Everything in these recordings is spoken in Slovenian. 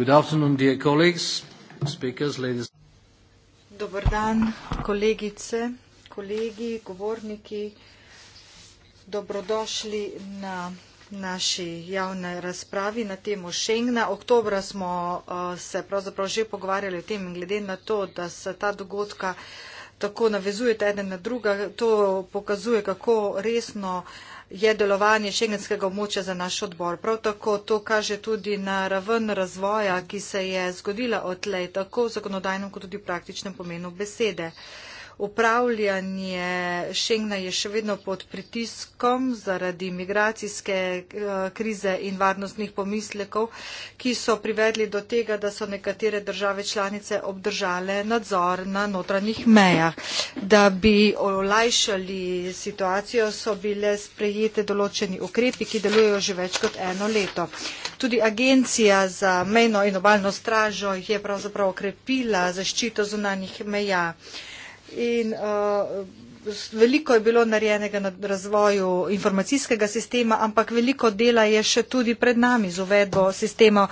Dobar dan, kolegice, kolegi, govorniki. Dobrodošli na naši javne razpravi na temo Schengna. Oktobra smo uh, se pravzaprav že pogovarjali o tem in glede na to, da se ta dogodka tako navezujete ene na druga, to pokazuje, kako resno uh, je delovanje šengenskega območja za naš odbor. Prav tako to kaže tudi na raven razvoja, ki se je zgodila odlej, tako v zakonodajnem kot tudi praktičnem pomenu besede upravljanje Schengna je še vedno pod pritiskom zaradi migracijske eh, krize in varnostnih pomislekov, ki so privedli do tega, da so nekatere države članice obdržale nadzor na notranjih mejah. Da bi olajšali situacijo, so bile sprejete določeni ukrepi, ki delujejo že več kot eno leto. Tudi agencija za mejno in obaljno stražo je pravzaprav okrepila zaščito zunanjih meja in uh, veliko je bilo narejenega na razvoju informacijskega sistema, ampak veliko dela je še tudi pred nami z uvedbo sistema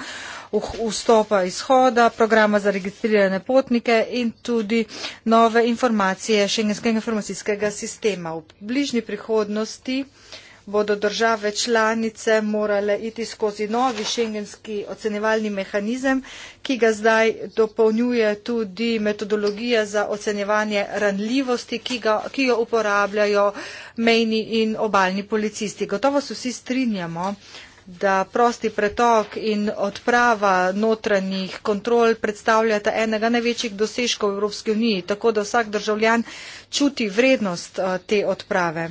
vstopa izhoda, programa za registrirane potnike in tudi nove informacije šengenskega informacijskega sistema. V bližnji prihodnosti uh, bodo države članice morale iti skozi novi šengenski ocenjevalni mehanizem, ki ga zdaj dopolnjuje tudi metodologija za ocenjevanje ranljivosti, ki, ga, ki jo uporabljajo mejni in obaljni policisti. Gotovo se vsi strinjamo, da prosti pretok in odprava notranjih kontrol predstavljata enega največjih dosežkov Evropske unije, tako da vsak državljan čuti vrednost eh, te odprave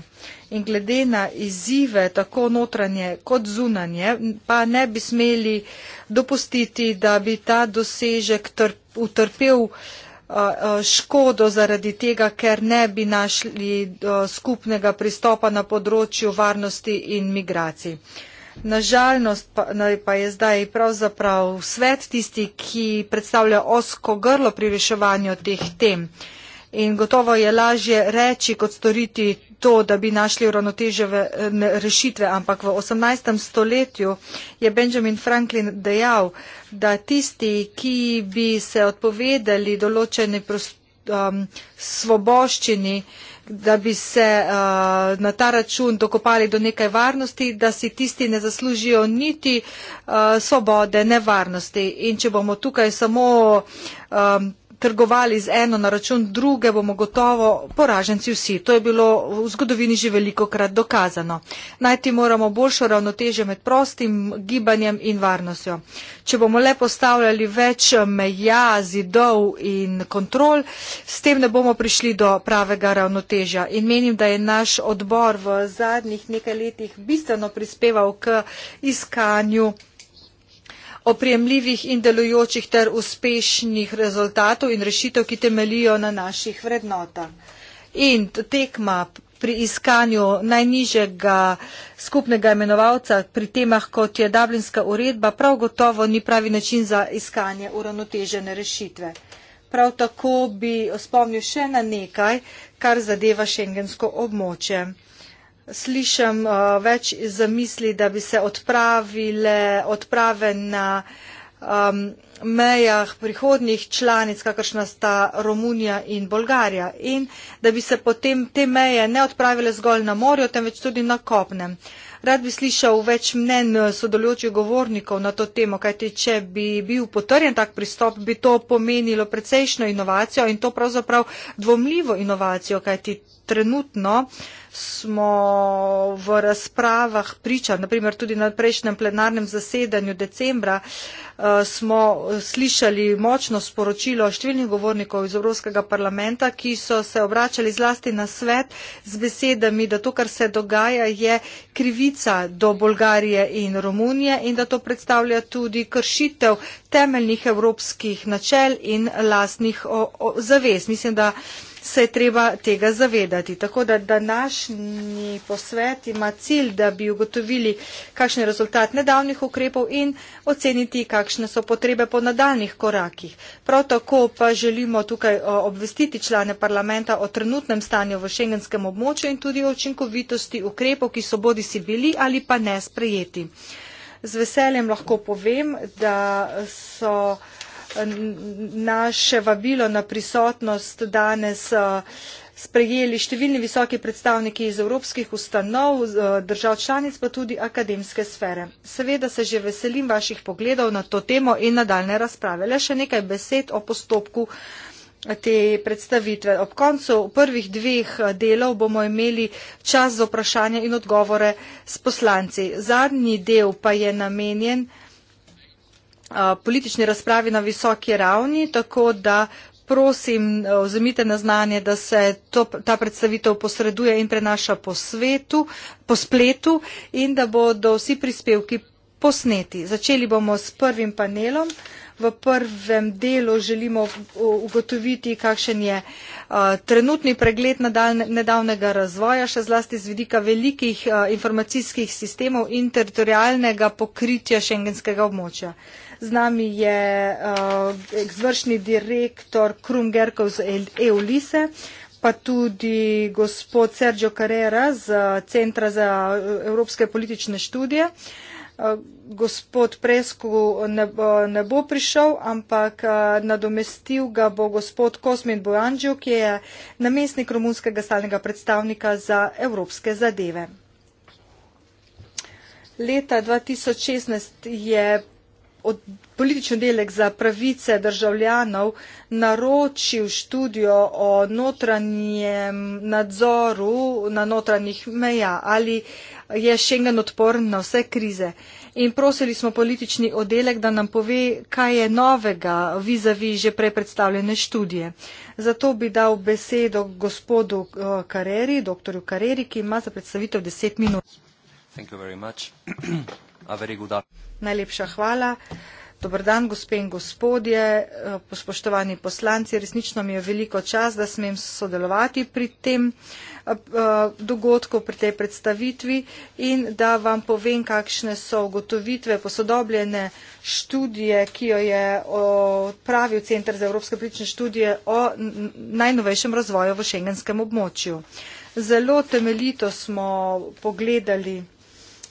in glede na izzive tako notranje kot zunanje pa ne bi smeli dopustiti, da bi ta dosežek utrpel škodo zaradi tega, ker ne bi našli skupnega pristopa na področju varnosti in migracij. Nažalnost pa je zdaj pravzaprav svet tisti, ki predstavlja osko grlo pri reševanju teh tem. In gotovo je lažje reči, kot storiti to, da bi našli uravnoteževe eh, rešitve, ampak v 18. stoletju je Benjamin Franklin dejal, da tisti, ki bi se odpovedali določeni um, svoboščini, da bi se uh, na ta račun dokopali do nekaj varnosti, da si tisti ne zaslužijo niti uh, svobode, ne varnosti. In če bomo tukaj samo. Um, trgovali z eno na račun druge, bomo gotovo poraženci vsi. To je bilo v zgodovini že veliko krat dokazano. Najti moramo boljšo ravnotežje med prostim gibanjem in varnostjo. Če bomo le postavljali več meja, zidov in kontrol, s tem ne bomo prišli do pravega ravnotežja. In menim, da je naš odbor v zadnjih nekaj letih bistveno prispeval k iskanju oprijemljivih in delujočih ter uspešnih rezultatov in rešitev, ki temelijo na naših vrednotah. In tekma pri iskanju najnižjega skupnega imenovalca pri temah, kot je Dublinska uredba, prav gotovo ni pravi način za iskanje uravnotežene rešitve. Prav tako bi spomnil še na nekaj, kar zadeva šengensko območje slišim uh, več zamisli, da bi se odpravile odprave na um, mejah prihodnjih članic, kakršna sta Romunija in Bolgarija. In da bi se potem te meje ne odpravile zgolj na morju, temveč tudi na kopnem. Rad bi slišal več mnen sodelujočih govornikov na to temo, kajti če bi bil potrjen tak pristop, bi to pomenilo precejšno inovacijo in to pravzaprav dvomljivo inovacijo, kajti trenutno smo v razpravah priča, naprimer tudi na prejšnjem plenarnem zasedanju decembra, eh, smo slišali močno sporočilo številnih govornikov iz Evropskega parlamenta, ki so se obračali zlasti na svet z besedami, da to, kar se dogaja, je krivica do Bolgarije in Romunije in da to predstavlja tudi kršitev temeljnih evropskih načel in lastnih zavez. Mislim, da se je treba tega zavedati. Tako da današnji posvet ima cilj, da bi ugotovili, kakšen je rezultat nedavnih ukrepov in oceniti, kakšne so potrebe po nadaljnih korakih. Prav tako pa želimo tukaj obvestiti člane parlamenta o trenutnem stanju v šengenskem območju in tudi o učinkovitosti ukrepov, ki so bodi si bili ali pa ne sprejeti. Z veseljem lahko povem, da so naše vabilo na prisotnost danes eh, sprejeli številni visoki predstavniki iz evropskih ustanov, eh, držav članic pa tudi akademske sfere. Seveda se že veselim vaših pogledov na to temo in nadaljne razprave. Le še nekaj besed o postopku eh, te predstavitve. Ob koncu prvih dveh delov bomo imeli čas za vprašanje in odgovore s poslanci. Zadnji del pa je namenjen politični razpravi na visoki ravni, tako da prosim, vzemite na znanje, da se to, ta predstavitev posreduje in prenaša po svetu, po spletu in da bodo vsi prispevki posneti. Začeli bomo s prvim panelom. V prvem delu želimo ugotoviti, kakšen je uh, trenutni pregled nedavnega razvoja, še zlasti z vidika velikih uh, informacijskih sistemov in teritorijalnega pokritja šengenskega območja. Uh, Z nami je uh, izvršni direktor Krumgerkov z e-, EULISE, pa tudi gospod Sergio Carrera z Centra za eh, evropske politične študije. Eh, gospod Presku ne, ne bo prišel, ampak nadomestil ga bo gospod Kosmin Bojanđev, ki je namestnik romunskega stalnega predstavnika za evropske zadeve. Leta 2016 je od, politični oddelek za pravice državljanov naročil študijo o notranjem nadzoru na notranjih meja, ali je Schengen odporen na vse krize. In prosili smo politični oddelek, da nam pove, kaj je novega vizavi že prej predstavljene študije. Zato bi dal besedo gospodu Kareri, eh, doktorju Kareri, ki ima za predstavitev deset minut. Thank you very much. A very good afternoon. Najlepša hvala. Dobar dan, gospe in gospodje, eh, spoštovani poslanci. Resnično mi je veliko čas, da smem sodelovati pri tem eh, eh, dogodku, pri tej predstavitvi in da vam povem, kakšne so ugotovitve posodobljene študije, ki jo je odpravil Centr za evropske politične študije o najnovejšem razvoju v šengenskem območju. Zelo temeljito smo pogledali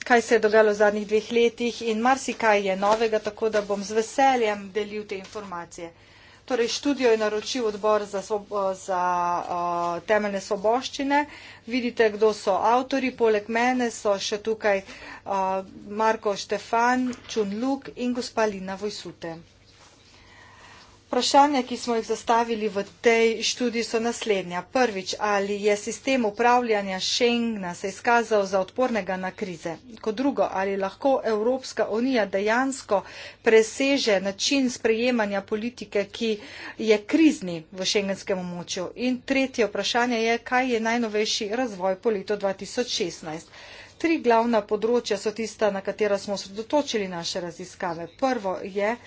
kaj se je dogajalo v zadnjih dveh letih in marsikaj je novega, tako da bom z veseljem delil te informacije. Torej, študijo je naročil odbor za, za uh, temeljne svoboščine. Vidite, kdo so avtori. Poleg mene so še tukaj uh, Marko Štefan, Čunluk in gospa Lina Vojsute. Vprašanja, ki smo jih zastavili v tej študiji, so naslednja. Prvič, ali je sistem upravljanja Schengna se izkazal za odpornega na krize? Kot drugo, ali lahko Evropska unija dejansko preseže način sprejemanja politike, ki je krizni v šengenskem območju? In tretje vprašanje je, kaj je najnovejši razvoj po letu 2016? Tri glavna področja so tista, na katera smo sredotočili naše raziskave. Prvo je.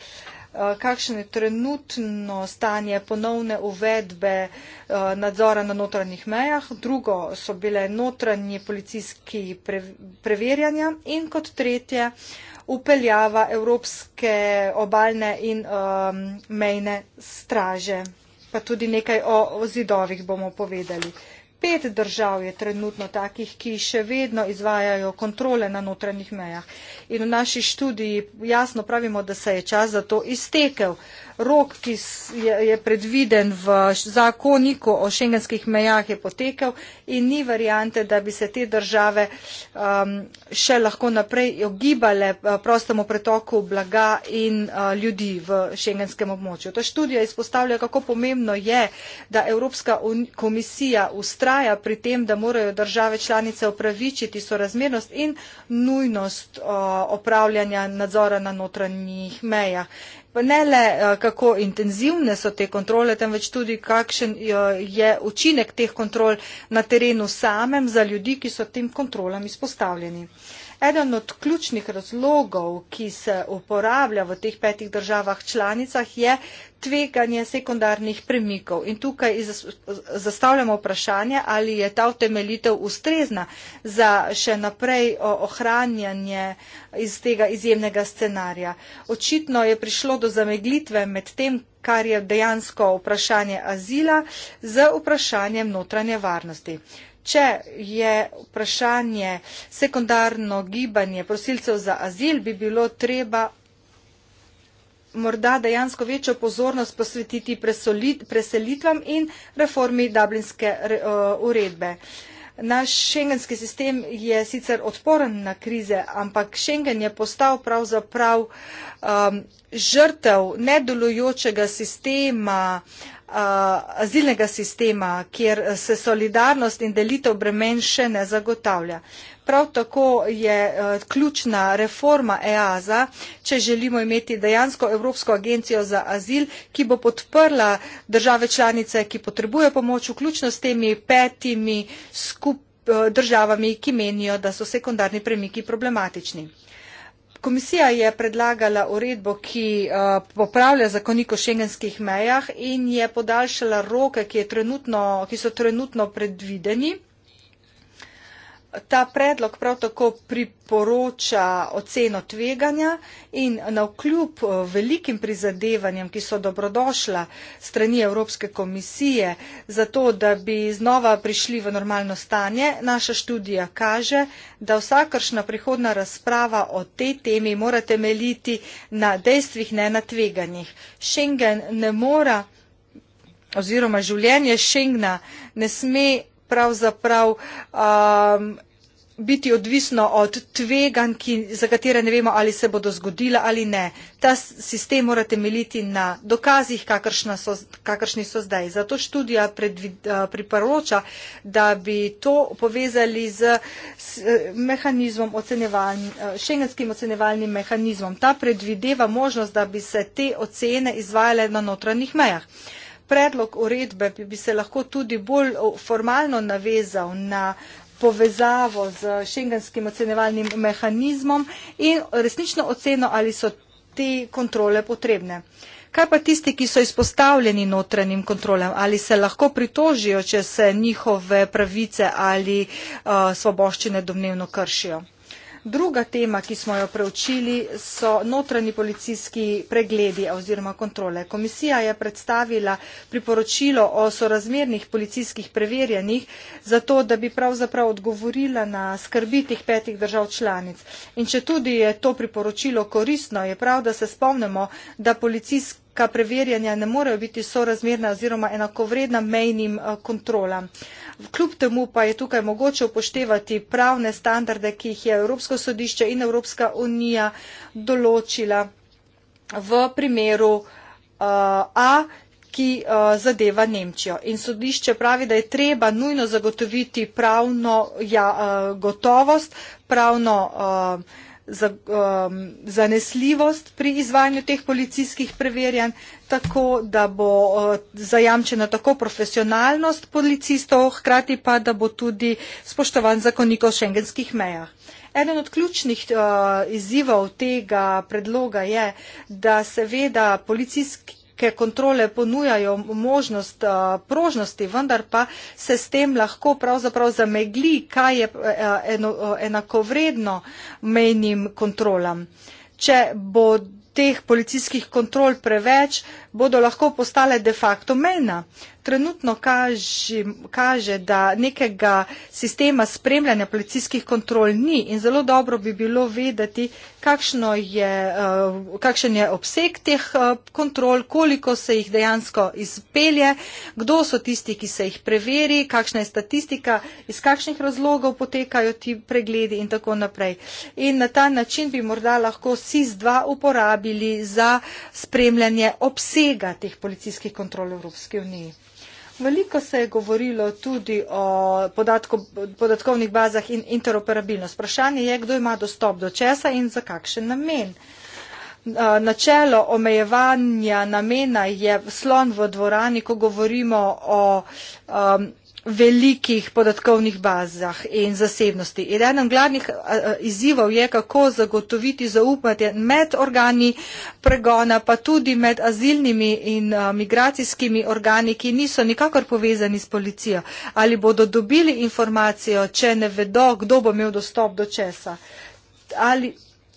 Eh, kakšno je trenutno stanje ponovne uvedbe eh, nadzora na notranjih mejah, drugo so bile notranji policijski preverjanja in kot tretje upeljava Evropske obaljne in ehm, mejne straže. Pa tudi nekaj o zidovih bomo povedali. Pet držav je trenutno takih, ki še vedno izvajajo kontrole na notranjih mejah. In v naši študiji jasno pravimo, da se je čas za to iztekel. Uh, rok, ki je, je predviden v zakoniku o šengenskih mejah, je potekel in ni varijante, da bi se te države um, še lahko naprej ogibale uh, prostemu pretoku blaga in uh, ljudi v šengenskem območju. Ta študija izpostavlja, kako pomembno je, da Evropska komisija ustraja pri tem, da morajo države članice opravičiti sorazmernost in nujnost uh, opravljanja nadzora na notranjih mejah pa ne le, eh, kako intenzivne so te kontrole, temveč tudi, kakšen eh, je učinek teh kontrol na terenu samem za ljudi, ki so tem kontrolam izpostavljeni. Eden od ključnih razlogov, ki se uporablja v teh petih državah članicah, je tveganje sekundarnih premikov. In tukaj zastavljamo vprašanje, ali je ta utemeljitev ustrezna za še naprej ohranjanje iz tega izjemnega scenarija. Očitno je prišlo do zameglitve med tem, kar je dejansko vprašanje azila, z vprašanjem notranje varnosti. Če je vprašanje sekundarno gibanje prosilcev za azil, bi bilo treba morda dejansko večjo pozornost posvetiti preselitvam in reformi dublinske uredbe. Naš šengenski sistem je sicer odporen na krize, ampak šengen je postal pravzaprav um, žrtev nedolujočega sistema uh, Eh, azilnega sistema, kjer se solidarnost in delitev bremen še ne zagotavlja. Prav tako je eh, ključna reforma EASA, če želimo imeti dejansko Evropsko agencijo za azil, ki bo podprla države članice, ki potrebuje pomoč, vključno s temi petimi skup eh, državami, ki menijo, da so sekundarni premiki problematični. Komisija je predlagala uredbo, ki eh, popravlja zakonik o šengenskih mejah in je podaljšala roke, ki, trenutno, ki so trenutno predvideni. Ta predlog prav tako priporoča oceno tveganja in na vkljub eh, velikim prizadevanjem, ki so dobrodošla strani Evropske komisije za to, da bi znova prišli v normalno stanje, naša študija kaže, da vsakršna prihodna razprava o tej temi mora temeljiti na dejstvih, ne na tveganjih. Schengen ne mora oziroma življenje Schengna ne sme pravzaprav um, biti odvisno od tveganj, za katere ne vemo, ali se bodo zgodila ali ne. Ta sistem mora temeliti na dokazih, so, kakršni so zdaj. Zato študija uh, priporoča, da bi to povezali z, z mehanizmom ocenevalni, uh, šengenskim ocenevalnim mehanizmom. Ta predvideva možnost, da bi se te ocene izvajale na notranjih mejah. Uh, predlog uredbe bi, bi se lahko tudi bolj formalno navezal na povezavo z šengenskim ocenevalnim mehanizmom in resnično oceno, ali so te kontrole potrebne. Kaj pa tisti, ki so izpostavljeni notranjim kontrolem, ali se lahko pritožijo, če se njihove pravice ali uh, svoboščine domnevno kršijo? Druga tema, ki smo jo preučili, so notranji policijski pregledi oziroma kontrole. Komisija je predstavila priporočilo o sorazmernih policijskih preverjanjih, zato da bi pravzaprav odgovorila na skrbitih petih držav članic. In če tudi je to priporočilo korisno, je prav, da se spomnimo, da policijski preverjanja ne morejo biti sorazmerna oziroma enakovredna mejnim eh, kontrolam kljub temu pa je tukaj mogoče upoštevati pravne standarde, ki jih je Evropsko sodišče in Evropska unija določila v primeru uh, A, ki uh, zadeva Nemčijo. In sodišče pravi, da je treba nujno zagotoviti pravno ja, uh, gotovost, pravno. Uh, za, um, zanesljivost pri izvajanju teh policijskih preverjanj, tako da bo uh, zajamčena tako profesionalnost policistov, hkrati pa, da bo tudi spoštovan zakonik o šengenskih mejah. Eden od ključnih uh, izzivov tega predloga je, da seveda policijski ker kontrole ponujajo možnost uh, prožnosti, vendar pa se s tem lahko pravzaprav zamegli, kaj je uh, eno, uh, enakovredno mejnim kontrolam. Če bo teh policijskih kontrol preveč, bodo lahko postale de facto mejna. Trenutno kaži, kaže, da nekega sistema spremljanja policijskih kontrol ni in zelo dobro bi bilo vedeti, je, eh, kakšen je obseg teh eh, kontrol, koliko se jih dejansko izpelje, kdo so tisti, ki se jih preveri, kakšna je statistika, iz kakšnih razlogov potekajo ti pregledi in tako naprej. In na ta način bi morda lahko SIS-2 uporabili za spremljanje obsega obsega teh policijskih kontrol v Evropski uniji. Veliko se je govorilo tudi o podatko, podatkovnih bazah in interoperabilnost. Vprašanje je, kdo ima dostop do česa in za kakšen namen. Načelo omejevanja namena je slon v dvorani, ko govorimo o. Um, velikih podatkovnih bazah in zasebnosti. In eden glavnih izzivov je, kako zagotoviti zaupanje med organi pregona, pa tudi med azilnimi in migracijskimi organi, ki niso nikakor povezani s policijo. Ali bodo dobili informacijo, če ne vedo, kdo bo imel dostop do česa. Ali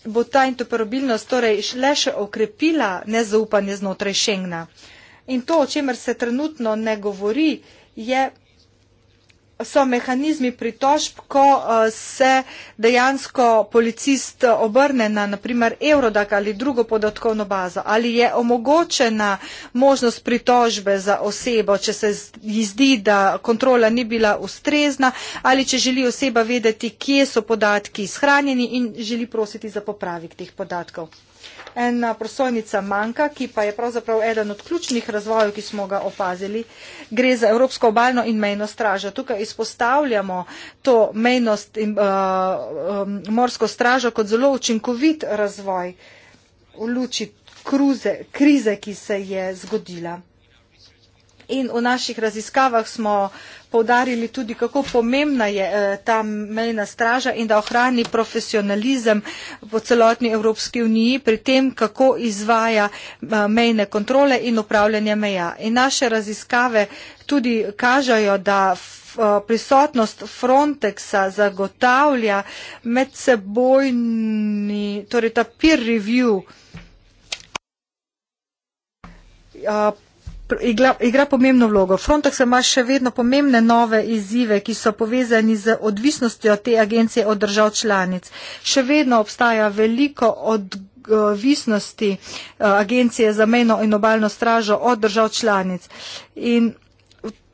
bo ta interoperabilnost torej le še okrepila nezaupanje znotraj Schengna. In to, o čemer se trenutno ne govori, je so mehanizmi pritožb, ko eh, se dejansko policist obrne na naprimer Eurodac ali drugo podatkovno bazo, ali je omogočena možnost pritožbe za osebo, če se ji zdi, da kontrola ni bila ustrezna, ali če želi oseba vedeti, kje so podatki shranjeni in želi prositi za popravek teh podatkov ena prosojnica manjka, ki pa je pravzaprav eden od ključnih razvojev, ki smo ga opazili. Gre za Evropsko obaljno in mejno stražo. Tukaj izpostavljamo to mejnost in uh, um, morsko stražo kot zelo učinkovit razvoj v luči kruze, krize, ki se je zgodila. In v naših raziskavah smo povdarili tudi, kako pomembna je eh, ta mejna straža in da ohrani profesionalizem po celotni Evropski uniji pri tem, kako izvaja eh, mejne kontrole in upravljanje meja. In naše raziskave tudi kažajo, da eh, prisotnost Frontexa zagotavlja medsebojni, torej ta peer review igla, igra pomembno vlogo. Frontex ima še vedno pomembne nove izzive, ki so povezani z odvisnostjo te agencije od držav članic. Še vedno obstaja veliko odvisnosti eh, agencije za mejno in obaljno stražo od držav članic. In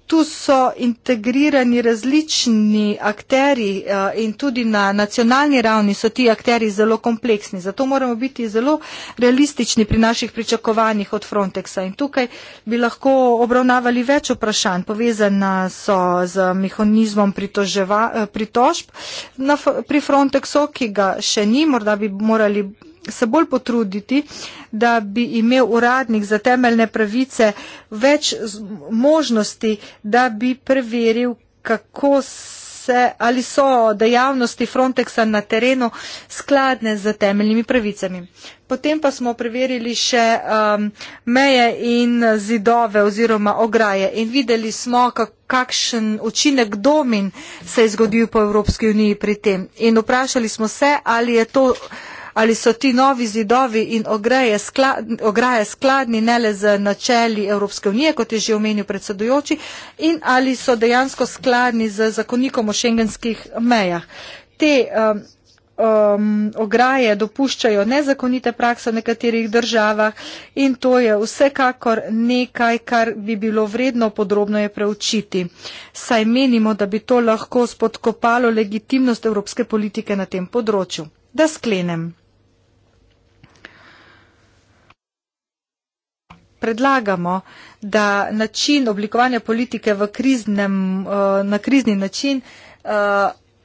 tu so integrirani različni akteri eh, in tudi na nacionalni ravni so ti akteri zelo kompleksni. Zato moramo biti zelo realistični pri naših pričakovanjih od Frontexa. In tukaj bi lahko obravnavali več vprašanj. Povezana so z mehanizmom eh, pritožb pri Frontexu, ki ga še ni, morda bi morali se bolj potruditi, da bi imel uradnik za temeljne pravice več možnosti, da bi preveril, kako se, ali so dejavnosti Frontexa na terenu skladne z temeljnimi pravicami. Potem pa smo preverili še um, meje in zidove oziroma ograje in videli smo, kakšen učinek domin se je zgodil po Evropski uniji pri tem. In vprašali smo se, ali je to ali so ti novi zidovi in ograje skladni ne le z načeli Evropske unije, kot je že omenil predsedujoči, in ali so dejansko skladni z zakonikom o šengenskih mejah. Te um, um, ograje dopuščajo nezakonite prakse v nekaterih državah in to je vsekakor nekaj, kar bi bilo vredno podrobno je preučiti. Saj menimo, da bi to lahko spodkopalo legitimnost evropske politike na tem področju. Da sklenem. predlagamo, da način oblikovanja politike kriznem, eh, na krizni način eh,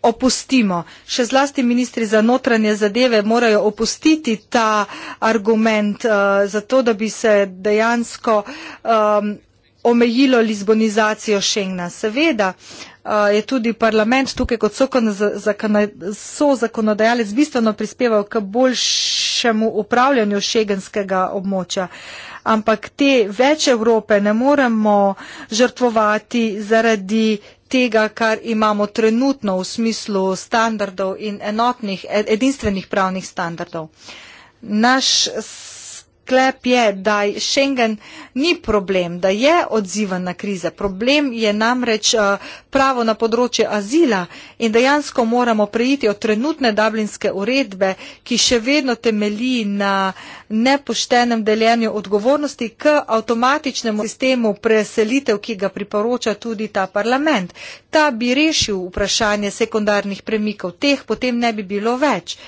opustimo. Še zlasti ministri za notranje zadeve morajo opustiti ta argument, eh, zato da bi se dejansko ehm, omejilo lizbonizacijo Schengna. Seveda je tudi parlament tukaj kot so zakonodajalec bistveno prispeval k boljšemu upravljanju šegenskega območja ampak te več Evrope ne moremo žrtvovati zaradi tega, kar imamo trenutno v smislu standardov in enotnih, edinstvenih pravnih standardov. Naš sklep je, da Schengen ni problem, da je odziven na krize. Problem je namreč eh, pravo na področje azila in dejansko moramo preiti od trenutne dublinske uredbe, ki še vedno temelji na nepoštenem deljenju odgovornosti k avtomatičnemu sistemu preselitev, ki ga priporoča tudi ta parlament. Ta bi rešil vprašanje sekundarnih premikov, teh potem ne bi bilo več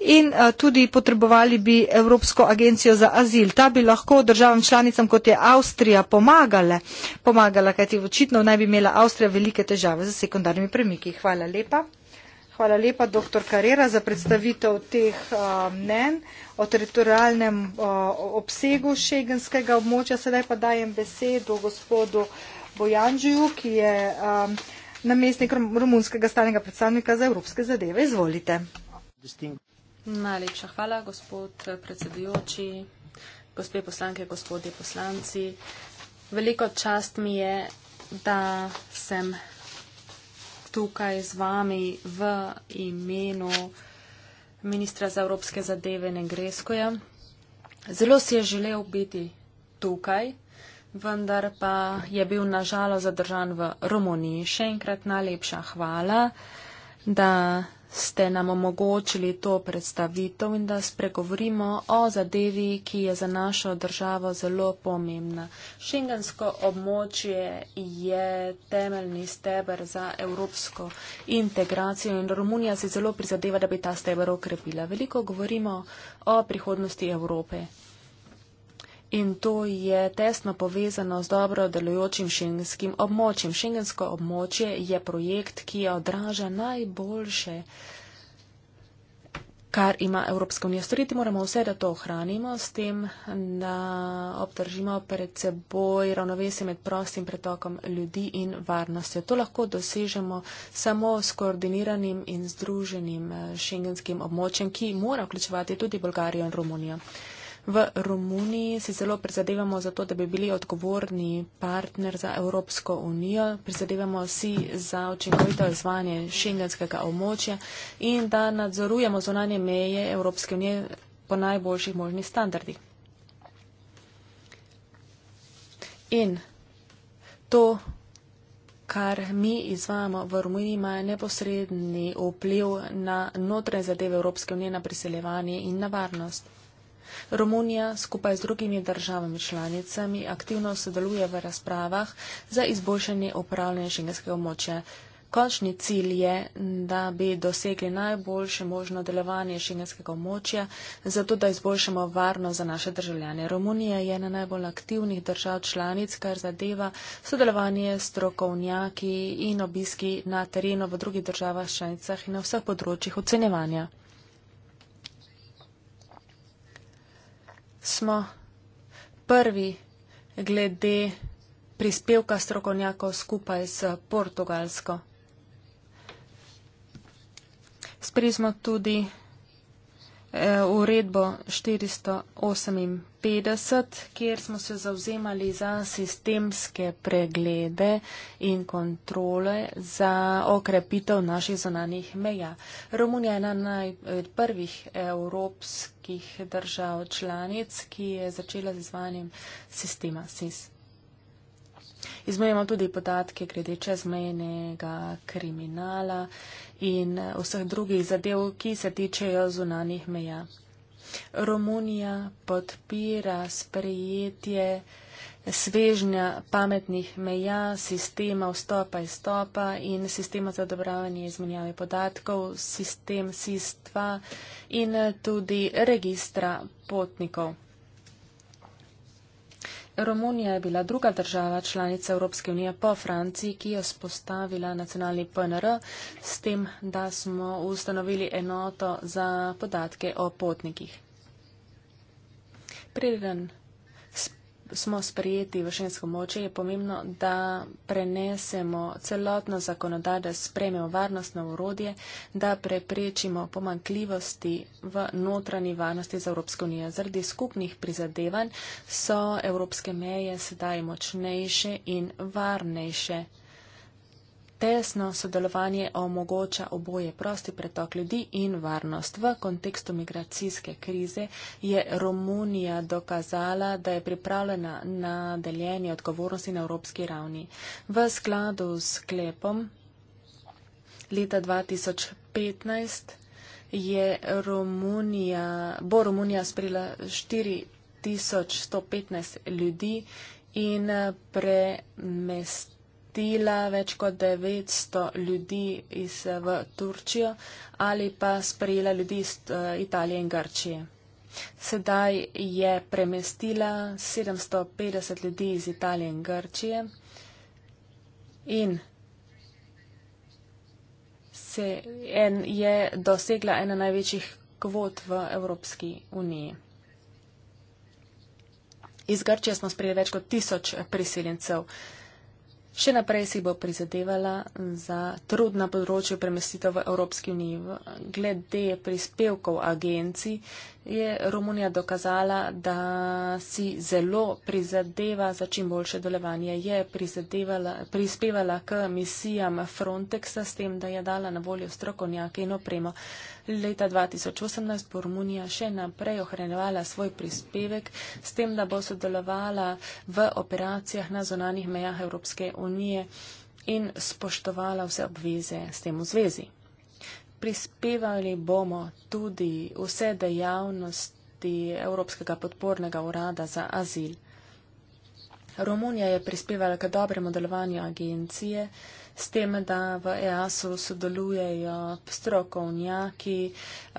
in eh, tudi potrebovali bi Evropsko agencijo za azil. Ta bi lahko državam članicam, kot je Avstrija, pomagale, pomagala, kajti očitno naj bi imela Avstrija velike težave z sekundarnimi premiki. Hvala lepa. Hvala lepa, dr. Karera, za predstavitev teh eh, mnen o teritorijalnem eh, obsegu šegenskega območja. Sedaj pa dajem besedo gospodu Bojanžiju, ki je namestnik romunskega stalnega predstavnika za evropske zadeve. Izvolite. Distinct. Najlepša hvala, gospod predsedujoči, gospe poslanke, gospodje poslanci. Veliko čast mi je, da sem tukaj z vami v imenu ministra za evropske zadeve Negreskoja. Zelo si je želel biti tukaj, vendar pa je bil nažalost zadržan v Romuniji. Še enkrat najlepša hvala, da ste nam omogočili to predstavitev in da spregovorimo o zadevi, ki je za našo državo zelo pomembna. Šengensko območje je temeljni steber za evropsko integracijo in Romunija si zelo prizadeva, da bi ta steber okrepila. Veliko govorimo o prihodnosti Evrope. In to je tesno povezano z dobro delujočim šengenskim območjem. Šengensko območje je projekt, ki odraža najboljše, kar ima Evropska unija. Storiti moramo vse, da to ohranimo, s tem, da obdržimo pred seboj ravnovesje med prostim pretokom ljudi in varnostjo. To lahko dosežemo samo s koordiniranim in združenim eh, šengenskim območjem, ki mora vključevati tudi Bolgarijo in Romunijo. V Romuniji si zelo prizadevamo za to, da bi bili odgovorni partner za Evropsko unijo, prizadevamo si za očinkovito izvanje šengenskega območja in da nadzorujemo zonanje meje Evropske unije po najboljših možnih standardih. In to, kar mi izvajamo v Romuniji, ima neposredni vpliv na notranje zadeve Evropske unije, na priseljevanje in na varnost. Romunija skupaj z drugimi državami članicami aktivno sodeluje v razpravah za izboljšanje upravljanja šengenskega območja. Končni cilj je, da bi dosegli najboljše možno delovanje šengenskega območja, zato da izboljšamo varnost za naše državljane. Romunija je ena najbolj aktivnih držav članic, kar zadeva sodelovanje s strokovnjaki in obiski na terenu v drugih državah članicah in na vseh področjih ocenjevanja. smo prvi glede prispevka strokovnjakov skupaj z Portugalsko. Sprej smo tudi eh, uredbo 458, kjer smo se zauzemali za sistemske preglede in kontrole za okrepitev naših zonanih meja. Romunija je ena najprvih evropskih drugih držav članic, ki je začela z izvanjem sistema SIS. Izmejamo tudi podatke glede čezmejnega kriminala in vseh drugih zadev, ki se tičejo zunanih meja. Romunija podpira sprejetje svežnja pametnih meja, sistema vstopa in stopa in sistema za odobravanje izmenjave podatkov, sistem sistva in tudi registra potnikov. Romunija je bila druga država članica Evropske unije po Franciji, ki je spostavila nacionalni PNR s tem, da smo ustanovili enoto za podatke o potnikih. Preden smo sprijeti v šensko moče, je pomembno, da prenesemo celotno zakonodajo, da sprejmemo varnostno urodje, da preprečimo pomankljivosti v notranji varnosti za Evropsko unijo. Zaradi skupnih prizadevanj so evropske meje sedaj močnejše in varnejše. Tesno sodelovanje omogoča oboje prosti pretok ljudi in varnost. V kontekstu migracijske krize je Romunija dokazala, da je pripravljena na deljenje odgovornosti na evropski ravni. V skladu s sklepom leta 2015 je Romunija, bo Romunija sprila 4115 ljudi in premestila odpotila več kot 900 ljudi iz, v Turčijo ali pa sprejela ljudi iz uh, Italije in Grčije. Sedaj je premestila 750 ljudi iz Italije in Grčije in se en je dosegla ena največjih kvot v Evropski uniji. Iz Grčije smo sprejeli več kot tisoč priseljencev. Uh, Še naprej si bo prizadevala za trudna področja premestitev v Evropski uniji. Glede prispevkov agencij je Romunija dokazala, da si zelo prizadeva za čim boljše delovanje. Je prispevala k misijam Frontexa s tem, da je dala na voljo strokovnjake in opremo. Leta 2018 bo Romunija še naprej ohranjevala svoj prispevek s tem, da bo sodelovala v operacijah na zonanih mejah Evropske unije in spoštovala vse obveze s tem v zvezi prispevali bomo tudi vse dejavnosti Evropskega podpornega urada za azil. Romunija je prispevala k dobremu delovanju agencije s tem, da v EASO sodelujejo strokovnjaki,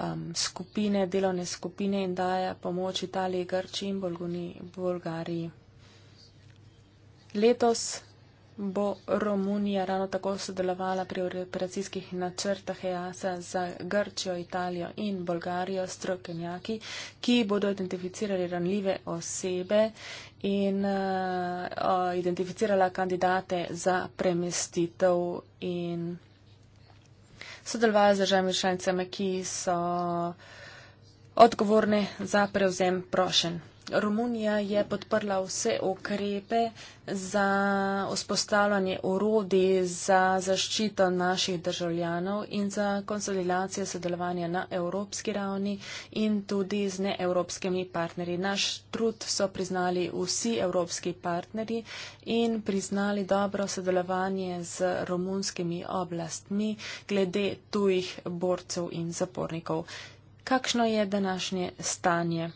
um, skupine, delovne skupine in daje pomoč Italiji, Grči in Bolguni, Bolgariji. Letos bo Romunija ravno tako sodelovala pri operacijskih načrtah EASA za Grčijo, Italijo in Bolgarijo, strokenjaki, ki bodo identificirali ranljive osebe in uh, identificirala kandidate za premestitev in sodelovala z državami članicami, ki so odgovorne za prevzem prošen. Romunija je podprla vse ukrepe za vzpostavljanje urodi za zaščito naših državljanov in za konsolidacijo sodelovanja na evropski ravni in tudi z neevropskimi partnerji. Naš trud so priznali vsi evropski partnerji in priznali dobro sodelovanje z romunskimi oblastmi glede tujih borcev in zapornikov. Kakšno je današnje stanje?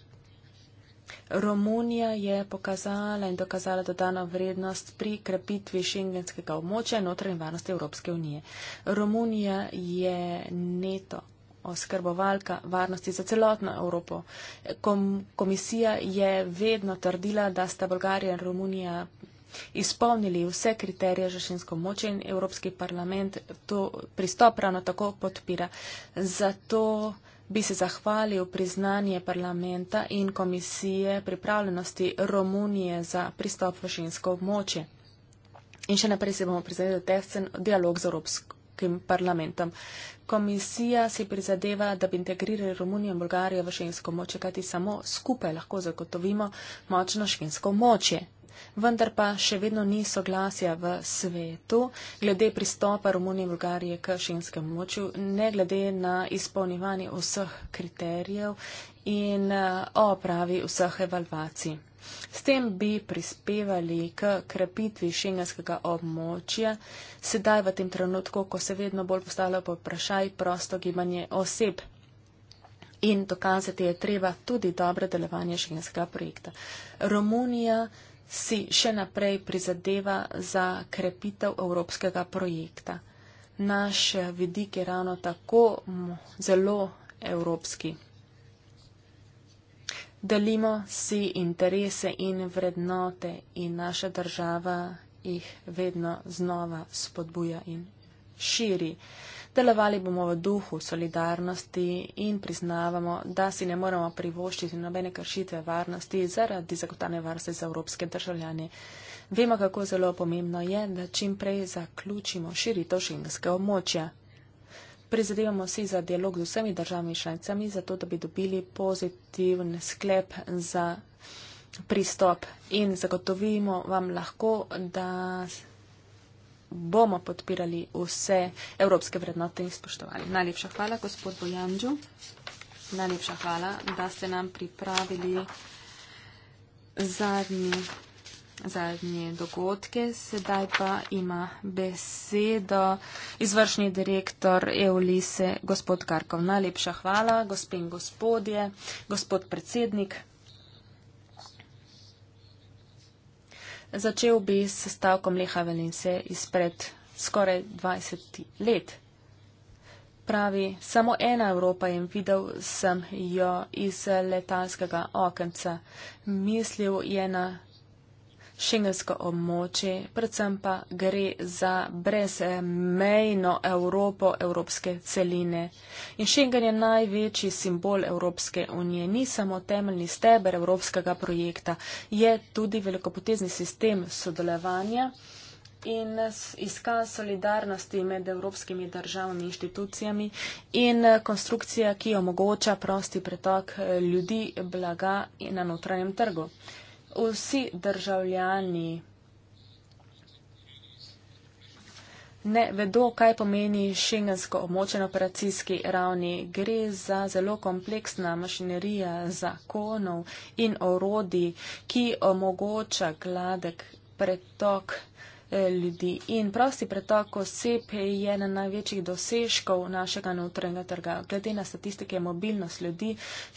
Romunija je pokazala in dokazala dodano vrednost pri krepitvi šengenskega območja notranje varnosti Evropske unije. Romunija je neto oskrbovalka varnosti za celotno Evropo. Kom, komisija je vedno trdila, da sta Bolgarija in Romunija izpolnili vse kriterije za šengensko območje in Evropski parlament to pristop ravno tako podpira. Zato bi se zahvalil priznanje parlamenta in komisije pripravljenosti Romunije za pristop v šinsko območje. In še naprej se bomo prizadeli tesen dialog z Evropskim parlamentom. Komisija si prizadeva, da bi integrirali Romunijo in Bolgarijo v šinsko moče, kajti samo skupaj lahko zagotovimo močno šinsko moče vendar pa še vedno ni soglasja v svetu glede pristopa Romunije in Bulgarije k šinskemu močju, ne glede na izpolnjevanje vseh kriterijev in eh, opravi vseh evalvacij. S tem bi prispevali k krepitvi šengenskega območja, sedaj v tem trenutku, ko se vedno bolj postavlja po vprašaj prosto gibanje oseb. In dokazati je treba tudi dobro delovanje šengenskega projekta. Romunija si še naprej prizadeva za krepitev evropskega projekta. Naš vidik je ravno tako zelo evropski. Delimo si interese in vrednote in naša država jih vedno znova spodbuja in širi. Delovali bomo v duhu solidarnosti in priznavamo, da si ne moremo privoščiti nobene kršitve varnosti zaradi zagotane varnosti za evropske državljane. Vemo, kako zelo pomembno je, da čim prej zaključimo širitev šengenske območja. Prizadevamo si za dialog z vsemi državami članicami, zato da bi dobili pozitiven sklep za pristop in zagotovimo vam lahko, da bomo podpirali vse evropske vrednote in spoštovali. Najlepša hvala, gospod Bojanđu. Najlepša hvala, da ste nam pripravili zadnji, zadnji dogodke. Sedaj pa ima besedo izvršni direktor Eulise, gospod Karkov. Najlepša hvala, gospod in gospodje, gospod predsednik. začel bi s stavkom Leha Velinse izpred skoraj 20 let. Pravi, samo ena Evropa in videl sem jo iz letalskega okenca. Mislil je na šengensko območje, predvsem pa gre za brezmejno Evropo, evropske celine. In šengen je največji simbol Evropske unije, ni samo temeljni steber evropskega projekta, je tudi velikopotezni sistem sodelovanja in iska solidarnosti med evropskimi državami in inštitucijami in konstrukcija, ki omogoča prosti pretok ljudi, blaga na notranjem trgu vsi državljani ne vedo, kaj pomeni šengensko območje na operacijski ravni. Gre za zelo kompleksna mašinerija zakonov in orodi, ki omogoča gladek pretok Eh, ljudi. In prosti pretok oseb je na največjih dosežkov našega notranjega trga. Glede na statistike mobilnost ljudi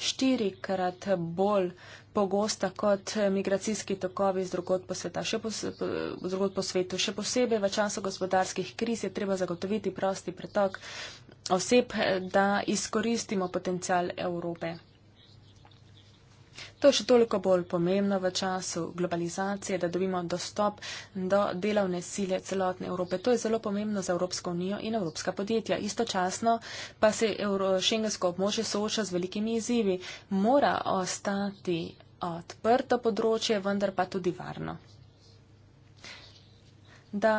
štirikrat bolj pogosta kot eh, migracijski tokovi z drugot po, sveta, še po, drugot po svetu. Še posebej v času gospodarskih kriz je treba zagotoviti prosti pretok oseb, eh, da izkoristimo potencial Evrope. To je še toliko bolj pomembno v času globalizacije, da dobimo dostop do delovne sile celotne Evrope. To je zelo pomembno za Evropsko unijo in evropska podjetja. Istočasno pa se šengensko območje sooča z velikimi izzivi. Mora ostati odprto področje, vendar pa tudi varno. Da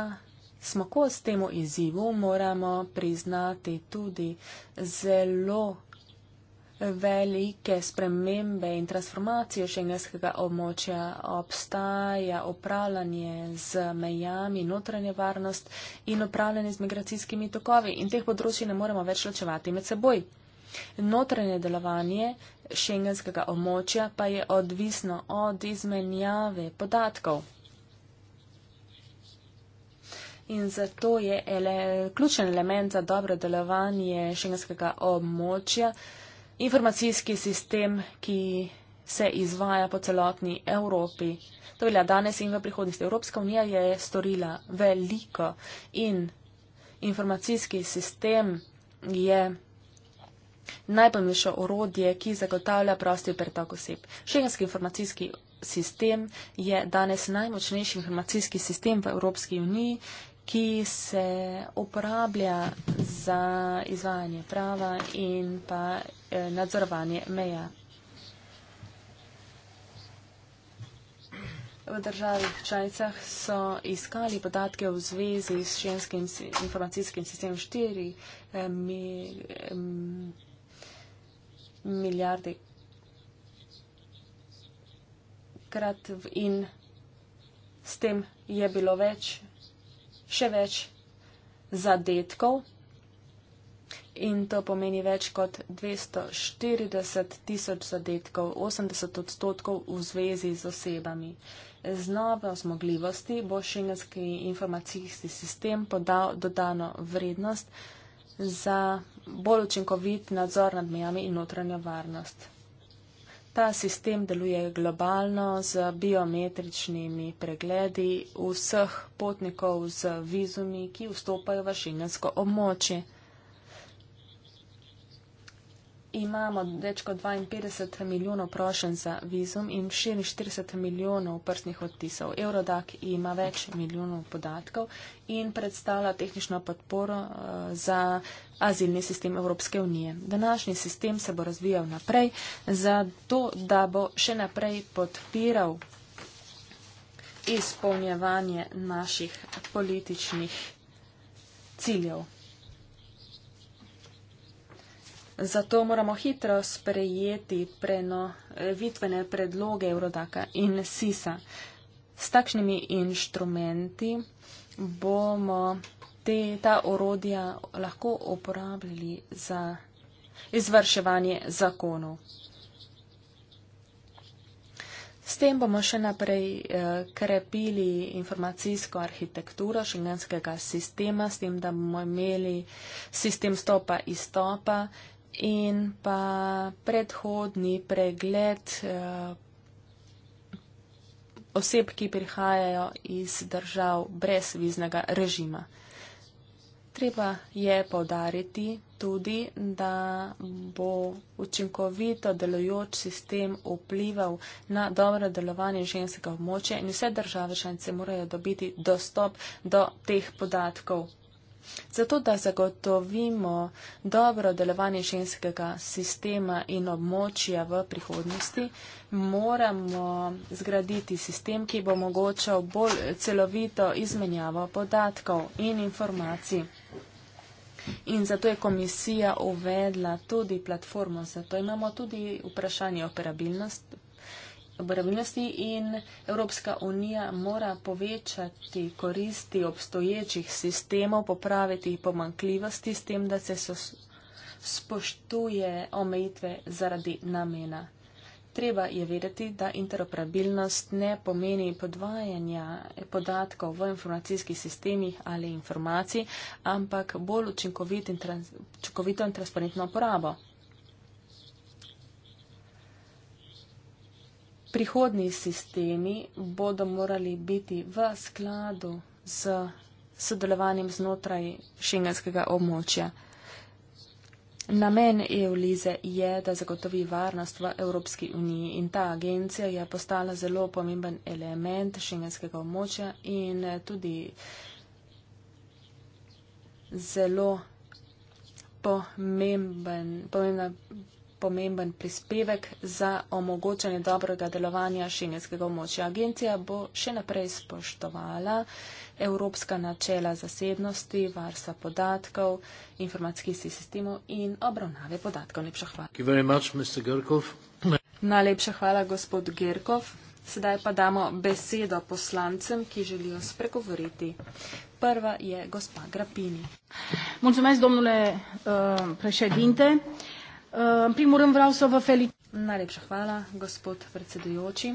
smo kos temu izzivu, moramo priznati tudi zelo velike spremembe in transformacije šengenskega območja. Obstaja upravljanje z mejami, notranje varnost in upravljanje z migracijskimi tokovi in teh področji ne moremo več ločevati med seboj. Notranje delovanje šengenskega območja pa je odvisno od izmenjave podatkov. In zato je ele, ključen element za dobro delovanje šengenskega območja uh, informacijski sistem, ki se izvaja po celotni Evropi. To velja danes in v prihodnosti. Evropska unija je storila veliko in informacijski sistem je najpomembnejše orodje, ki zagotavlja prosti pretok oseb. Šengenski informacijski sistem je danes najmočnejši informacijski sistem v Evropski uniji ki se uporablja za izvajanje prava in pa eh, nadzorovanje meja. V državih članicah so iskali podatke v zvezi s ženskim informacijskim sistemom 4 eh, milijarde krat in s tem je bilo več še več zadetkov in to pomeni več kot 240 tisoč zadetkov, 80 odstotkov v zvezi z osebami. Z novo zmogljivosti bo šengenski informacijski sistem podal dodano vrednost za bolj učinkovit nadzor nad mejami in notranjo varnost. Ta sistem deluje globalno z biometričnimi pregledi vseh potnikov z vizumi, ki vstopajo v šengensko območje imamo več kot 52 milijonov prošen za vizum in 46 milijonov prstnih odtisov. Eurodac ima več milijonov podatkov in predstavlja tehnično podporo eh, za azilni sistem Evropske unije. Današnji sistem se bo razvijal naprej, zato da bo še naprej podpiral izpolnjevanje naših političnih ciljev. Zato moramo hitro sprejeti prenovitvene predloge Eurodaka in SISA. S takšnimi inštrumenti bomo te, ta orodja lahko uporabljali za izvrševanje zakonov. S tem bomo še naprej eh, krepili informacijsko arhitekturo šengenskega sistema, s tem, da bomo imeli sistem stopa in stopa in pa predhodni pregled eh, oseb, ki prihajajo iz držav brez viznega režima. Treba je povdariti tudi, da bo učinkovito delujoč sistem vplival na dobro delovanje ženskega območja in vse države članice morajo dobiti dostop do teh podatkov Zato, da zagotovimo dobro delovanje šenskega sistema in območja v prihodnosti, moramo zgraditi sistem, ki bo mogočal bolj celovito izmenjavo podatkov in informacij. In zato je komisija uvedla tudi platformo, zato imamo tudi vprašanje operabilnosti obrambnosti in Evropska unija mora povečati koristi obstoječih sistemov, popraviti pomankljivosti s tem, da se spoštuje omejitve zaradi namena. Treba je vedeti, da interoperabilnost ne pomeni podvajanja podatkov v informacijskih sistemih ali informacij, ampak bolj učinkovito in, trans in transparentno uporabo. prihodni sistemi bodo morali biti v skladu z sodelovanjem znotraj šengenskega območja. Namen EU-lize je, da zagotovi varnost v Evropski uniji in ta agencija je postala zelo pomemben element šengenskega območja in eh, tudi zelo pomemben, pomembna pomemben prispevek za omogočanje dobrega delovanja šengenskega območja. Agencija bo še naprej spoštovala evropska načela zasebnosti, varstva podatkov, informacijskih sistemov in obravnave podatkov. Najlepša hvala. Najlepša hvala, gospod Gerkov. Sedaj pa damo besedo poslancem, ki želijo spregovoriti. Prva je gospa Grapini. Mulțumesc, domnule uh, președinte. Uh, Uh, eh, pri moram vrav so v Felici. Najlepša hvala, gospod predsedujoči.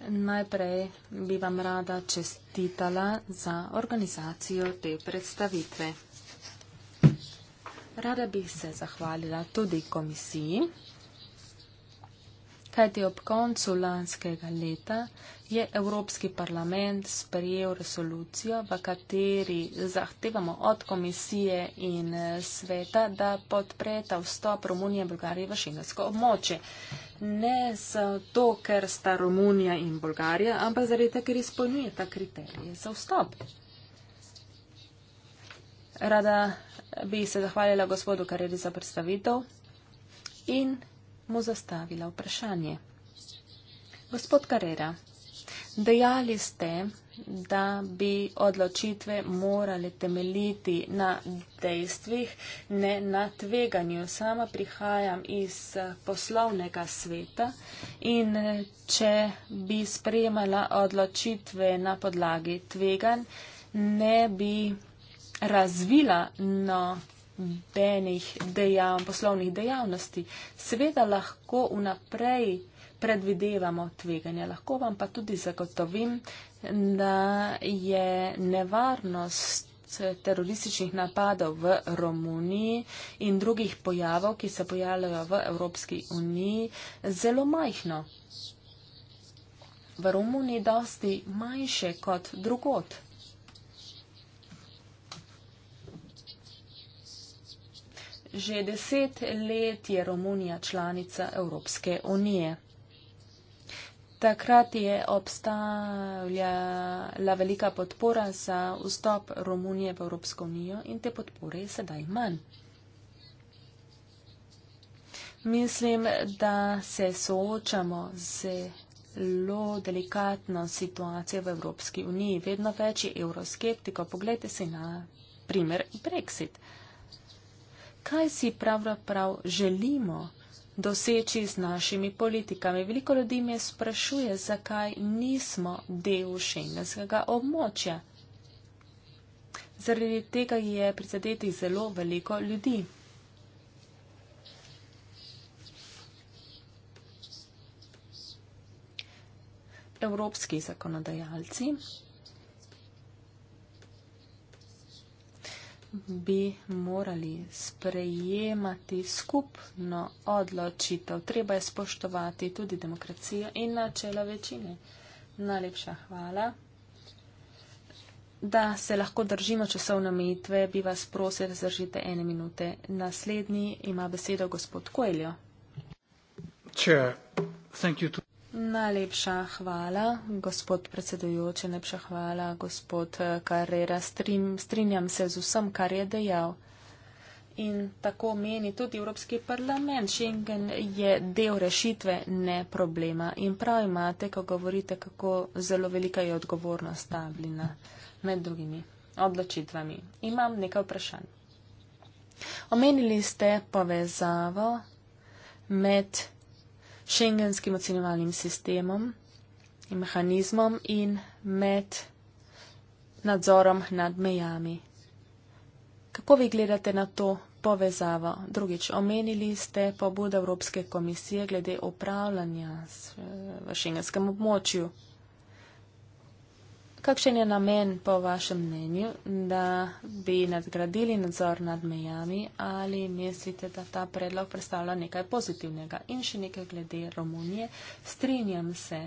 Najprej bi vam rada čestitala za organizacijo te predstavitve. Rada bi se zahvalila tudi komisiji. Kajti ob koncu lanskega leta je Evropski parlament sprejel resolucijo, v kateri zahtevamo od komisije in sveta, da podpreta vstop Romunije in Bolgarije v šengensko območje. Ne zato, ker sta Romunija in Bolgarija, ampak zaradi tega, ker izpolnjujeta kriterije za vstop. Rada bi se zahvalila gospodu Kareli za predstavitev in mu zastavila vprašanje. Gospod Karera, dejali ste, da bi odločitve morale temeljiti na dejstvih, ne na tveganju. Sama prihajam iz poslovnega sveta in če bi sprejemala odločitve na podlagi tvegan, ne bi razvila no nobenih dejav, poslovnih dejavnosti. Seveda lahko vnaprej predvidevamo tveganja, lahko vam pa tudi zagotovim, da je nevarnost terorističnih napadov v Romuniji in drugih pojavov, ki se pojavljajo v Evropski uniji, zelo majhno. V Romuniji dosti manjše kot drugot. Že deset let je Romunija članica Evropske unije. Takrat je obstajala velika podpora za vstop Romunije v Evropsko unijo in te podpore je sedaj manj. Mislim, da se soočamo z zelo delikatno situacijo v Evropski uniji. Vedno več je euroskeptiko. Poglejte si na primer Brexit kaj si pravzaprav želimo doseči z našimi politikami. Veliko ljudi me sprašuje, zakaj nismo del šengenskega območja. Zaradi tega je prizadeti zelo veliko ljudi. Evropski zakonodajalci bi morali sprejemati skupno odločitev. Treba je spoštovati tudi demokracijo in načela večine. Najlepša hvala. Da se lahko držimo časovne omejitve, bi vas prosil, da zdržite ene minute. Naslednji ima besedo gospod Koeljo. Chair, Najlepša hvala, gospod predsedujoči, najlepša hvala, gospod Karera. Strim, strinjam se z vsem, kar je dejal. In tako meni tudi Evropski parlament. Schengen je del rešitve, ne problema. In prav imate, ko govorite, kako zelo velika je odgovornost stavljena med drugimi odločitvami. Imam nekaj vprašanj. Omenili ste povezavo med šengenskim ocenjevalnim sistemom in mehanizmom in med nadzorom nad mejami. Kako vi gledate na to povezavo? Drugič, omenili ste pobude Evropske komisije glede upravljanja v šengenskem območju. Kakšen je namen, po vašem mnenju, da bi nadgradili nadzor nad mejami ali mislite, da ta predlog predstavlja nekaj pozitivnega? In še nekaj glede Romunije. Strinjam se.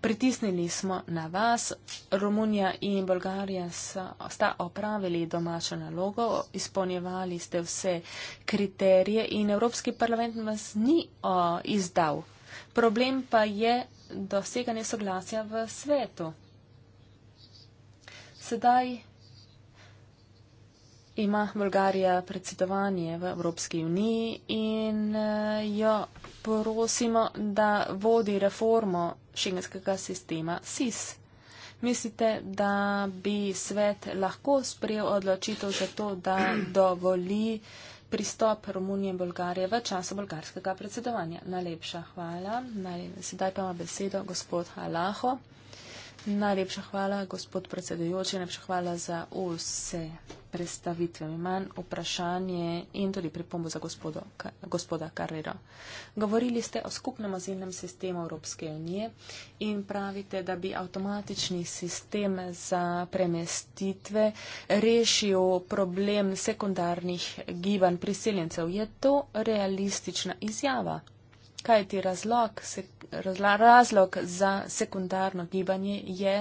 Pritisnili smo na vas. Romunija in Bolgarija sta opravili domačo nalogo, izpolnjevali ste vse kriterije in Evropski parlament vas ni o, izdal. Problem pa je doseganje soglasja v svetu sedaj ima Bolgarija predsedovanje v Evropski uniji in eh, jo prosimo, da vodi reformo šengenskega sistema SIS. Mislite, da bi svet lahko sprejel odločitev za to, da dovoli pristop Romunije in Bolgarije v času bolgarskega predsedovanja? Najlepša hvala. Sedaj pa ima besedo gospod Halaho. Najlepša hvala, gospod predsedujoči, najlepša hvala za vse predstavitve. Imam vprašanje in tudi pripombo za gospodo, gospoda Carrero. Govorili ste o skupnem azilnem sistemu Evropske unije in pravite, da bi avtomatični sistem za premestitve rešil problem sekundarnih gibanj priseljencev. Je to realistična izjava? kaj ti razlog, se, razla, razlog za sekundarno gibanje je,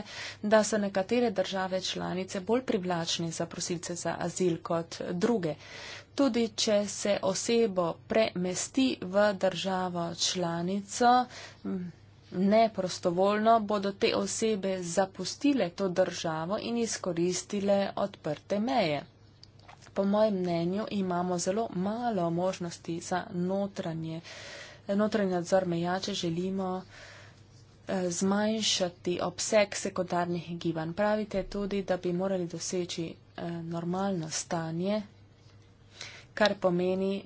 da so nekatere države članice bolj privlačne za prosilce za azil kot druge. Tudi, če se osebo premesti v državo članico neprostovoljno, bodo te osebe zapustile to državo in izkoristile odprte meje. Po mojem mnenju imamo zelo malo možnosti za notranje uh, notranji nadzor meja, če želimo eh, zmanjšati obseg sekundarnih gibanj. Pravite tudi, da bi morali doseči eh, normalno stanje, kar pomeni,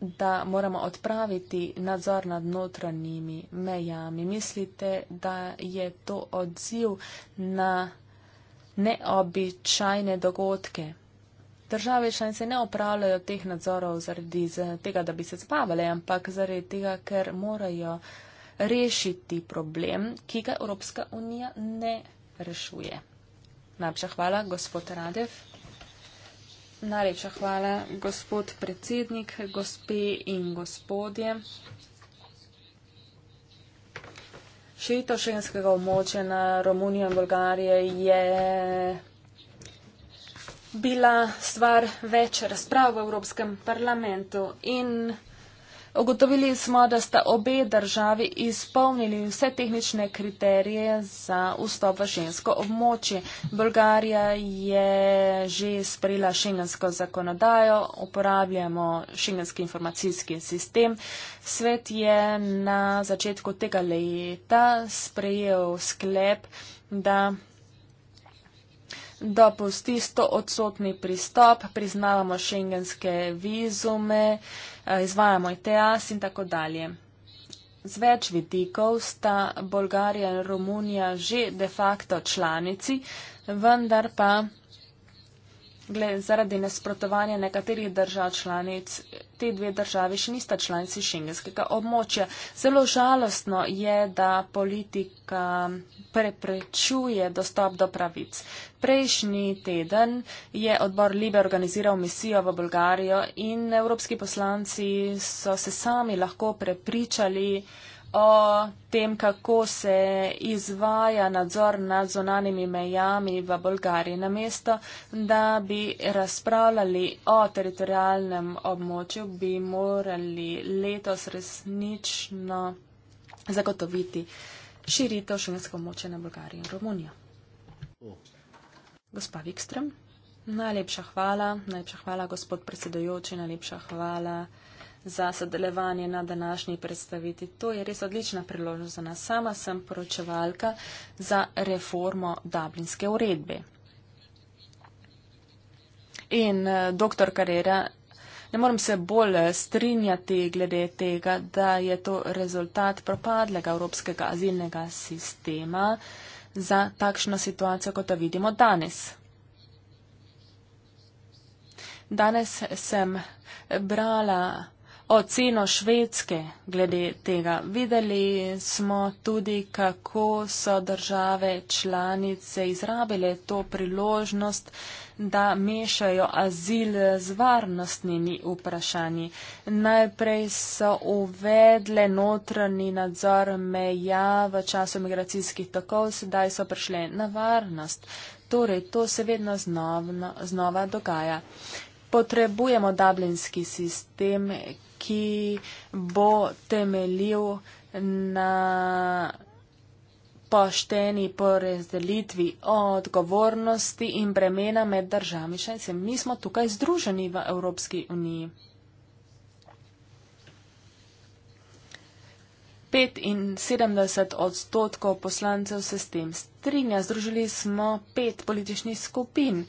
da moramo odpraviti nadzor nad notranjimi mejami. Mislite, da je to odziv na neobičajne dogodke? države članice ne opravljajo teh nadzorov zaradi tega, da bi se spavale, ampak zaradi tega, ker morajo rešiti problem, ki ga Evropska unija ne rešuje. Najlepša hvala, gospod Radev. Najlepša hvala, gospod predsednik, gospe in gospodje. Širitev šengenskega območja na Romunijo in Bolgarijo je bila stvar več razprav v Evropskem parlamentu in ogotovili smo, da sta obe državi izpolnili vse tehnične kriterije za vstop v šensko območje. Bolgarija je že sprejela šengensko zakonodajo, uporabljamo šengenski informacijski sistem. Svet je na začetku tega leta sprejel sklep, da da pusti 100-odstotni pristop, priznavamo šengenske vizume, eh, izvajamo ITAS in tako dalje. Z več vidikov sta Bolgarija in Romunija že de facto članici, vendar pa gled, zaradi nasprotovanja nekaterih držav članic, te dve države še nista članici šengenskega območja. Zelo žalostno je, da politika preprečuje dostop do pravic. Prejšnji teden je odbor Libe organiziral misijo v Bolgarijo in evropski poslanci so se sami lahko prepričali, o tem, kako se izvaja nadzor nad zonanimi mejami v Bolgariji, namesto da bi razpravljali o teritorijalnem območju, bi morali letos resnično zagotoviti širitev šengenskega območja na Bolgarijo in Romunijo. Gospa Vikstrem, najlepša hvala, najlepša hvala, gospod predsedojoči, najlepša hvala za sodelovanje na današnji predstaviti. To je res odlična priložnost za nas. Sama sem poročevalka za reformo Dublinske uredbe. In eh, doktor Karera, ne morem se bolj eh, strinjati glede tega, da je to rezultat propadlega evropskega azilnega sistema za takšno situacijo, kot jo vidimo danes. Danes sem brala oceno Švedske glede tega. Videli smo tudi, kako so države članice izrabile to priložnost, da mešajo azil z varnostnimi vprašanji. Najprej so uvedle notranji nadzor meja v času migracijskih tokov, sedaj so prišle na varnost. Torej, to se vedno znovno, znova dogaja. Potrebujemo dublinski sistem, ki bo temeljil na pošteni porezdelitvi odgovornosti in bremena med državami. Še enkrat, mi smo tukaj združeni v Evropski uniji. 75 odstotkov poslancev se s tem strinja. Združili smo pet političnih skupin.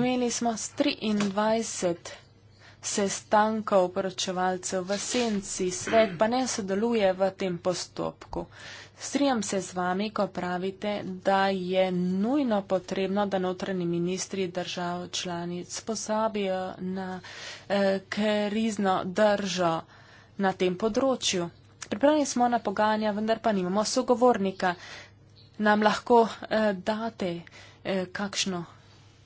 Imeli smo 23 odstotkov sestankov poročevalcev v senci, svet pa ne sodeluje v tem postopku. Strijam se z vami, ko pravite, da je nujno potrebno, da notranji ministri držav članic posabijo na eh, krizno držo na tem področju. Pripravljeni smo na pogajanja, vendar pa nimamo sogovornika. Nam lahko eh, date eh, kakšno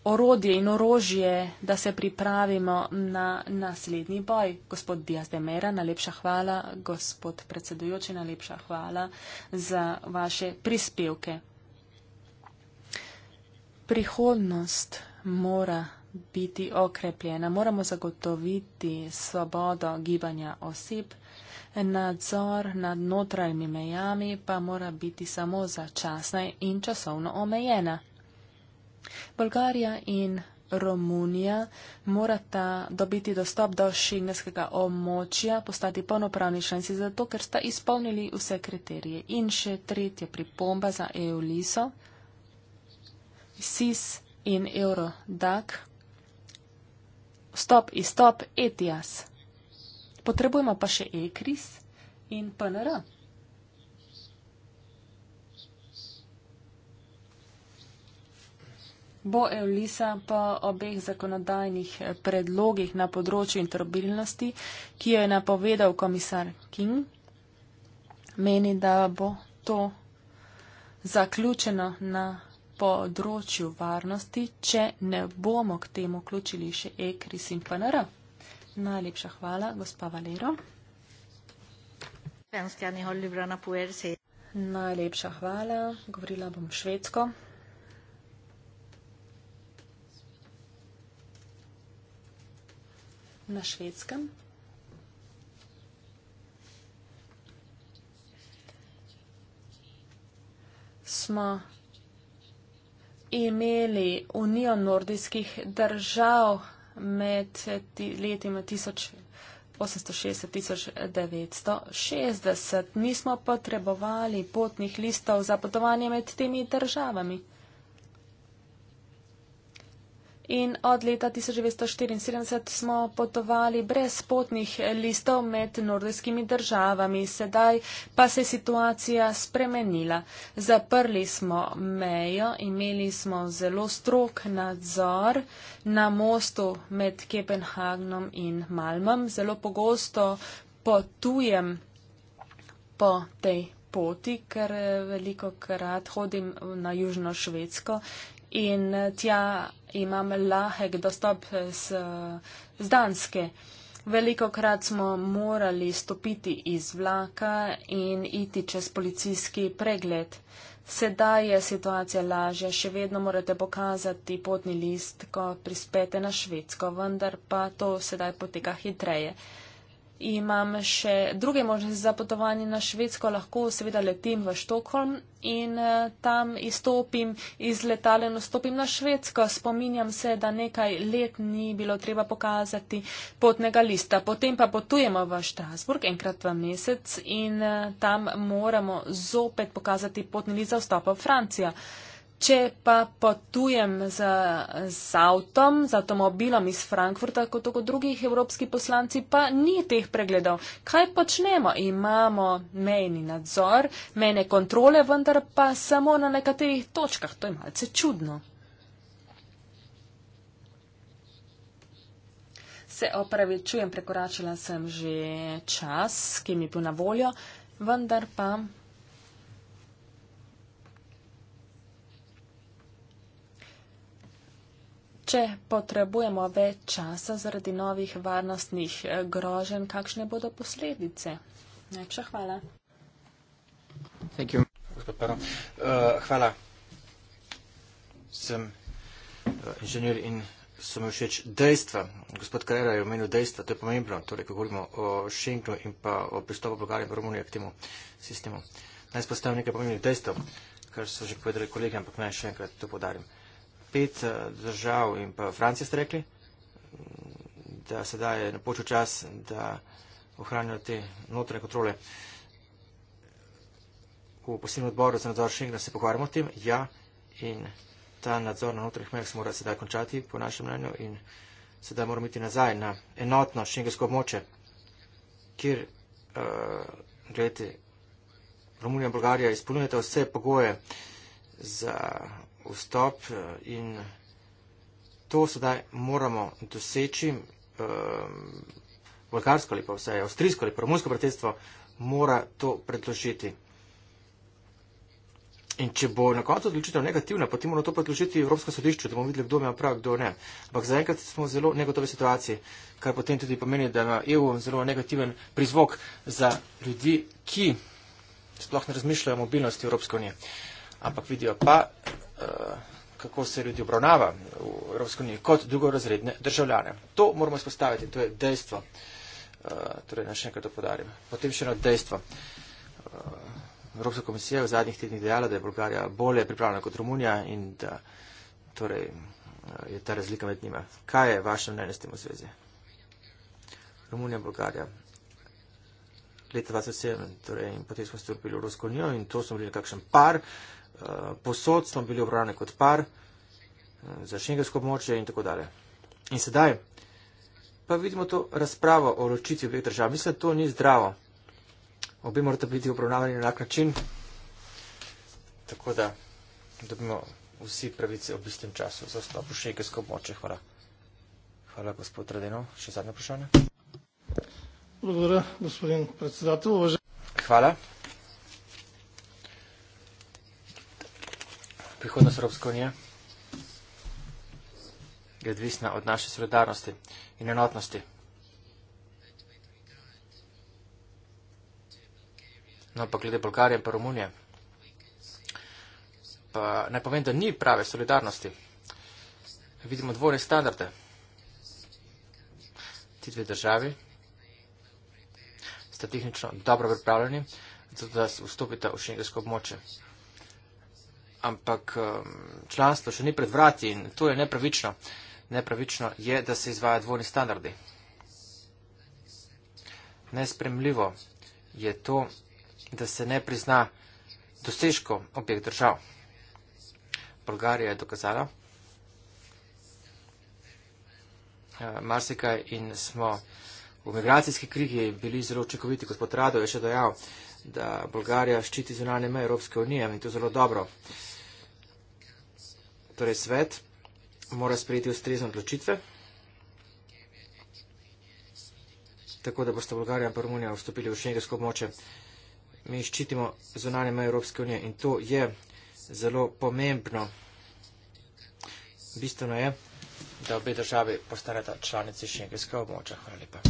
orodje in orožje, da se pripravimo na naslednji boj. Gospod Diaz de Mera, najlepša hvala, gospod predsedujoči, najlepša hvala za vaše prispevke. Prihodnost mora biti okrepljena. Moramo zagotoviti svobodo gibanja oseb. Nadzor nad notranjimi mejami pa mora biti samo začasna in časovno omejena. Bolgarija in Romunija morata dobiti dostop do šengenskega območja, postati polnopravni članci, zato ker sta izpolnili vse kriterije. In še tretja pripomba za EULISO, SIS in EURODAC, stop, izstop, ETIAS. Potrebujemo pa še ECRIS in PNR. Bo Eulisa po obeh zakonodajnih eh, predlogih na področju interobilnosti, ki jo je napovedal komisar King, meni, da bo to zaključeno na področju varnosti, če ne bomo k temu vključili še ECRIS in PNR. Najlepša hvala, gospa Valero. Najlepša hvala, govorila bom švedsko. na švedskem. Smo imeli unijo nordijskih držav med letima 1860-1960. Nismo potrebovali potnih listov za potovanje med temi državami in od leta 1974 smo potovali brez potnih listov med nordijskimi državami. Sedaj pa se je situacija spremenila. Zaprli smo mejo, imeli smo zelo strok nadzor na mostu med Kopenhagnom in Malmom. Zelo pogosto potujem po tej poti, ker veliko krat hodim na južno Švedsko in eh, tja imam lahek dostop z, z Danske. Veliko krat smo morali stopiti iz vlaka in iti čez policijski pregled. Sedaj je situacija lažja, še vedno morate pokazati potni list, ko prispete na Švedsko, vendar pa to sedaj poteka hitreje imam še druge možnosti za potovanje na Švedsko, lahko seveda letim v Štokholm in eh, tam izstopim iz letala in vstopim na Švedsko. Spominjam se, da nekaj let ni bilo treba pokazati potnega lista. Potem pa potujemo v Štrasburg enkrat v mesec in eh, tam moramo zopet pokazati potni list za vstop v Francijo. Če pa potujem z, z avtom, z avtomobilom iz Frankfurta, kot kot drugih evropski poslanci, pa ni teh pregledov. Kaj počnemo? Imamo mejni nadzor, mejne kontrole, vendar pa samo na nekaterih točkah. To je malce čudno. Se opravičujem, prekoračila sem že čas, ki mi je bil na voljo, vendar pa Če potrebujemo več časa zaradi novih varnostnih eh, grožen, kakšne bodo posledice? Najlepša hvala. Eh, hvala. Sem eh, inženir in so mi všeč dejstva. Gospod Karera je omenil dejstva, to je pomembno. Torej, ko govorimo o Schengenu in pa o pristopu Bulgarije in Romunije k temu sistemu. Naj spostavim nekaj pomembnih dejstev, kar so že povedali kolegi, ampak naj še enkrat to podarim pet eh, držav in pa Francija ste rekli, da sedaj je napočil čas, da ohranijo te notranje kontrole. V posebnem odboru za nadzor Schengena se pogovarjamo o tem, ja, in ta nadzor na notranjih mejah se mora sedaj končati, po našem mnenju, in sedaj moramo iti nazaj na enotno šengensko območje, kjer, uh, eh, gledajte, Romunija in Bolgarija izpolnjujete vse pogoje za vstop eh, in to sedaj moramo doseči. Ehm, bolgarsko ali pa vse avstrijsko ali pa romunsko predsedstvo mora to predložiti. In če bo na koncu odločitev negativna, potem moramo to predložiti Evropsko sodišče, da bomo videli, kdo ima prav, kdo ne. Ampak zaenkrat smo v zelo negotovi situaciji, kar potem tudi pomeni, da ima EU zelo negativen prizvok za ljudi, ki sploh ne razmišljajo o mobilnosti Evropske unije. Ampak vidijo pa. Eh, kako se ljudi obravnava v Evropsko unijo kot drugorazredne državljane. To moramo izpostaviti in to je dejstvo. Eh, torej, naj še enkrat to podarim. Potem še eno dejstvo. Eh, Evropska komisija je v zadnjih tednih dejala, da je Bolgarija bolje pripravljena kot Romunija in da torej, je ta razlika med njima. Kaj je vaše mnenje s tem v zvezi? Romunija, Bolgarija. Leta 2007, torej, in potem smo stopili v Evropsko unijo in to smo bili nekakšen par. Eh, posod smo bili obravnani kot par eh, za šengensko območje in tako dalje. In sedaj pa vidimo to razpravo o ločitvi obeh držav. Mislim, da to ni zdravo. Obe morate biti obravnavani na enak način, tako da dobimo vsi pravice ob istem času za vstop v šengensko območje. Hvala. Hvala, gospod Radeno. Še zadnje vprašanje. Благодаря, господин председател. Уважен... Хвала. prihodnost Evropske unije, je odvisna od naše solidarnosti in enotnosti. No, pa glede Bolgarije in pa Romunije, pa ne pomeni, da ni prave solidarnosti. Vidimo dvore standarde. Ti dve državi sta tehnično dobro pripravljeni, zato da se vstopita v šengensko območje ampak um, članstvo še ni pred vrati in to je nepravično. Nepravično je, da se izvaja dvojni standardi. Nespremljivo je to, da se ne prizna dosežko objekt držav. Bolgarija je dokazala eh, marsikaj in smo v migracijski krigi bili zelo učinkoviti. Gospod Rado je še dojal, da Bolgarija ščiti zunanje meje Evropske unije in to zelo dobro torej svet mora sprejeti ustrezne odločitve, tako da boste Bolgarija in Romunija vstopili v šengensko območje. Mi ščitimo zunanje meje Evropske unije in to je zelo pomembno. Bistveno je, da obe državi postaneta članici šengenske območja. Hvala lepa.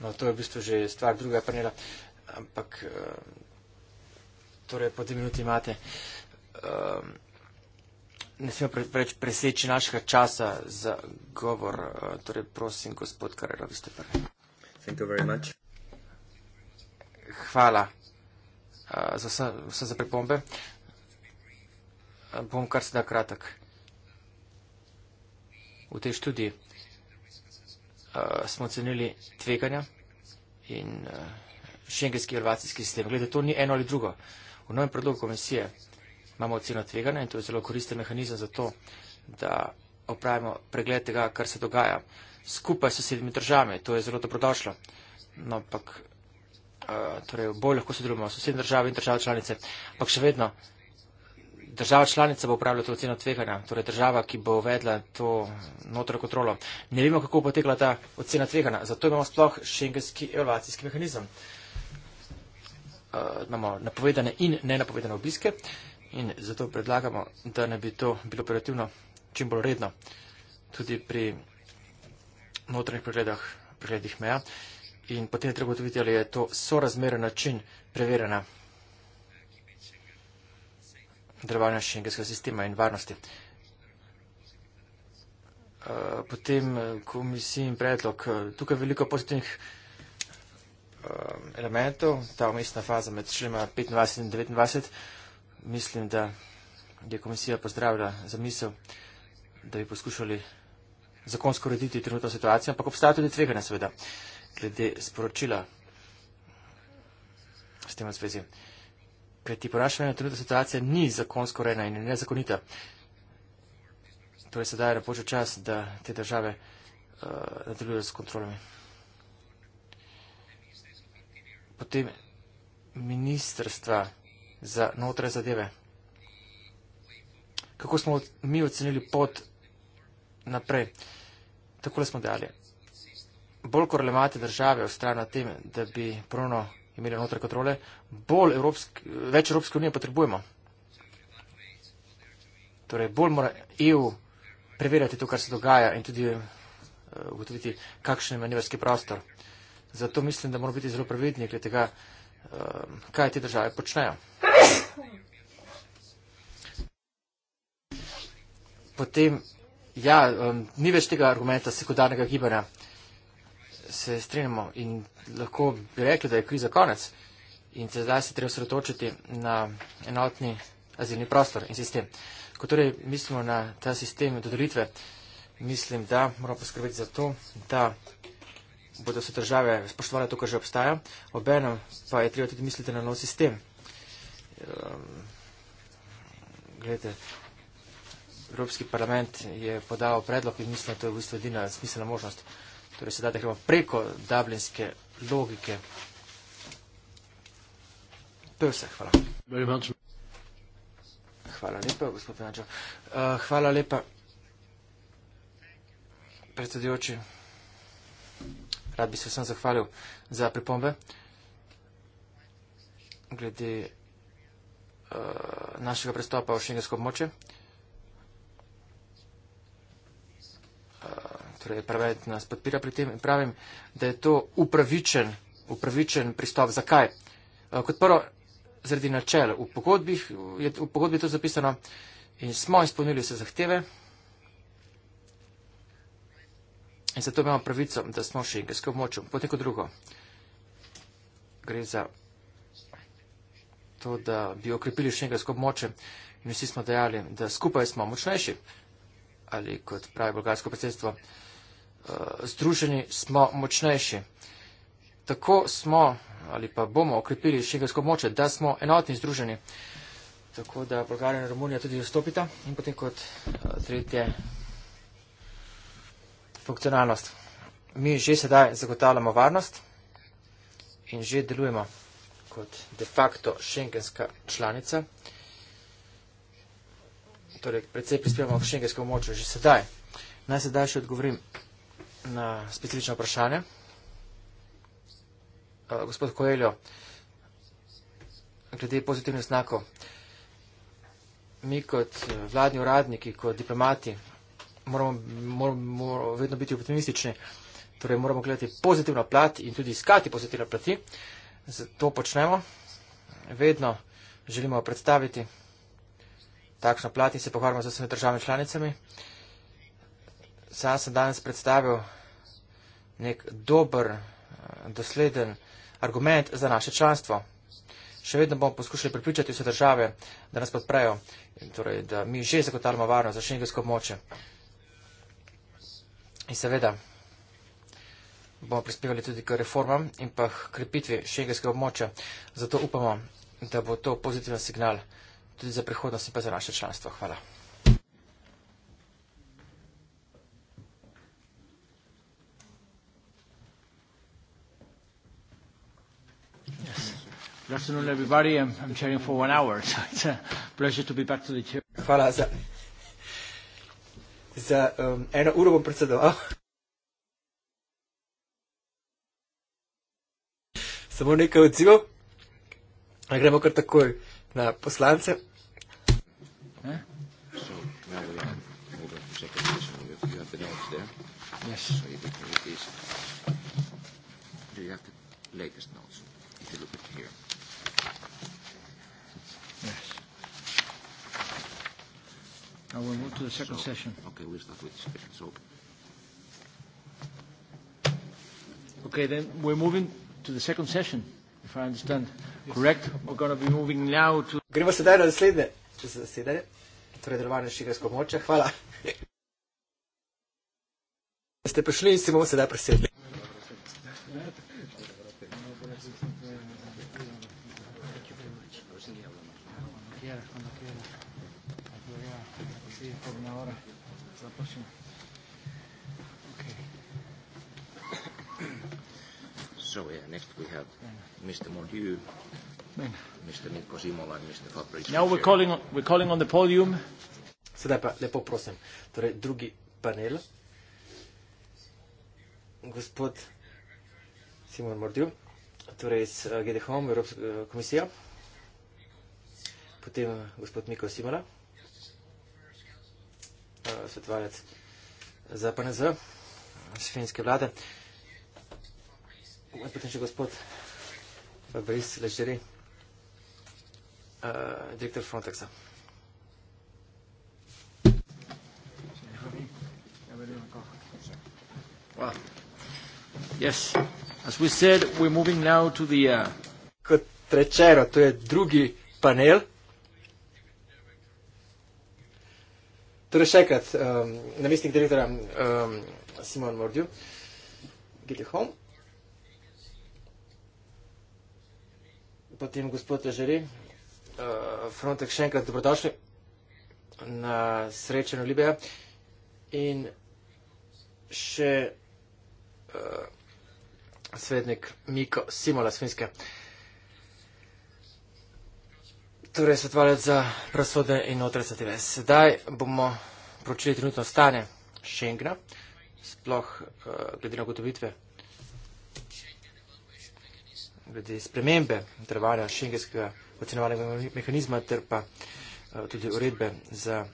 No, to je v bistvu že stvar druga panela, ampak eh, torej po dve minuti imate. Um, ne smemo preveč preseči našega časa za govor. Eh, torej, prosim, gospod Karero, vi ste prvi. Thank you very much. Hvala eh, za vse, vse za pripombe. Eh, bom kar sedaj kratek. V tej študiji uh, smo ocenili tveganja in uh, šengenski evalvacijski sistem. Glede, to ni eno ali drugo. V novem predlogu komisije imamo ocena tveganja in to je zelo koristen mehanizem za to, da opravimo pregled tega, kar se dogaja skupaj s sedmimi državami. To je zelo dobrodošlo. No, ampak eh, torej bolj lahko sodelujemo s sedmimi državami in državami članice. Ampak še vedno država članica bo upravljala to oceno tveganja, torej država, ki bo uvedla to notranjo kontrolo. Ne vemo, kako bo tekla ta ocena tveganja. Zato imamo sploh šengenski evaluacijski mehanizem. Uh, imamo napovedane in nenapovedane obiske. Uh, in zato predlagamo, da ne bi to bilo operativno čim bolj redno, tudi pri notranjih pregledah, pregledih meja. In potem je treba ugotoviti, ali je to sorazmeren način preverjanja delovanja šengenskega sistema in varnosti. Eh, potem eh, komisiji in predlog. Tukaj je veliko pozitivnih eh, elementov, ta omestna faza med člema 25 in 29 mislim, da je komisija pozdravila zamisel, da bi poskušali zakonsko urediti trenutno situacijo, ampak obstaja tudi tvega, seveda, glede sporočila s tem v zvezi. Kajti ponašanje na trenutno situacijo ni zakonsko urejena in je nezakonita. Torej sedaj je napočil čas, da te države uh, nadaljujejo s kontrolami. Potem ministrstva za notre zadeve. Kako smo mi ocenili pot naprej? Takole smo dejali. Bolj korlemate države ostajajo na tem, da bi prono imeli notre kontrole, bolj evropske, več Evropske unije potrebujemo. Torej, bolj mora EU preverjati to, kar se dogaja in tudi eh, ugotoviti, kakšen je manjverski prostor. Zato mislim, da moramo biti zelo previdni glede tega, eh, kaj te države počnejo. Potem, ja, um, ni več tega argumenta sekundarnega gibanja. Se strinjamo in lahko bi rekli, da je kriza konec in se zdaj se treba sredotočiti na enotni azilni prostor in sistem. Ko torej mislimo na ta sistem dodelitve, mislim, da moramo poskrbeti za to, da bodo se države spoštovale to, kar že obstaja, obenem pa je treba tudi misliti na nov sistem Ehm, Gledajte, Evropski parlament je podal predlog in mislim, da to je v bistvu edina smiselna možnost. Torej se da, da gremo preko dublinske logike. To je vse, hvala. Hvala lepa, gospod Penačo. Uh, eh, hvala lepa, predsedujoči. Rad bi se vsem zahvalil za pripombe. Glede Eh, našega prestopa v šengensko območje. Eh, torej, prevajalec nas podpira pri tem in pravim, da je to upravičen, upravičen pristop. Zakaj? Eh, kot prvo, zaradi načel. V, v pogodbi je to zapisano in smo izpolnili vse zahteve in zato imamo pravico, da smo v šengensko območju. Potem kot drugo, gre za to, da bi okrepili šengensko območje. In vsi smo dejali, da skupaj smo močnejši. Ali kot pravi bolgarsko predsedstvo, eh, združeni smo močnejši. Tako smo ali pa bomo okrepili šengensko območje, da smo enotni združeni. Tako da Bolgarija in Romunija tudi vstopita in potem kot eh, tretje funkcionalnost. Mi že sedaj zagotavljamo varnost in že delujemo kot de facto šengenska članica. Torej, predvsej prispevamo k šengensko območju že sedaj. Naj sedaj še odgovorim na specifično vprašanje. Gospod Koeljo, glede pozitivnih znakov, mi kot vladni uradniki, kot diplomati, moramo, moramo, moramo vedno biti optimistični, torej moramo gledati pozitivno plat in tudi iskati pozitivno plati. Uh, zato počnemo. Vedno želimo predstaviti takšno plat in se pohvalimo z vsemi državami članicami. Sam sem danes predstavil nek dober, eh, dosleden argument za naše članstvo. Še vedno bomo poskušali pripričati vse države, da nas podprejo, torej, da mi že zagotavljamo varnost za šengensko območje. In seveda, bomo prispevali tudi k reformam in pa k krepitvi šengenskega območja. Zato upamo, da bo to pozitiven signal tudi za prihodnost in pa za naše članstvo. Hvala. Hvala za, za um, eno uro bom predsedoval. samo nekaj odzivov. A gremo kar takoj na poslance. Now we'll move to the second so, session. Okay, we'll start with the second. So. Okay, then we're moving to the second session, if I understand yes. correct. We're going to be moving now to. Gremo sedaj na naslednje, če se zasedete. Torej, delovanje šigarsko moče. Hvala. Ste prišli in se bomo sedaj presedli. Thank you. So yeah, next we have Mr. Mordieu, Mr. Mirko Simola and Mr. Fabrice. Now we're calling, on, we're calling on the podium. Sedaj pa lepo prosim, torej drugi panel. Gospod Simon Mordieu, torej iz eh, GD Home, Evropska eh, komisija. Potem eh, gospod Miko Simola, svetovalec za PNZ, iz finske vlade. Moj potem še gospod Fabrice Legeri, uh, eh, direktor Frontexa. Uh, Kot rečeno, to je drugi panel. Torej še enkrat, um, namestnik direktora um, ehm, Simon Mordiu, get you home. Potem gospod Ježeri, eh, Frontex še enkrat dobrodošli na srečanju Libija. In še uh, svetnik Miko Simola Svinske. Torej, svetovalec za prasode in notranje zadeve. Sedaj bomo pročili trenutno stanje Šengna, sploh uh, glede na gotovitve glede spremembe trvanja šengenskega ocenovanega mehanizma ter pa eh, tudi uredbe za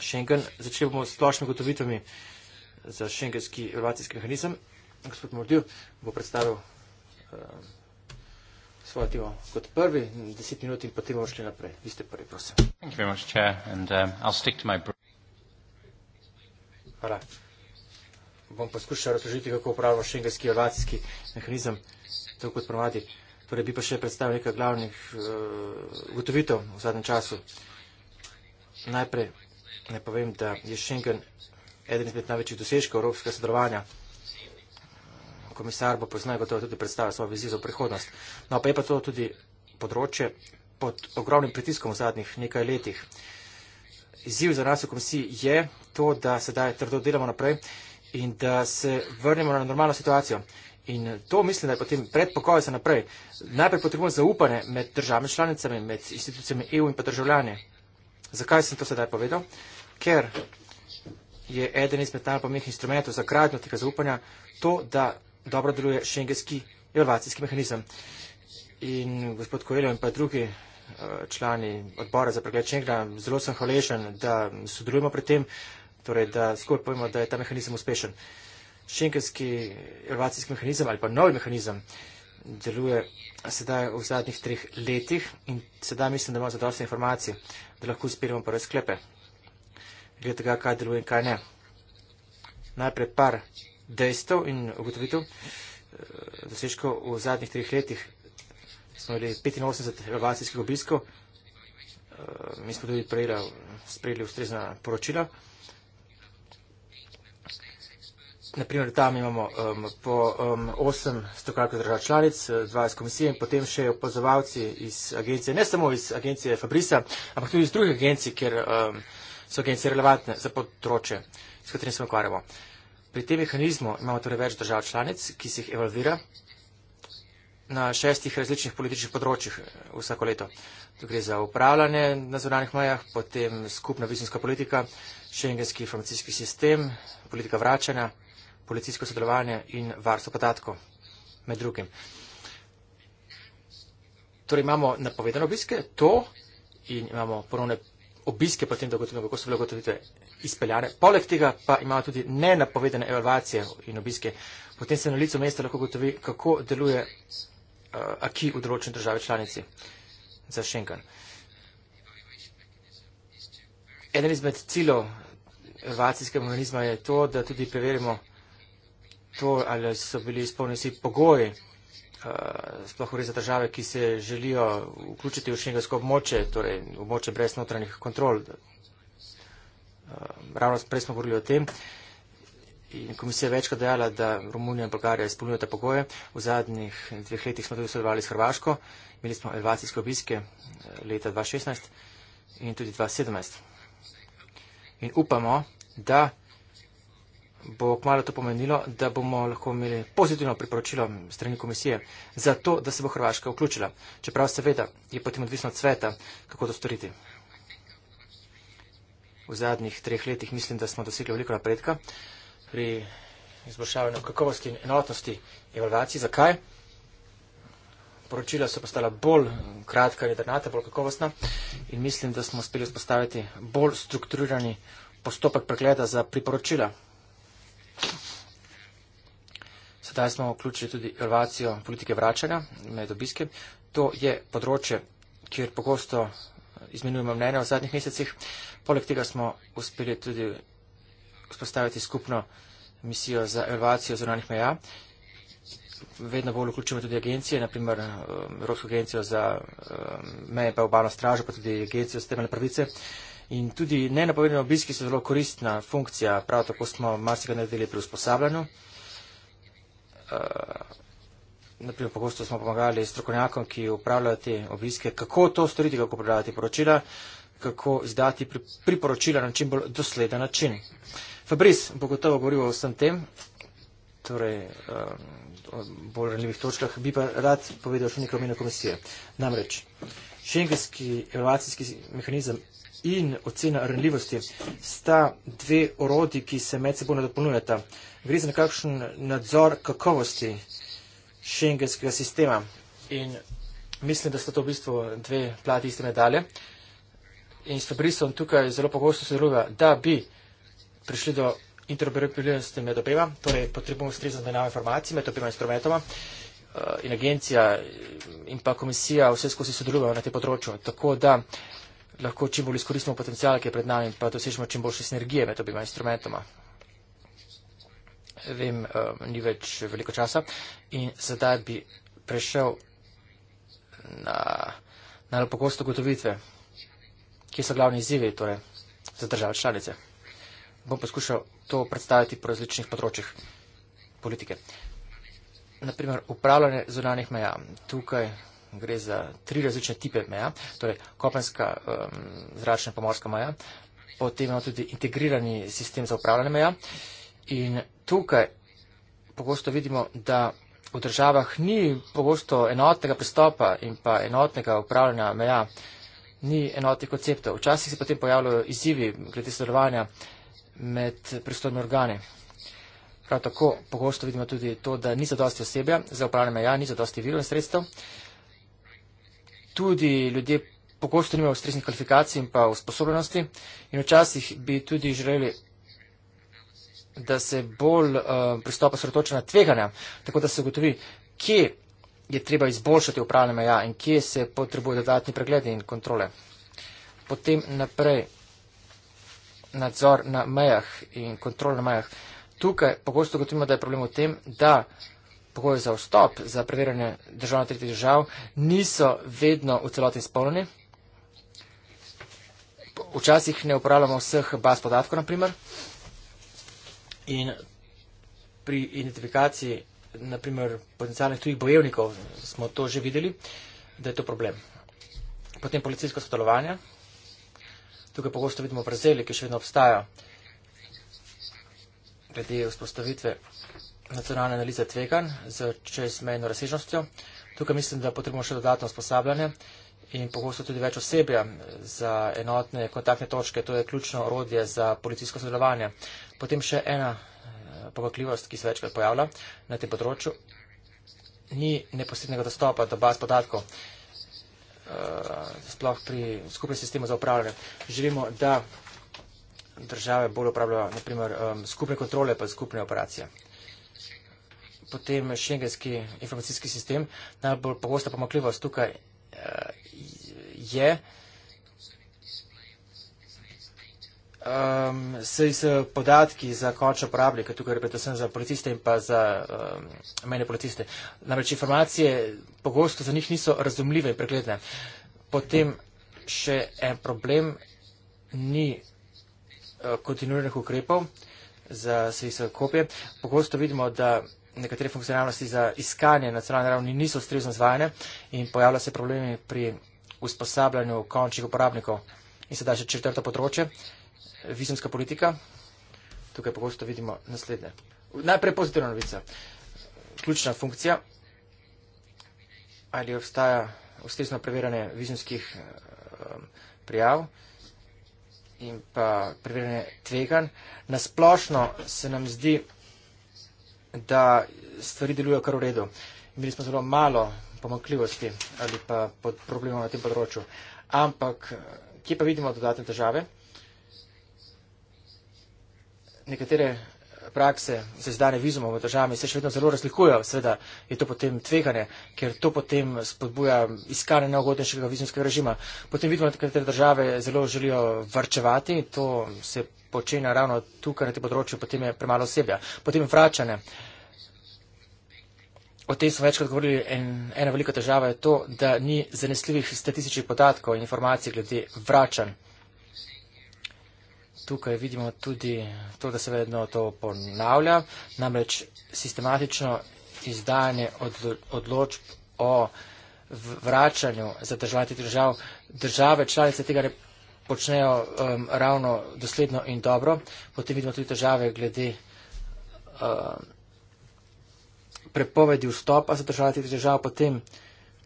Schengen. Začeli bomo s splošnimi gotovitvami za šengenski evaluacijski mehanizem. Gospod Mordil bo predstavil eh, svojo timo kot prvi, deset minut in potem bomo šli naprej. Vi ste prvi, prosim. Uh, Hvala. Bom poskušal razložiti, kako upravljamo šengenski evaluacijski mehanizem tako kot pomladi. Torej bi pa še predstavil nekaj glavnih uh, eh, gotovitev v zadnjem času. Najprej ne povem, da je Schengen eden izmed največjih dosežkov evropskega sodelovanja. Komisar bo poznaj gotovo tudi predstavil svojo vizijo za prihodnost. No pa je pa to tudi področje pod ogromnim pritiskom v zadnjih nekaj letih. Izziv za nas v komisiji je to, da sedaj trdo delamo naprej in da se vrnemo na normalno situacijo. In to mislim, da je potem predpokoj za naprej. Najprej potrebujemo zaupanje med državami članicami, med institucijami EU in pa državljani. Zakaj sem to sedaj povedal? Ker je eden izmed najpomembnejših instrumentov za gradno tega zaupanja to, da dobro deluje šengenski evalvacijski mehanizem. In gospod Koeljo in pa drugi eh, člani odbora za pregled Šengena, zelo sem hvaležen, da sodelujemo pri tem, torej da skupaj povemo, da je ta mehanizem uspešen. Uh, šengenski evacijski mehanizem ali pa novi mehanizem deluje sedaj v zadnjih treh letih in sedaj mislim, da imamo zadostne informacije, da lahko izpeljemo prve sklepe. Glede tega, kaj deluje in kaj ne. Najprej par dejstev in ugotovitev. Eh, Dosežko v zadnjih treh letih smo imeli 85 evacijskih obiskov. Eh, mi smo tudi sprejeli ustrezna poročila naprimer tam imamo um, po um, 8 stokakrat držav članic, 20 uh, komisij in potem še opazovalci iz agencije, ne samo iz agencije Fabrisa, ampak tudi iz drugih agencij, ker um, so agencije relevantne za področje, s katerim se ukvarjamo. Pri tem mehanizmu imamo torej več držav članic, ki se jih evalvira na šestih različnih političnih področjih uh, vsako leto. Tu gre za upravljanje na zunanih mejah, potem skupna vizijska politika, šengenski informacijski sistem, politika vračanja policijsko sodelovanje in varstvo podatkov, med drugim. Torej imamo napovedane obiske, to in imamo ponovne obiske, potem da ugotovimo, kako so bile ugotovitve izpeljane. Poleg tega pa imamo tudi nenapovedane evalvacije in obiske. Potem se na licu mesta lahko ugotovi, kako deluje uh, aki v določeni državi članici za Schengen. Eden izmed ciljev evalvacijskega mehanizma je to, da tudi preverimo, to, ali so bili izpolnjeni vsi pogoji, eh, sploh res za države, ki se želijo vključiti v šengensko območje, torej območje brez notranjih kontrol. Eh, ravno prej smo govorili o tem in komisija večkrat dejala, da Romunija in Bolgarija izpolnjujo te pogoje. V zadnjih dveh letih smo tudi sodelovali s Hrvaško, imeli smo evacijske obiske eh, leta 2016 in tudi 2017. In upamo, da bo kmalo to pomenilo, da bomo lahko imeli pozitivno priporočilo strani komisije za to, da se bo Hrvaška vključila. Čeprav seveda je potem odvisno od sveta, kako to storiti. V zadnjih treh letih mislim, da smo dosegli veliko napredka pri izboljšavanju kakovosti in enotnosti evalvacij. Zakaj? Poročila so postala bolj kratka, jedrnata, bolj kakovostna in mislim, da smo uspeli vzpostaviti bolj strukturirani postopek pregleda za priporočila. Sedaj smo vključili tudi evalvacijo politike vračanja med obiske. To je področje, kjer pogosto izmenjujemo mnenja v zadnjih mesecih. Poleg tega smo uspeli tudi vzpostaviti skupno misijo za evalvacijo zunanih meja. Vedno bolj vključujemo tudi agencije, naprimer um, Evropsko agencijo za um, meje pa obalno stražo, pa tudi agencijo za temeljne pravice. In tudi nenapovedene obiski so zelo koristna funkcija, prav tako smo marsikaj naredili pri usposabljanju. Eh, naprimer pogosto smo pomagali strokovnjakom, ki upravljajo te obiske, kako to storiti, kako predati poročila, kako izdati priporočila na čim bolj dosleden način. Fabris bo gotovo govoril o vsem tem, torej eh, o bolj ranljivih točkah, bi pa rad povedal še nekaj omenja komisije. Namreč, šengenski evaluacijski mehanizem in ocena ranljivosti sta dve orodi, ki se med seboj nadopolnjujeta gre za nekakšen nadzor kakovosti šengenskega sistema. In mislim, da sta to v bistvu dve plati iste medalje. In s Fabrisom tukaj zelo pogosto se druga, da bi prišli do interoperabilnosti med obema, torej potrebujemo ustrezno zamenjavo informacij med obema instrumentoma eh, in agencija eh, in pa komisija vse skozi sodelujejo na tem področju, tako da lahko čim bolj izkoristimo potencial, ki je pred nami in pa dosežemo čim boljše sinergije med obima instrumentoma vem, eh, ni več veliko časa in sedaj bi prešel na najbolj pogosto gotovitve, kje so glavni izzivi torej, za države članice. Bom poskušal to predstaviti po različnih področjih politike. Naprimer, upravljanje zunanih meja. Tukaj gre za tri različne tipe meja, torej kopenska, zračna, pomorska meja. Potem imamo tudi integrirani sistem za upravljanje meja. In tukaj pogosto vidimo, da v državah ni pogosto enotnega pristopa in pa enotnega upravljanja meja, ni enotnih konceptov. Včasih se potem pojavljajo izzivi glede sodelovanja med pristojnimi organi. Prav tako pogosto vidimo tudi to, da ni zadosti osebja za upravljanje meja, ni zadosti virov in sredstev. Tudi ljudje pogosto nimajo ustreznih kvalifikacij in pa usposobljenosti in včasih bi tudi želeli da se bolj uh, pristopa sredotoča na tveganja, tako da se ugotovi, kje je treba izboljšati upravljanje meja in kje se potrebuje dodatni pregledi in kontrole. Potem naprej nadzor na mejah in kontrol na mejah. Tukaj pogosto ugotovimo, da je problem v tem, da pogoje za vstop, za preverjanje državno tretjih držav niso vedno v celoti izpolnjeni. Včasih ne uporabljamo vseh baz podatkov, naprimer. In pri identifikaciji, naprimer, potencijalnih tujih bojevnikov smo to že videli, da je to problem. Potem policijsko sodelovanje. Tukaj pogosto vidimo prezeli, ki še vedno obstajajo glede vzpostavitve nacionalne analize tveganj z čezmejno razsežnostjo. Tukaj mislim, da potrebujemo še dodatno usposabljanje. Uh, in pogosto tudi več osebja eh, za enotne kontaktne točke. To je ključno orodje za policijsko sodelovanje. Potem še ena eh, pogotljivost, ki se večkrat pojavlja na tem področju. Ni neposrednega dostopa do baz podatkov, eh, sploh pri skupnem sistemu za upravljanje. Želimo, da države bolj upravljajo naprimer skupne kontrole pa skupne operacije. Potem šengenski informacijski sistem. Najbolj pogosta pomakljivost tukaj je, um, se iz podatki za končno uporabnike, tukaj gre predvsem za policiste in pa za um, mene policiste, namreč informacije pogosto za njih niso razumljive in pregledne. Potem še en problem ni uh, kontinuiranih ukrepov za se iz kopije. Pogosto vidimo, da nekatere funkcionalnosti za iskanje na celo naravni niso ustrezno zvajene in pojavlja se problemi pri usposabljanju končnih uporabnikov. In sedaj še četrta področje, vizumska politika. Tukaj pogosto vidimo naslednje. Najprej pozitivna novica. Ključna funkcija, ali obstaja ustrezno preverjanje vizumskih prijav in pa preverjanje tvegan. Nasplošno se nam zdi da stvari delujejo kar v redu. Imeli smo zelo malo pomankljivosti ali pa problemov na tem področju. Ampak kje pa vidimo dodatne težave? Nekatere prakse za izdane vizumov v državi se še vedno zelo razlikujejo. Sveda je to potem tveganje, ker to potem spodbuja iskanje neugodnejšega vizumskega režima. Potem vidimo, da nekatere države zelo želijo vrčevati in to se počenja ravno tukaj na tem področju, potem je premalo osebja. Potem vračanje. O tem smo večkrat govorili in ena velika težava je to, da ni zanesljivih statističnih podatkov in informacij glede vračanj. Tukaj vidimo tudi to, da se vedno to ponavlja, namreč sistematično izdajanje odločb o vračanju za državljanje držav. Države članice tega ne počnejo um, ravno dosledno in dobro. Potem vidimo tudi težave glede um, prepovedi vstopa za državljane tih držav, potem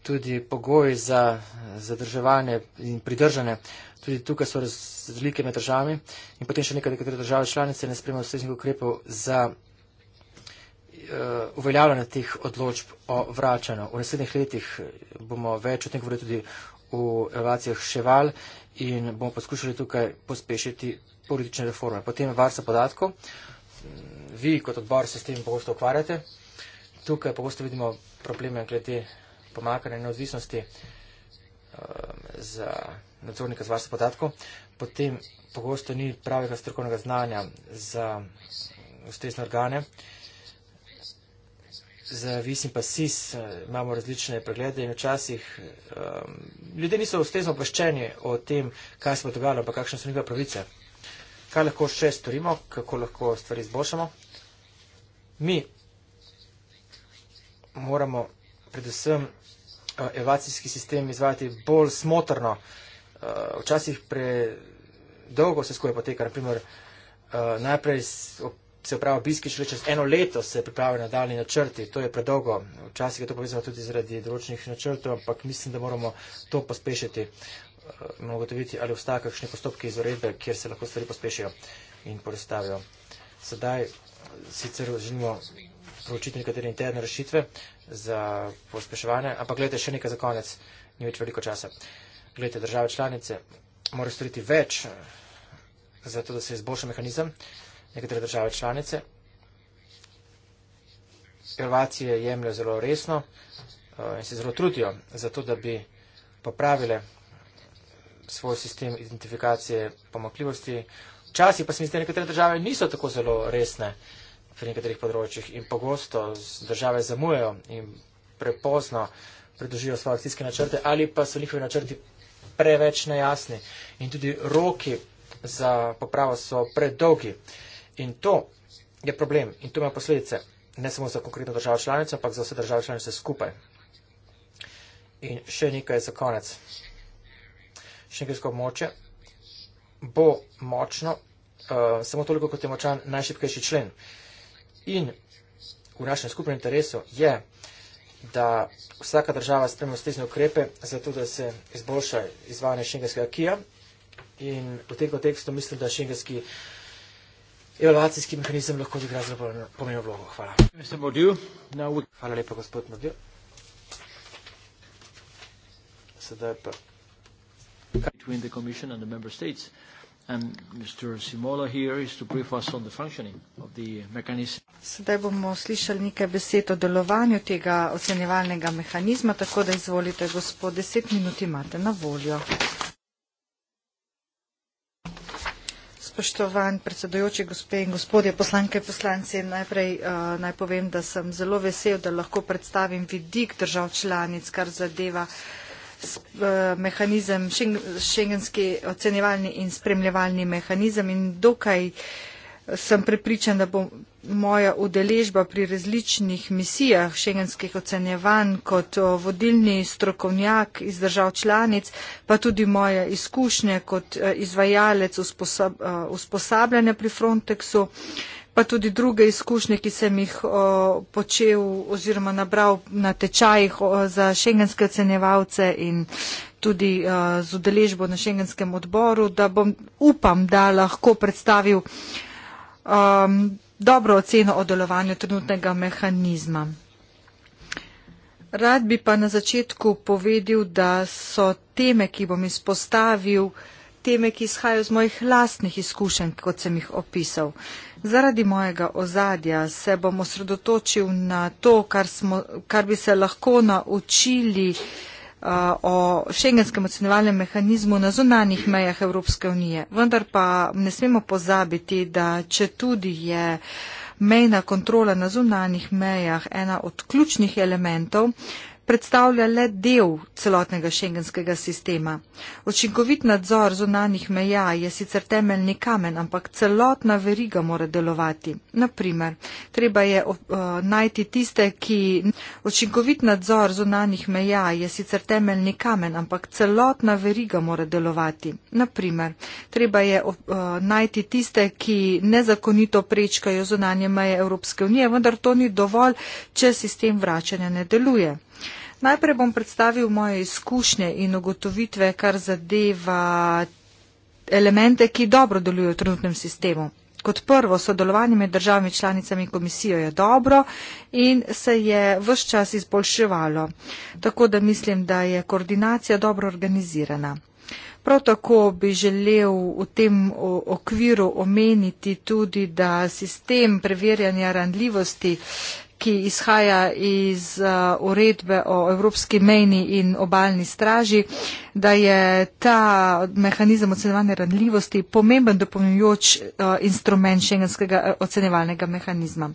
tudi pogoji za zadrževanje in pridržanje. Tudi tukaj so razlike med državami in potem še nekaj, nekatere države članice ne spremajo ustreznih ukrepov za uh, uveljavljanje teh odločb o vračanju. V naslednjih letih bomo več o tem govorili tudi v evacijah Ševal in bomo poskušali tukaj pospešiti politične reforme. Potem varstvo podatkov. Vi kot odbor se s tem pogosto ukvarjate. Tukaj pogosto vidimo probleme glede pomakanja neodvisnosti um, za nadzornika z varstva podatkov, potem pogosto ni pravega strokovnega znanja za ustrezne organe, uh, za VIS in pa SIS eh, imamo različne preglede in včasih um, ljudje niso ustrezno obveščeni o tem, kaj se bo dogajalo, pa kakšne so njihove pravice. Kaj lahko še storimo, kako lahko stvari izboljšamo? Mi moramo predvsem uh, evacijski sistem izvajati bolj smotrno. Uh, včasih predolgo se skupaj poteka, naprimer uh, najprej se pravi, obiski šele čez eno leto se pripravljajo na daljni načrti. To je predolgo. Včasih je to povezano tudi zaradi določenih načrtov, ampak mislim, da moramo to pospešiti. Eh, moramo gotoviti, ali obstajajo kakšne postopke iz uredbe, kjer se lahko stvari pospešijo in porastavijo. Sedaj eh, sicer želimo proučiti nekatere interne rešitve za pospeševanje, ampak gledajte, še nekaj za konec, ni več veliko časa. Gledajte, države članice morajo storiti več, eh, zato da se izboljša mehanizem nekatere države članice. Evacije jemljajo zelo resno eh, in se zelo trudijo za to, da bi popravile svoj sistem identifikacije pomakljivosti. Včasih pa se mi zdi, da nekatere države niso tako zelo resne pri nekaterih področjih in pogosto države zamujajo in prepozno predložijo svoje akcijske načrte ali pa so njihovi načrti preveč nejasni in tudi roki za popravo so predolgi. Uh, In to je problem in to ima posledice ne samo za konkretno državo članico, ampak za vse države članice skupaj. In še nekaj za konec. Šengensko območje bo močno, uh, samo toliko, kot je močan najšipkejši člen. In v našem skupnem interesu je, da vsaka država spremlja ustrezne ukrepe, zato da se izboljša izvajanje šengenskega kija. In v tem kontekstu mislim, da šengenski uh, evaluacijski mehanizem lahko odigra zelo pomembno vlogo. Hvala. Hvala lepa, gospod Modil. Sedaj pa. Between the Commission and the Member States. And Mr. Simola here is to brief us on the functioning of the mechanism. Sedaj bomo slišali nekaj besed o delovanju tega ocenjevalnega mehanizma, tako da izvolite, gospod, deset minut imate na voljo. spoštovan predsedujoči, gospe in gospodje, poslanke, poslanci. Najprej uh, naj povem, da sem zelo vesel, da lahko predstavim vidik držav članic, kar zadeva eh, mehanizem, šengenski ocenjevalni in spremljevalni mehanizem in dokaj eh, sem prepričan, da bom moja udeležba pri različnih misijah šengenskih ocenjevanj kot vodilni strokovnjak iz držav članic, pa tudi moja izkušnja kot e, izvajalec e, usposabljanja pri Frontexu, pa tudi druge izkušnje, ki sem jih počel oziroma nabral na tečajih za šengenske ocenjevalce in tudi e, z udeležbo na šengenskem odboru, da bom upam, da lahko predstavil dobro oceno o delovanju trenutnega mehanizma. Rad bi pa na začetku povedal, da so teme, ki bom izpostavil, teme, ki izhajajo iz mojih lastnih izkušenj, kot sem jih opisal. Zaradi mojega ozadja se bom osredotočil na to, kar, smo, kar bi se lahko naučili uh, o šengenskem ocenjevalnem mehanizmu na zunanjih mejah Evropske unije. Vendar pa ne smemo pozabiti, da če tudi je mejna kontrola na zunanjih mejah ena od ključnih elementov, predstavlja le del celotnega šengenskega sistema. Očinkovit nadzor zunanih meja je sicer temeljni kamen, ampak celotna veriga mora delovati. Naprimer, treba je uh, najti tiste, ki. Očinkovit nadzor zunanih meja je sicer temeljni kamen, ampak celotna veriga mora delovati. Naprimer, treba je uh, najti tiste, ki nezakonito prečkajo zunanje meje Evropske unije, vendar to ni dovolj, če sistem vračanja ne deluje. Najprej bom predstavil moje izkušnje in ugotovitve, kar zadeva elemente, ki dobro delujejo v trenutnem sistemu. Kot prvo, sodelovanje med državami članicami komisijo je dobro in se je vse čas izboljševalo, tako da mislim, da je koordinacija dobro organizirana. Prav tako bi želel v tem okviru omeniti tudi, da sistem preverjanja randljivosti eh, ki izhaja iz uh, uredbe o Evropski mejni in obaljni straži, da je ta mehanizem ocenevanja ranljivosti pomemben dopolnjujoč uh, instrument šengenskega uh, ocenevalnega mehanizma.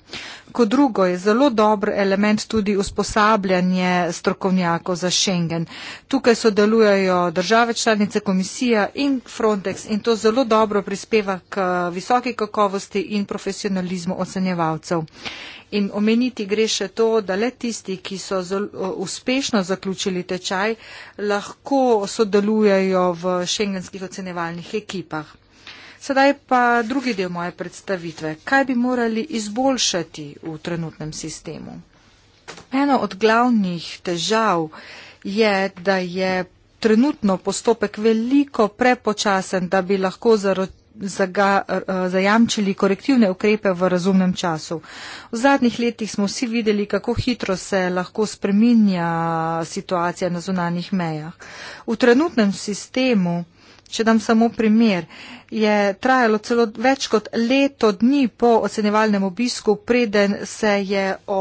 Kot drugo je zelo dober element tudi usposabljanje strokovnjakov za šengen. Tukaj sodelujejo države članice, komisija in Frontex in to zelo dobro prispeva k uh, visoki kakovosti in profesionalizmu ocenjevalcev. In omeniti gre še to, da le tisti, ki so eh, uspešno zaključili tečaj, lahko sodelujejo v šengenskih ocenevalnih ekipah. Sedaj pa drugi del moje predstavitve. Kaj bi morali izboljšati v trenutnem sistemu? Eno od glavnih težav je, da je trenutno postopek veliko prepočasen, da bi lahko zaročil zaga, eh, zajamčili korektivne ukrepe v razumnem času. V zadnjih letih smo vsi videli, kako hitro se lahko spreminja situacija na zunanjih mejah. V trenutnem sistemu Če dam samo primer, je trajalo celo več kot leto dni po ocenjevalnem obisku, preden se je o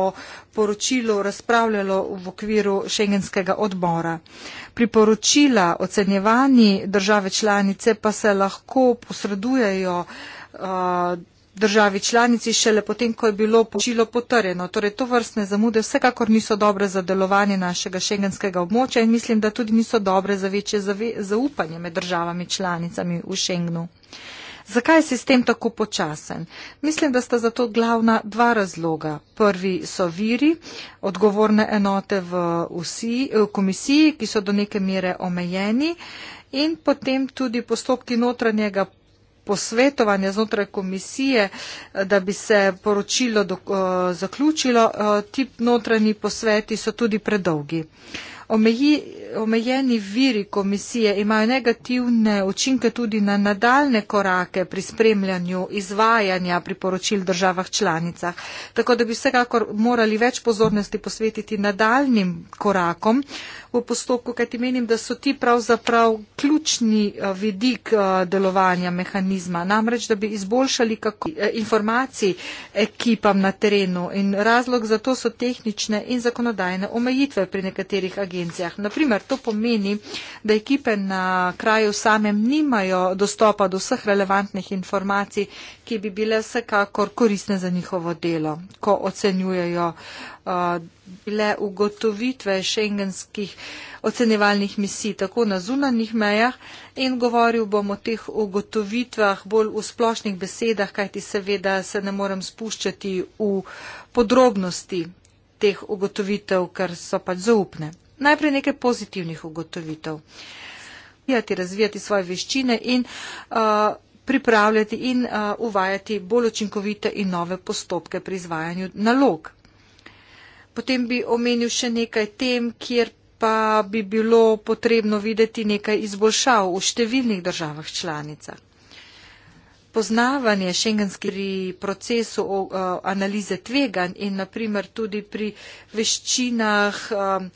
poročilu razpravljalo v okviru šengenskega odbora. Priporočila ocenjevanji države članice pa se lahko posredujejo. Uh, državi članici šele potem, ko je bilo počilo potrjeno. Torej, to vrstne zamude vsekakor niso dobre za delovanje našega šengenskega območja in mislim, da tudi niso dobre za večje zaupanje med državami članicami v Šengnu. Zakaj je sistem tako počasen? Mislim, da sta za to glavna dva razloga. Prvi so viri, odgovorne enote v, vsi, v komisiji, ki so do neke mere omejeni in potem tudi postopki notranjega posvetovanja znotraj komisije, da bi se poročilo do, eh, zaključilo. Eh, ti notranji posveti so tudi predolgi. Omeji, omejeni viri komisije imajo negativne učinke tudi na nadaljne korake pri spremljanju izvajanja priporočil državah članicah. Tako da bi vsekakor morali več pozornosti posvetiti nadaljnim korakom, uh, v postopku, kajti menim, da so ti pravzaprav ključni eh, vidik eh, delovanja mehanizma. Namreč, da bi izboljšali kako, eh, informacij ekipam na terenu in razlog za to so tehnične in zakonodajne omejitve pri nekaterih agencijah. Naprimer, to pomeni, da ekipe na kraju samem nimajo dostopa do vseh relevantnih informacij, ki bi bile vsekakor koristne za njihovo delo, ko ocenjujejo bile ugotovitve šengenskih ocenevalnih misij tako na zunanjih mejah in govoril bom o teh ugotovitvah bolj v splošnih besedah, kajti seveda se ne morem spuščati v podrobnosti teh ugotovitev, ker so pač zaupne. Najprej nekaj pozitivnih ugotovitev. Razvijati, razvijati svoje veščine in uh, pripravljati in uh, uvajati bolj učinkovite in nove postopke pri izvajanju nalog. Potem bi omenil še nekaj tem, kjer pa bi bilo potrebno videti nekaj izboljšav v številnih državah članicah. Poznavanje šengenskih pri procesu o, o, analize tvegan in naprimer tudi pri veščinah o, um,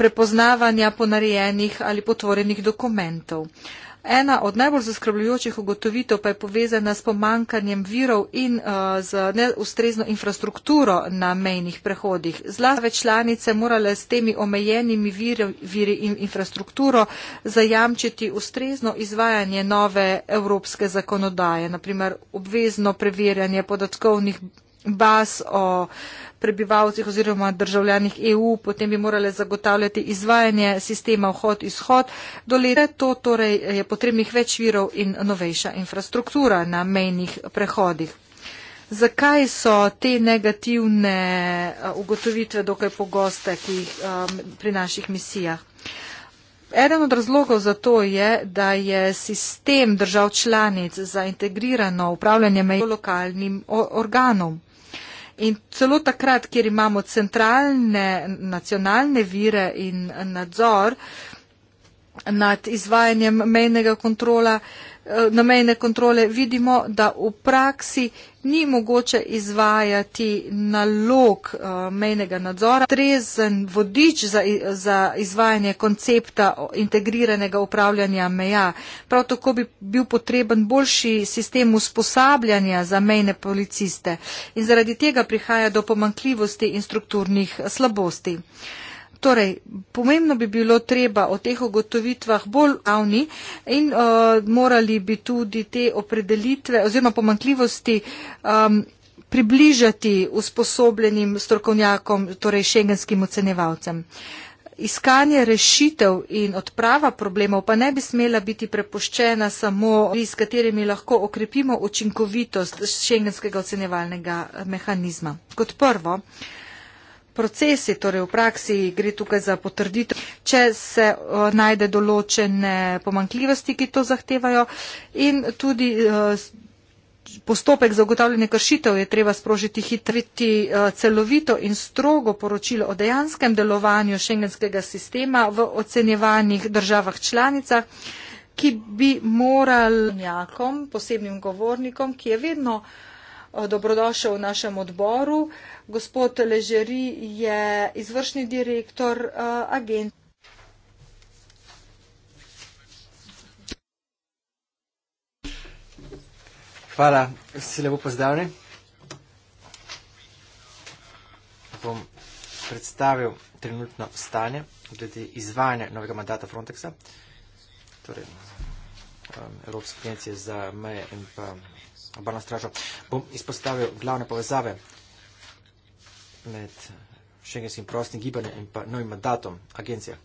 prepoznavanja ponarejenih ali potvorenih dokumentov. O, Ena od najbolj zaskrbljujočih ugotovitev pa je povezana s pomankanjem virov in uh, z neustrezno infrastrukturo na mejnih prehodih. Zlave članice morale s temi omejenimi viri in infrastrukturo zajamčiti ustrezno izvajanje nove evropske zakonodaje, naprimer obvezno preverjanje podatkovnih baz o uh, prebivalcih oziroma državljanih EU, potem bi morale zagotavljati izvajanje sistema vhod-izhod. Do leta to torej je potrebnih več virov in novejša infrastruktura na mejnih prehodih. Zakaj so te negativne eh, ugotovitve dokaj pogoste ehm, pri naših misijah? Eden od razlogov za to je, da je sistem držav članic za integrirano upravljanje mej lokalnim organom. In celo takrat, kjer imamo centralne nacionalne vire in nadzor nad izvajanjem mejnega kontrola, Eh, na mejne kontrole, vidimo, da v praksi ni mogoče izvajati nalog eh, mejnega nadzora. Trezen vodič za, za izvajanje koncepta integriranega upravljanja meja. Prav tako bi bil potreben boljši sistem usposabljanja za mejne policiste in zaradi tega prihaja do pomankljivosti in strukturnih slabosti. Torej, pomembno bi bilo treba o teh ugotovitvah bolj avni in uh, morali bi tudi te opredelitve oziroma pomankljivosti um, približati usposobljenim strokovnjakom, torej šengenskim ocenevalcem. Iskanje rešitev in odprava problemov pa ne bi smela biti prepuščena samo s katerimi lahko okrepimo učinkovitost šengenskega ocenevalnega mehanizma. Kot prvo, uh, procesi, torej v praksi gre tukaj za potrditev, če se eh, najde določene pomankljivosti, ki to zahtevajo in tudi eh, postopek za ugotavljanje kršitev je treba sprožiti hitriti eh, celovito in strogo poročilo o dejanskem delovanju šengenskega sistema v ocenjevanih državah članicah, ki bi moral njakom, posebnim govornikom, ki je vedno dobrodošel v našem odboru, Gospod Ležeri je izvršni direktor uh, eh, agencije. Hvala, vsi lepo pozdravljeni. Bom predstavil trenutno stanje glede izvajanja novega mandata Frontexa, torej um, Evropske agencije za meje in pa obalno stražo. Bom izpostavil glavne povezave med šengenskim prostim gibanjem in pa novim mandatom agencije.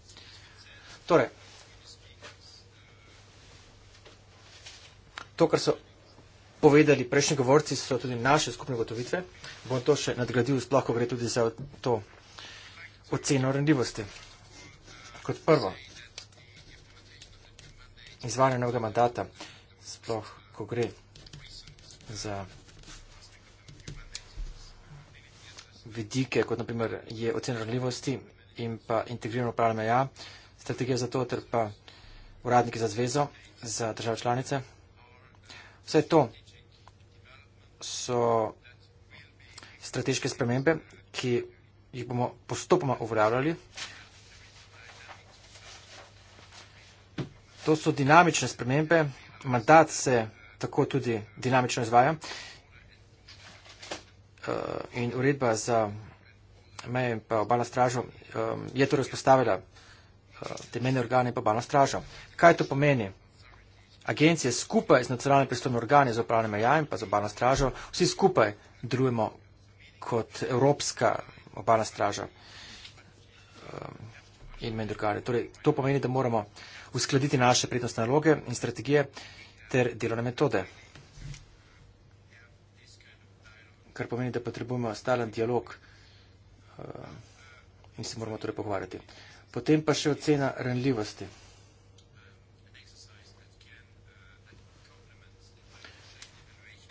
Torej, to, kar so povedali prejšnji govorci, so tudi naše skupne gotovitve. Bom to še nadgradil, sploh, ko gre tudi za to oceno rendljivosti. Kot prvo, izvajanje novega mandata, sploh, ko gre za vidike, kot naprimer je ocena ranljivosti in pa integrirano upravljanje meja, strategija za to ter pa uradniki za zvezo, za države članice. Vse to so strateške spremembe, ki jih bomo postopoma uveljavljali. To so dinamične spremembe, mandat se tako tudi dinamično izvaja. Eh, in uredba za meje in pa obalno stražo je torej vzpostavila eh, te mene organe in pa obalno stražo. Kaj to pomeni? Agencije skupaj z nacionalnimi pristojnimi organi za upravljanje meja in pa za obalno stražo, vsi skupaj drujemo kot evropska obalna straža in med organe. Torej, to pomeni, da moramo uskladiti naše prednostne naloge in strategije ter delovne metode. kar pomeni, da potrebujemo stalen dialog eh, in se moramo torej pogovarjati. Potem pa še ocena renljivosti.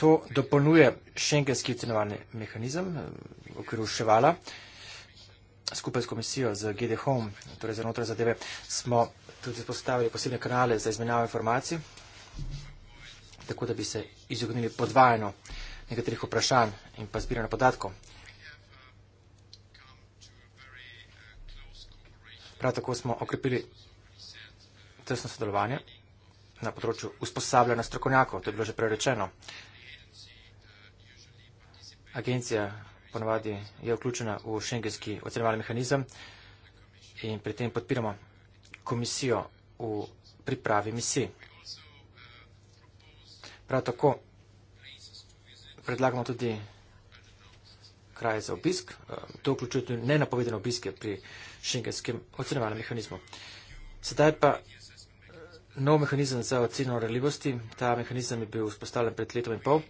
To dopolnuje šengenski ocenovani mehanizem eh, v okviru Ševala. Skupaj s komisijo z GD Home, torej za notranje zadeve, smo tudi postavili posebne kanale za izmenjavo informacij, tako da bi se izognili podvajeno nekaterih vprašanj in pa zbiranja podatkov. Prav tako smo okrepili tesno sodelovanje na področju usposabljanja strokovnjakov, to je bilo že prerečeno. Agencija ponovadi je vključena v šengenski ocenjevalni mehanizem in pri tem podpiramo komisijo v pripravi misij. Prav tako predlagamo tudi kraj za obisk. Eh, to vključuje tudi nenapovedene obiske pri šengenskem ocenovanem mehanizmu. Sedaj pa eh, nov mehanizem za oceno reljivosti. Ta mehanizem je bil vzpostavljen pred letom in pol.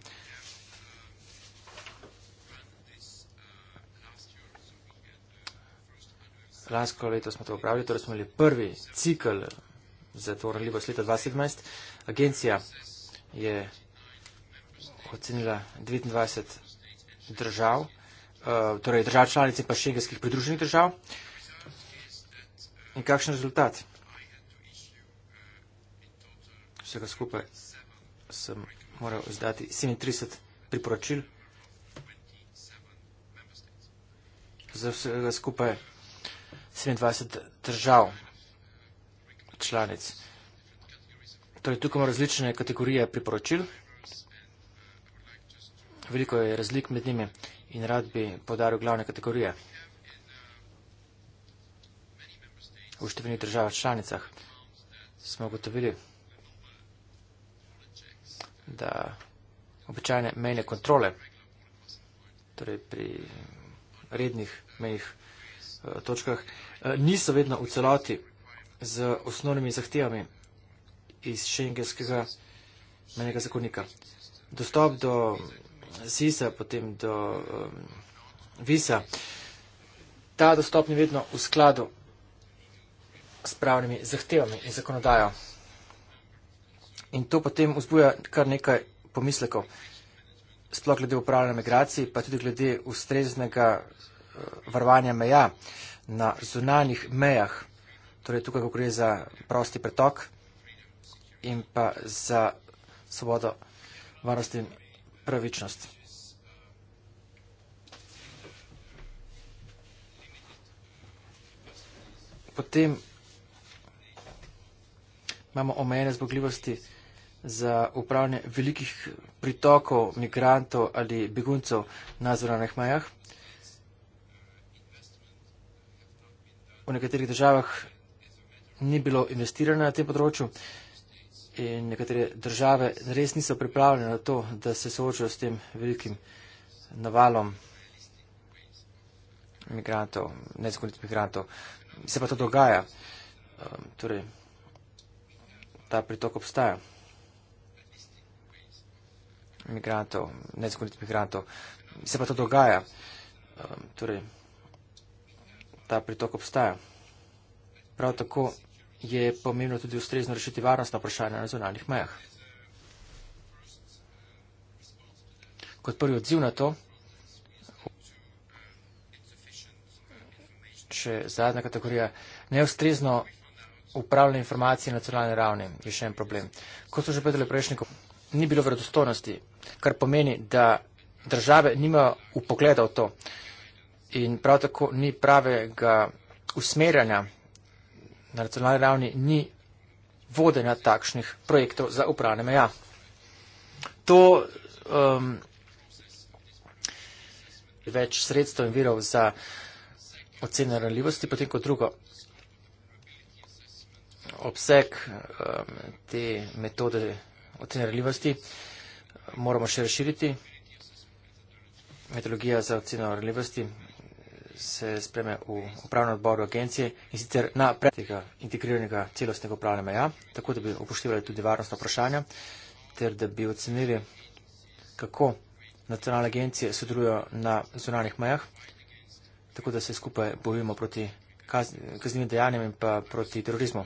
Lansko leto smo to upravili, torej smo imeli prvi cikl za to ranljivost leta 2017. Agencija je ocenila 29 držav, eh, torej držav članice pa šengenskih pridruženih držav. In kakšen rezultat? Vsega skupaj sem moral izdati 37 priporočil. Za vsega skupaj 27 držav članic. Torej, tukaj imamo različne kategorije priporočil. Veliko je razlik med njimi in rad bi podaril glavne kategorije. V številnih državah članicah smo ugotovili, da običajne mejne kontrole, torej pri rednih mejnih eh, točkah, eh, niso vedno v celoti z osnovnimi zahtevami iz šengenskega mejnega zakonika. Dostop do Sisa, potem do um, Visa. Ta dostop ni vedno v skladu s pravnimi zahtevami in zakonodajo. In to potem vzbuja kar nekaj pomislekov, sploh glede upravljanja migracij, pa tudi glede ustreznega eh, varovanja meja na zunanjih mejah, torej tukaj, ko gre za prosti pretok in pa za svobodo varnostnim pravičnost. Potem imamo omejene zmogljivosti za upravljanje velikih pritokov migrantov ali beguncev na zvonanih mejah. V nekaterih državah ni bilo investirano na tem področju in nekatere države res niso pripravljene na to, da se soočajo s tem velikim navalom migrantov, nezakonitih migrantov. Se pa to dogaja. Um, torej, ta pritok obstaja. Migrantov, nezakonitih migrantov. Se pa to dogaja. Um, torej, ta pritok obstaja. Prav tako je pomembno tudi ustrezno rešiti varnostna vprašanja na zunanih mejah. Kot prvi odziv na to, še zadnja kategorija, neustrezno upravljanje informacije na nacionalni ravni je še en problem. Kot so že povedali prejšnji, ni bilo vredostojnosti, kar pomeni, da države nimajo upogleda v to in prav tako ni pravega usmerjanja na nacionalni ravni ni vodenja takšnih projektov za upravne meja. To um, več sredstv in virov za ocene ranljivosti, potem kot drugo obseg um, te metode ocene ranljivosti moramo še razširiti. Metodologija za oceno ranljivosti se spreme v upravnem odboru agencije in sicer na predtega integriranega celostnega upravne meja, tako da bi upoštevali tudi varnost vprašanja, ter da bi ocenili, kako nacionalne agencije sodelujo na zonalnih mejah, tako da se skupaj bojimo proti kaznimi dejanjem in pa proti terorizmu.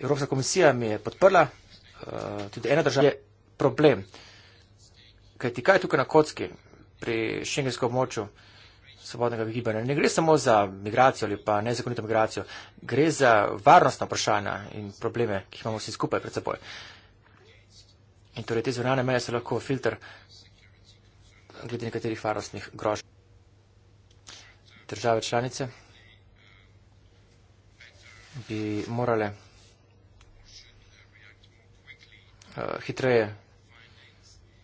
Evropska komisija mi je podprla, eh, tudi ena država je problem, kaj ti kaj je tukaj na kocki pri šengensko območju, svobodnega gibanja. Ne gre samo za migracijo ali pa nezakonito migracijo, gre za varnostna vprašanja in probleme, ki jih imamo vsi skupaj pred seboj. In torej te zvonane meje so lahko filter glede nekaterih varnostnih grož. Države članice bi morale uh, hitreje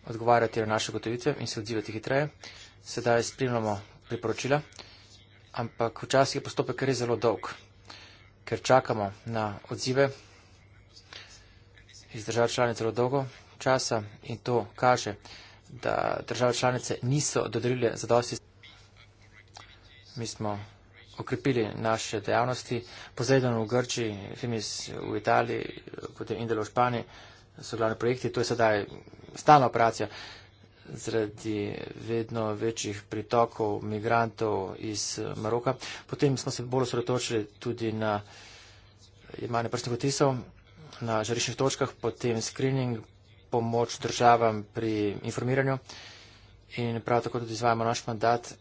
odgovarjati na naše gotovitve in se odzivati hitreje. Sedaj spremljamo priporočila, ampak včasih je postopek res zelo dolg, ker čakamo na odzive iz držav članic zelo dolgo časa in to kaže, da države članice niso dodelile zadosti. Mi smo okrepili naše dejavnosti, pozredno v Grčiji, Femis v Italiji, potem Indelo v Španiji, so glavni projekti, to je sedaj stalna operacija zaradi vedno večjih pritokov migrantov iz Maroka. Potem smo se bolj osredotočili tudi na imanje prstnih otisov na žariščnih točkah, potem screening, pomoč državam pri informiranju in prav tako tudi izvajamo naš mandat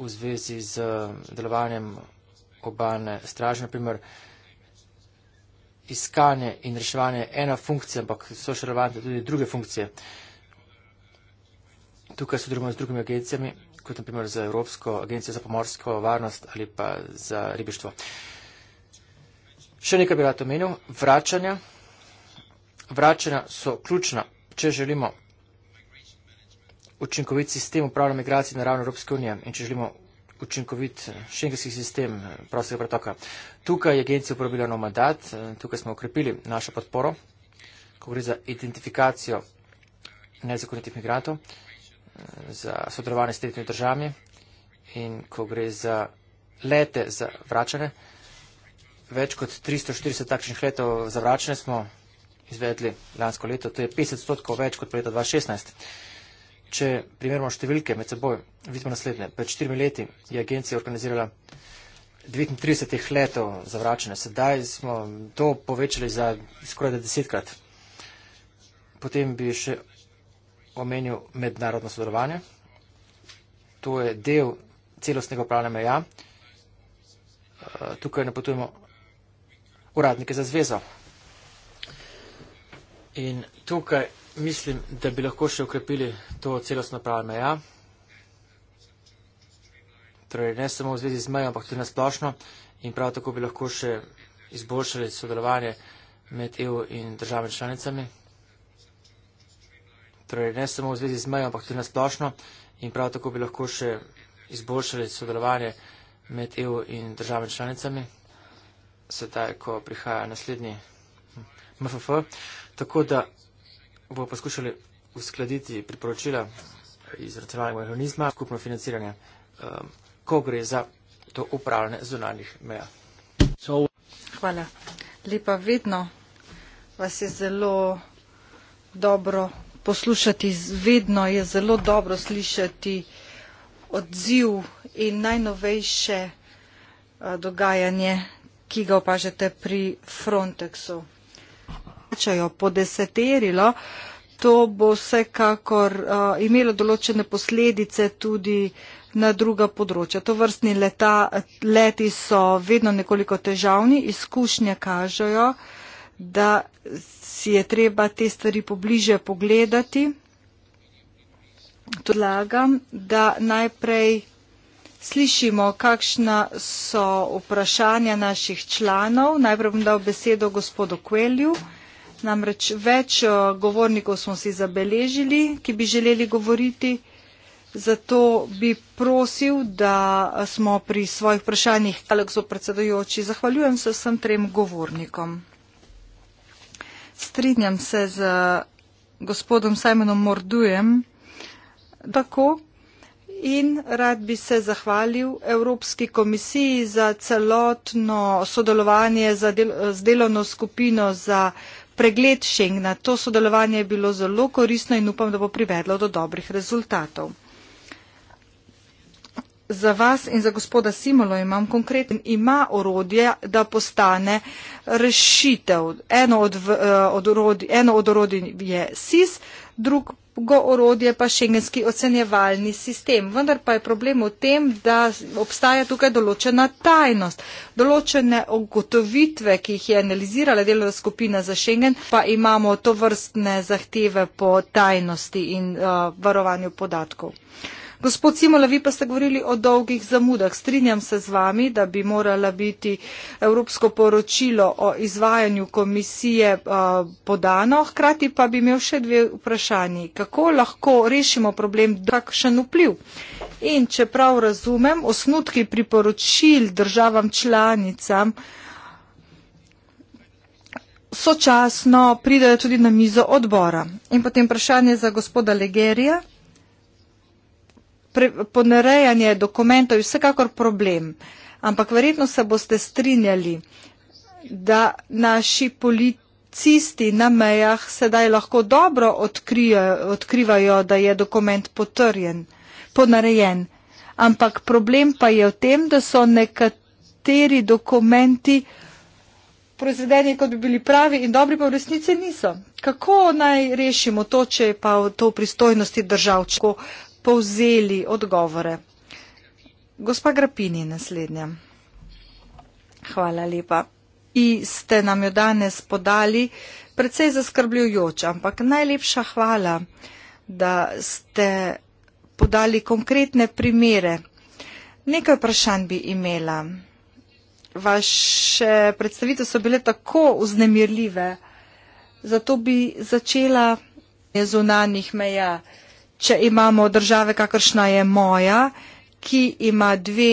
v zvezi z delovanjem obalne straže, naprimer iskanje in reševanje ena funkcija, ampak so še relevantne tudi druge funkcije tukaj sodelujemo z drugimi agencijami, kot naprimer z Evropsko agencijo za pomorsko varnost ali pa za ribištvo. Še nekaj bi rad omenil, vračanja. Vračanja so ključna, če želimo učinkovit sistem upravljanja migracij na ravni Evropske unije in če želimo učinkovit šengenski sistem prostega pretoka. Tukaj je agencija uporabila nov mandat, tukaj smo ukrepili našo podporo, ko gre za identifikacijo nezakonitih migrantov za sodelovanje s tretjimi državami in ko gre za lete za vračanje. Več kot 340 takšnih letov za vračanje smo izvedli lansko leto, to je 50% več kot leta 2016. Če primerjamo številke med seboj, vidimo naslednje. Pred štirimi leti je agencija organizirala 39 letov za vračanje, sedaj smo to povečali za skoraj desetkrat. Potem bi še omenil mednarodno sodelovanje. To je del celostnega upravljanja meja. Eh, tukaj napotujemo uradnike za zvezo. In tukaj mislim, da bi lahko še ukrepili to celostno upravljanje meja. Torej ne samo v zvezi z mejo, ampak tudi nasplošno. In prav tako bi lahko še izboljšali sodelovanje med EU in državami članicami torej ne samo v zvezi z mejo, ampak tudi na splošno in prav tako bi lahko še izboljšali sodelovanje med EU in državami članicami, sedaj, ko prihaja naslednji MFF. Tako da bomo poskušali uskladiti priporočila iz racionalnega mehanizma, skupno financiranje, um, ko gre za to upravljanje zunanjih meja. Hvala. Lepa vedno vas je zelo dobro poslušati, vedno je zelo dobro slišati odziv in najnovejše dogajanje, ki ga opažate pri Frontexu. Če jo podeseterilo, to bo vsekakor uh, imelo določene posledice tudi na druga področja. To vrstni leta, leti so vedno nekoliko težavni, izkušnje kažejo, uh, da si je treba te stvari pobliže pogledati. Podlagam, da najprej slišimo, kakšna so vprašanja naših članov. Najprej bom dal besedo gospodu Kvelju. Namreč več eh, govornikov smo si zabeležili, ki bi želeli govoriti. Zato bi prosil, da smo pri svojih vprašanjih, kaj so predsedujoči. Zahvaljujem se vsem trem govornikom strinjam se z gospodom Simonom Mordujem tako in rad bi se zahvalil Evropski komisiji za celotno sodelovanje za del, z delovno skupino za pregled Schengna. To sodelovanje je bilo zelo koristno in upam, da bo privedlo do dobrih rezultatov za vas in za gospoda Simolo imam konkreten, ima orodje, da postane rešitev. Eno od, eh, od orodij, eno od orodij je SIS, drugo orodje pa šengenski ocenjevalni sistem. Vendar pa je problem v tem, da obstaja tukaj določena tajnost. Določene ugotovitve, ki jih je analizirala delovna skupina za šengen, pa imamo to vrstne zahteve po tajnosti in uh, varovanju podatkov. Gospod Simola, vi pa ste govorili o dolgih zamudah. Strinjam se z vami, da bi morala biti Evropsko poročilo o izvajanju komisije eh, podano. Hkrati pa bi imel še dve vprašanji. Kako lahko rešimo problem, kakšen vpliv? In če prav razumem, osnutki priporočil državam članicam sočasno pridejo tudi na mizo odbora. In potem vprašanje za gospoda Legerija pre, ponarejanje dokumentov je vsekakor problem, ampak verjetno se boste strinjali, da naši policisti na mejah sedaj lahko dobro odkrijo, odkrivajo, da je dokument potrjen, ponarejen. Ampak problem pa je v tem, da so nekateri dokumenti proizvedeni, kot bi bili pravi in dobri, pa v resnici niso. Kako naj rešimo to, če je pa to v pristojnosti držav, če povzeli odgovore. Gospa Grapini, naslednja. Hvala lepa. I ste nam jo danes podali precej zaskrbljujoč, ampak najlepša hvala, da ste podali konkretne primere. Nekaj vprašanj bi imela. Vaše predstavitve so bile tako vznemirljive, zato bi začela zunanjih meja če imamo države, kakršna je moja, ki ima dve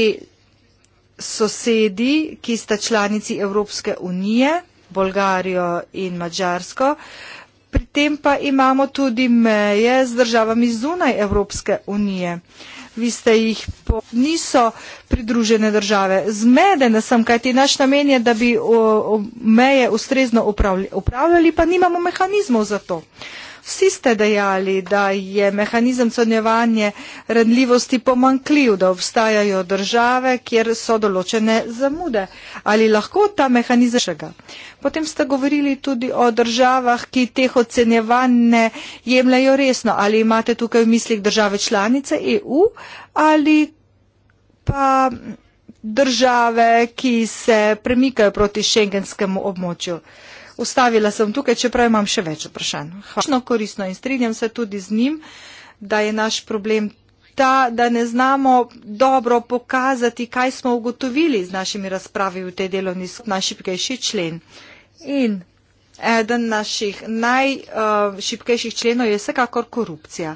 sosedi, ki sta članici Evropske unije, Bolgarijo in Mačarsko, pri tem pa imamo tudi meje z državami zunaj Evropske unije. Vi ste jih, po, niso pridružene države. Zmedena sem, kajti naš namen je, da bi o, o, meje ustrezno upravljali, pa nimamo mehanizmov za to. Uh, Vsi ste dejali, da je mehanizem cenjevanje redljivosti pomankljiv, da obstajajo države, kjer so določene zamude. Ali lahko ta mehanizem še ga? Potem ste govorili tudi o državah, ki teh ocenjevanj ne jemljajo resno. Ali imate tukaj v mislih države članice EU ali pa države, ki se premikajo proti šengenskemu območju? ustavila sem tukaj, čeprav imam še več vprašanj. Hvala. Koristno in strinjam se tudi z njim, da je naš problem ta, da ne znamo dobro pokazati, kaj smo ugotovili z našimi razpravi v tej delovni skupini, najšipkejši člen. In eden naših najšipkejših členov je vsekakor korupcija.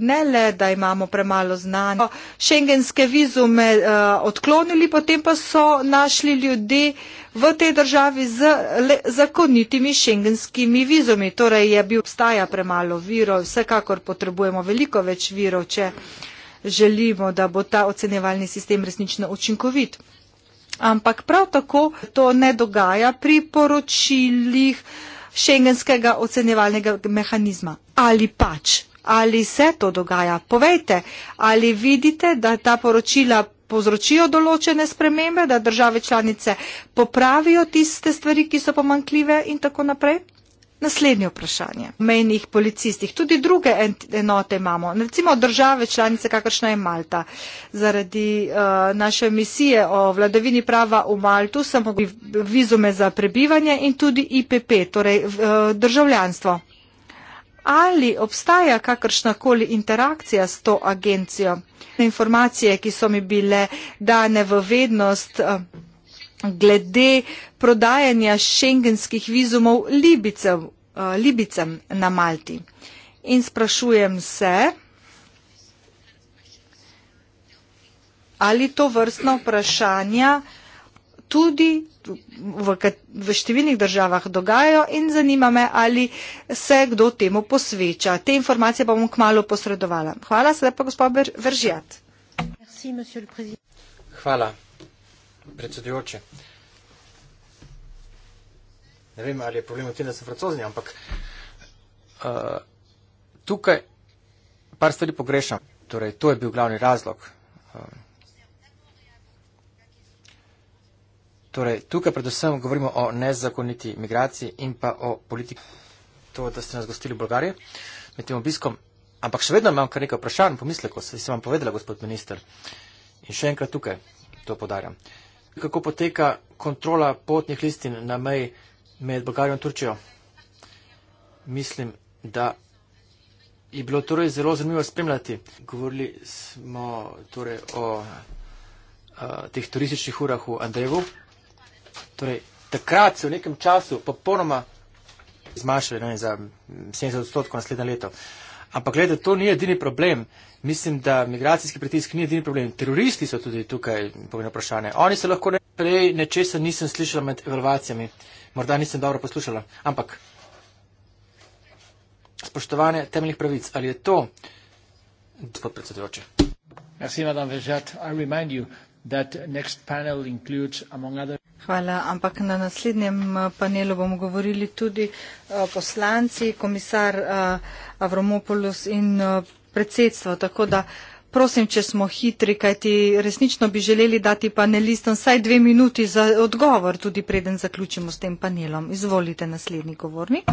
Ne le, da imamo premalo znanja. Šengenske vizume uh, odklonili, potem pa so našli ljudi, uh, v tej državi z le, zakonitimi šengenskimi vizumi. Torej je bil obstaja premalo virov, vsekakor potrebujemo veliko več virov, če želimo, da bo ta ocenevalni sistem resnično učinkovit. Ampak prav tako to ne dogaja pri poročilih šengenskega ocenevalnega mehanizma. Ali pač? Ali se to dogaja? Povejte, ali vidite, da ta poročila povzročijo določene spremembe, da države članice popravijo tiste stvari, ki so pomankljive in tako naprej. Naslednje vprašanje. Mejnih policistih. Tudi druge enote imamo. Recimo države članice, kakršna je Malta. Zaradi uh, naše misije o vladavini prava v Maltu sem mogli vizume za prebivanje in tudi IPP, torej uh, državljanstvo ali obstaja kakršnakoli interakcija s to agencijo. Informacije, ki so mi bile dane v vednost eh, glede prodajanja šengenskih vizumov Libicev, eh, Libicem na Malti. In sprašujem se, ali to vrstno vprašanje tudi v, v številnih državah dogajajo in zanima me, ali se kdo temu posveča. Te informacije bom k malu posredovala. Hvala, sedaj pa gospod Veržjat. Hvala, predsedujoče. Ne vem, ali je problem v tem, da so francozni, ampak uh, tukaj par stvari pogrešam. Torej, to je bil glavni razlog. Uh, Torej, tukaj predvsem govorimo o nezakoniti migraciji in pa o politiki. To, da ste nas gostili v Bolgariji med tem obiskom. Ampak še vedno imam kar nekaj vprašanj, pomisleko, saj sem vam povedala, gospod minister. In še enkrat tukaj to podarjam. Kako poteka kontrola potnih listin na meji med Bolgarijo in Turčijo? Mislim, da je bilo torej zelo zanimivo spremljati. Govorili smo torej o a, teh turističnih urah v Andrejevu. Torej, takrat se v nekem času popolnoma zmanjšali ne, za 70 odstotkov naslednje leto. Ampak gledajte, to ni edini problem. Mislim, da migracijski pritisk ni edini problem. Teroristi so tudi tukaj, povem vprašanje. Oni se lahko prej nečesa nisem slišala med evalvacijami. Morda nisem dobro poslušala. Ampak spoštovanje temeljnih pravic. Ali je to, gospod predsedujoče? Merci, madame Vežat. I remind you that next panel includes, among other... Hvala. Ampak na naslednjem eh, panelu bomo govorili tudi eh, poslanci, komisar eh, Avromopolus in predsedstvo. Tako da prosim, če smo hitri, kajti resnično bi želeli dati panelistom vsaj dve minuti za odgovor, tudi preden zaključimo s tem panelom. Izvolite naslednji govornik.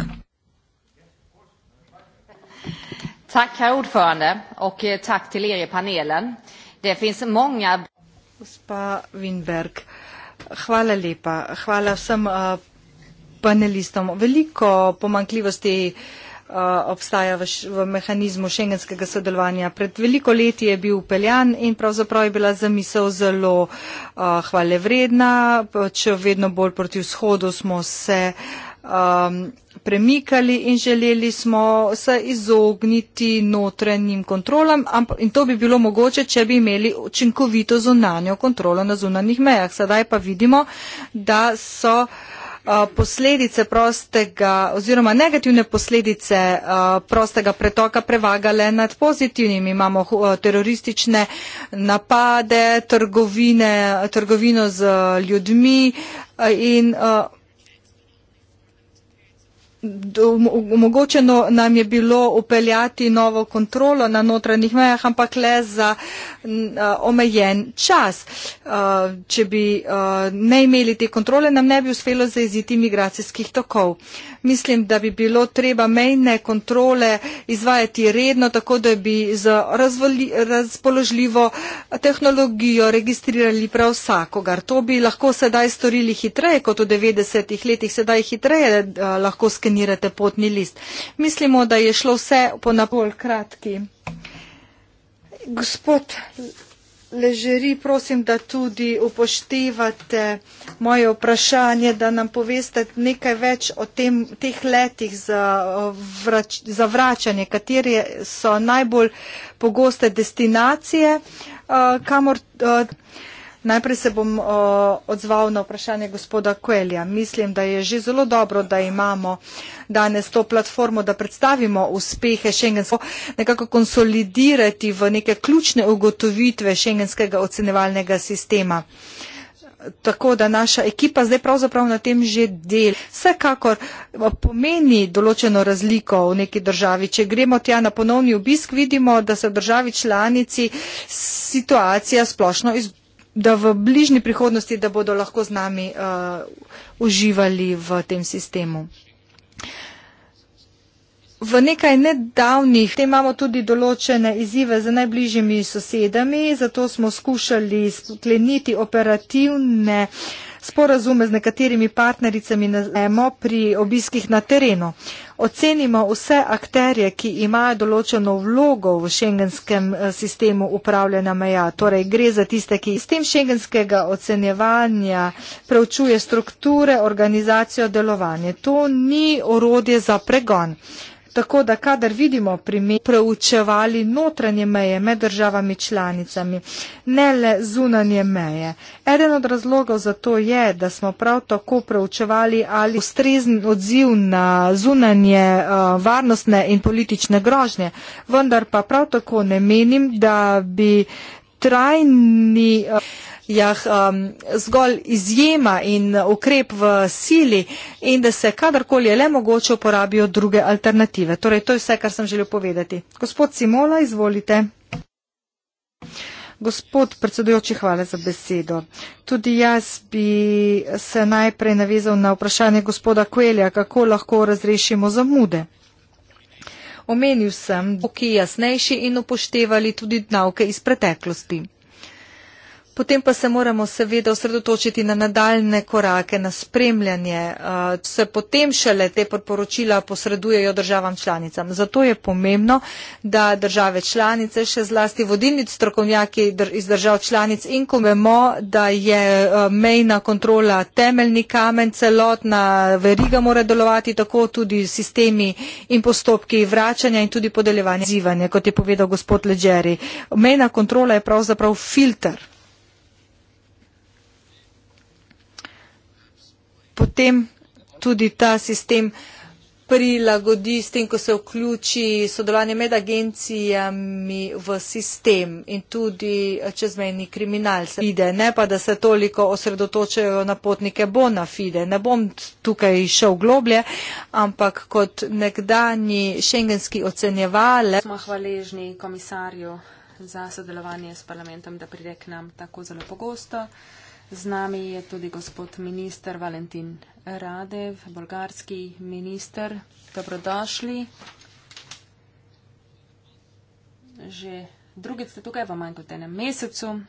Tak, herr ordförande, och tack till er i panelen. Det finns många... Gospa Winberg. Hvala lepa. Hvala vsem uh, panelistom. Veliko pomankljivosti uh, obstaja v, š, v mehanizmu šengenskega sodelovanja. Pred veliko leti je bil upeljan in pravzaprav je bila zamisel zelo uh, hvale vredna, če vedno bolj proti vzhodu smo se um, premikali in želeli smo se izogniti notrenjim kontrolam in to bi bilo mogoče, če bi imeli učinkovito zunanjo kontrolo na zunanjih mejah. Sedaj pa vidimo, da so uh, posledice prostega oziroma negativne posledice uh, prostega pretoka prevagale nad pozitivnimi. Imamo uh, teroristične napade, trgovine, trgovino z ljudmi in omogočeno nam je bilo upeljati novo kontrolo na notranjih mejah, ampak le za omejen čas. Če bi ne imeli te kontrole, nam ne bi uspelo zaeziti migracijskih tokov. Mislim, da bi bilo treba mejne kontrole izvajati redno, tako da bi z razvoli, razpoložljivo tehnologijo registrirali prav vsakogar. To bi lahko sedaj storili hitreje, kot v 90-ih letih sedaj hitreje lahko skenirali skenirate potni list. Mislimo, da je šlo vse po napol kratki. Gospod Ležeri, prosim, da tudi upoštevate moje vprašanje, da nam poveste nekaj več o tem, teh letih za, vrač, za vračanje, katere so najbolj pogoste destinacije, eh, kamor. Eh, Najprej se bom odzval na vprašanje gospoda Kuelja. Mislim, da je že zelo dobro, da imamo danes to platformo, da predstavimo uspehe šengensko, nekako konsolidirati v neke ključne ugotovitve šengenskega ocenevalnega sistema. Tako da naša ekipa zdaj pravzaprav na tem že del. Vsekakor pomeni določeno razliko v neki državi. Če gremo tja na ponovni obisk, vidimo, da se v državi članici situacija splošno izboljšuje da v bližnji prihodnosti, da bodo lahko z nami uh, uživali v tem sistemu. V nekaj nedavnih tem imamo tudi določene izzive z najbližjimi sosedami, zato smo skušali skleniti operativne sporazume z nekaterimi partnericami na, pri obiskih na terenu. Uh, ocenimo vse akterje, ki imajo določeno vlogo v šengenskem eh, sistemu upravljanja meja. Torej gre za tiste, ki s tem šengenskega ocenjevanja preučuje strukture, organizacijo, delovanje. To ni orodje za pregon tako da kadar vidimo primer, preučevali notranje meje med državami članicami, ne le zunanje meje. Eden od razlogov za to je, da smo prav tako preučevali ali ustrezni odziv na zunanje eh, varnostne in politične grožnje, vendar pa prav tako ne menim, da bi trajni. Eh, jah um, zgolj izjema in ukrep v sili in da se kadarkoli je le mogoče uporabijo druge alternative. Torej, to je vse, kar sem želel povedati. Gospod Simola, izvolite. Gospod predsedujoči, hvala za besedo. Tudi jaz bi se najprej navezal na vprašanje gospoda Kuelja, kako lahko razrešimo zamude. Omenil sem, da bo ki jasnejši in upoštevali tudi navke iz preteklosti. Potem pa se moramo seveda osredotočiti na nadaljne korake, na spremljanje, eh, se potem šele te podporočila posredujejo državam članicam. Zato je pomembno, da države članice, še zlasti vodilni strokovnjaki iz držav članic in ko vemo, da je eh, mejna kontrola temeljni kamen, celotna veriga mora delovati, tako tudi sistemi in postopki vračanja in tudi podeljevanja zivanja, kot je povedal gospod Leđeri. Mejna kontrola je pravzaprav filter. potem tudi ta sistem prilagodi s tem, ko se vključi sodelovanje med agencijami v sistem in tudi čezmejni kriminal se vide, ne pa da se toliko osredotočajo na potnike bona fide. Ne bom tukaj šel globlje, ampak kot nekdani šengenski ocenjevale. Smo hvaležni komisarju za sodelovanje s parlamentom, da pride k nam tako zelo pogosto. Z nami je tudi gospod minister Valentin Radev, bolgarski minister. Dobrodošli. Že drugi ste tukaj v manj kot enem mesecu.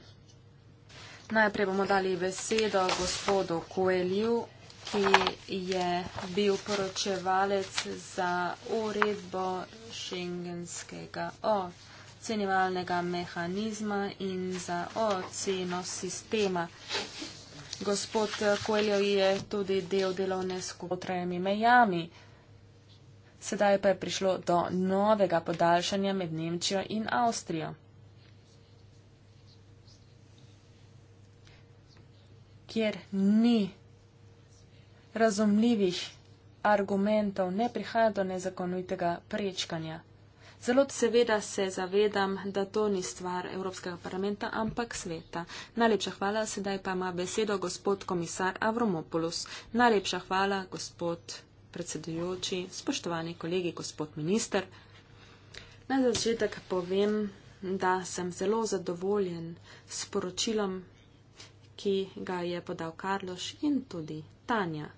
Najprej bomo dali besedo gospodu Koelju, ki je bil poročevalec za uredbo šengenskega ovca ocenjevalnega mehanizma in za oceno sistema. Gospod Koeljo je tudi del delovne skupine Trajami Mejami. Sedaj pa je prišlo do novega podaljšanja med Nemčijo in Avstrijo. Kjer ni razumljivih argumentov, ne prihaja do nezakonitega prečkanja. Zelo seveda se zavedam, da to ni stvar Evropskega parlamenta, ampak sveta. Najlepša hvala, sedaj pa ima besedo gospod komisar Avromopoulos. Najlepša hvala, gospod predsedujoči, spoštovani kolegi, gospod minister. Na začetek povem, da sem zelo zadovoljen s poročilom, ki ga je podal Karloš in tudi Tanja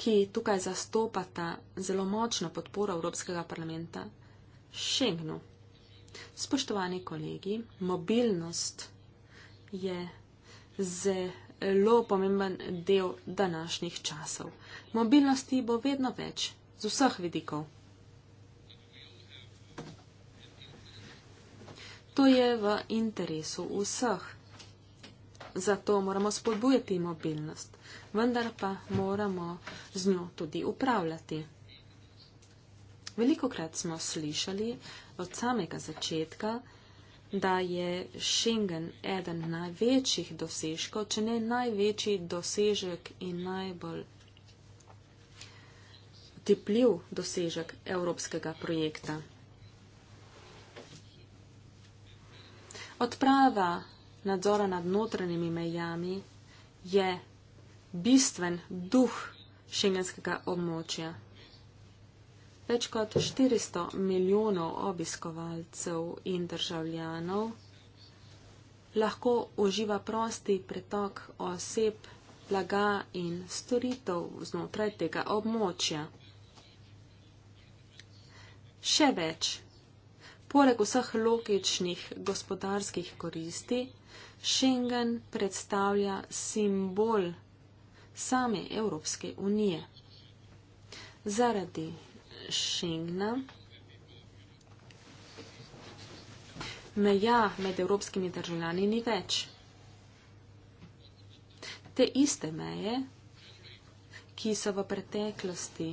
ki tukaj zastopata zelo močno podporo Evropskega parlamenta, Schengnu. Spoštovani kolegi, mobilnost je zelo pomemben del današnjih časov. Mobilnosti bo vedno več, z vseh vidikov. To je v interesu vseh zato moramo spodbujati mobilnost, vendar pa moramo z njo tudi upravljati. Veliko krat smo slišali od samega začetka, da je Schengen eden največjih dosežkov, če ne največji dosežek in najbolj tepljiv dosežek evropskega projekta. Odprava nadzora nad notranjimi mejami je bistven duh šengenskega območja. Več kot 400 milijonov obiskovalcev in državljanov lahko uživa prosti pretok oseb, blaga in storitev znotraj tega območja. Še več, poleg vseh logičnih gospodarskih koristi, Schengen predstavlja simbol same Evropske unije. Zaradi Schengna meja med evropskimi državljani ni več. Te iste meje, ki so v preteklosti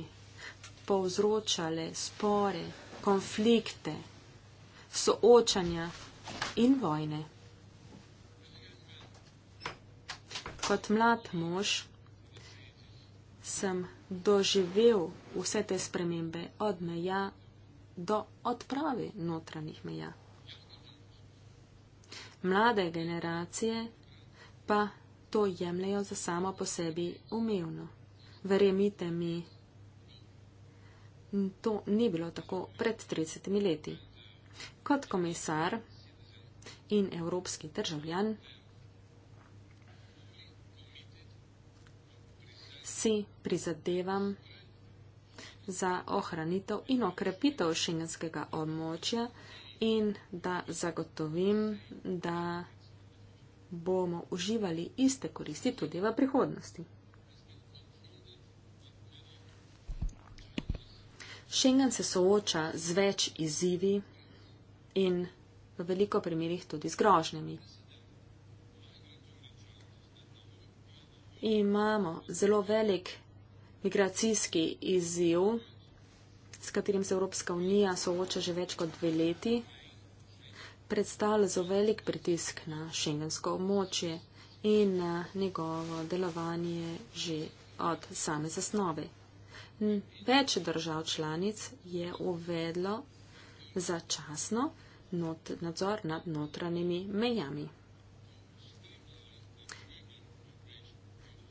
povzročale spore, konflikte, soočanja in vojne. kot mlad mož sem doživel vse te spremembe od meja do odprave notranjih meja. Mlade generacije pa to jemljajo za samo po sebi umevno. Verjemite mi, to ni bilo tako pred 30 leti. Kot komisar in evropski državljan si prizadevam za ohranitev in okrepitev šengenskega območja in da zagotovim, da bomo uživali iste koristi tudi v prihodnosti. Šengen se sooča z več izzivi in v veliko primerjih tudi z grožnjami. imamo zelo velik migracijski izziv, s katerim se Evropska unija sooča že več kot dve leti, predstavlja zelo velik pritisk na šengensko območje in na njegovo delovanje že od same zasnove. Več držav članic je uvedlo začasno nadzor nad notranjimi mejami.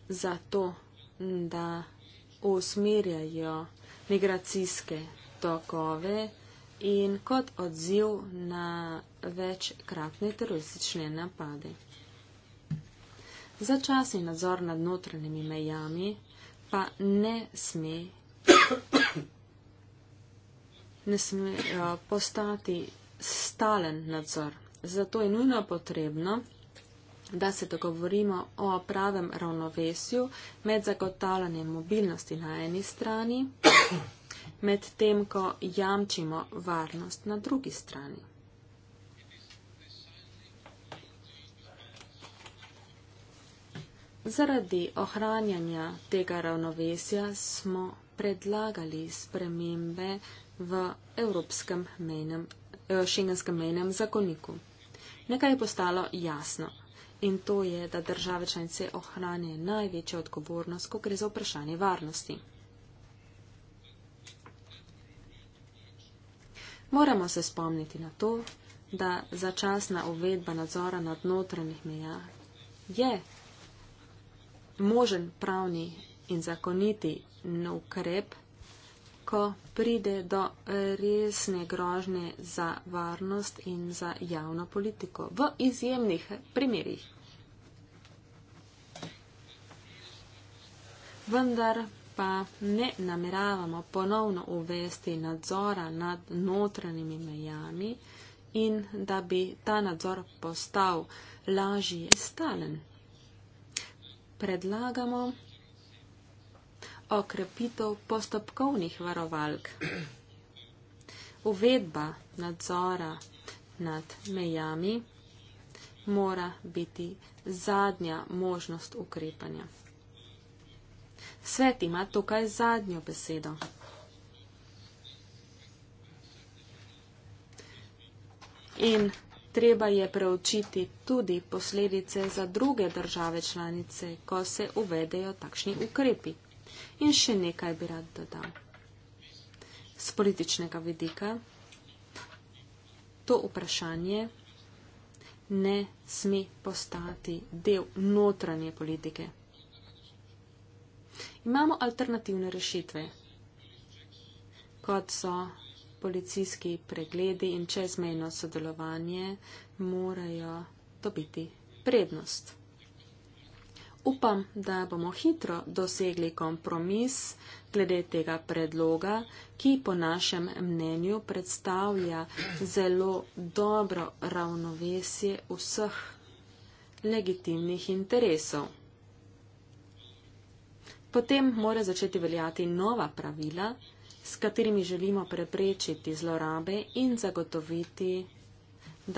zato, da usmerjajo migracijske tokove in kot odziv na večkratne teroristične napade. Za čas in nadzor nad notranjimi mejami pa ne sme, ne sme uh, postati stalen nadzor. Zato je nujno potrebno, da se dogovorimo o pravem ravnovesju med zagotavljanjem mobilnosti na eni strani, med tem, ko jamčimo varnost na drugi strani. Zaradi ohranjanja tega ravnovesja smo predlagali spremembe v evropskem mejnem, eh, šengenskem mejnem zakoniku. Nekaj je postalo jasno in to je, da države članice ohranje največjo odgovornost, ko gre za vprašanje varnosti. Moramo se spomniti na to, da začasna uvedba nadzora nad notranjih meja je možen pravni in zakoniti ukrep. No ko pride do resne grožne za varnost in za javno politiko v izjemnih primerjih. Vendar pa ne nameravamo ponovno uvesti nadzora nad notranjimi mejami in da bi ta nadzor postal lažji stalen. Predlagamo, okrepitev postopkovnih varovalk, uvedba nadzora nad mejami mora biti zadnja možnost ukrepanja. Svet ima tukaj zadnjo besedo. In treba je preučiti tudi posledice za druge države članice, ko se uvedejo takšni ukrepi. In še nekaj bi rad dodal. Z političnega vidika to vprašanje ne sme postati del notranje politike. Imamo alternativne rešitve, kot so policijski pregledi in čezmejno sodelovanje, morajo dobiti prednost upam, da bomo hitro dosegli kompromis glede tega predloga, ki po našem mnenju predstavlja zelo dobro ravnovesje vseh legitimnih interesov. Potem mora začeti veljati nova pravila, s katerimi želimo preprečiti zlorabe in zagotoviti,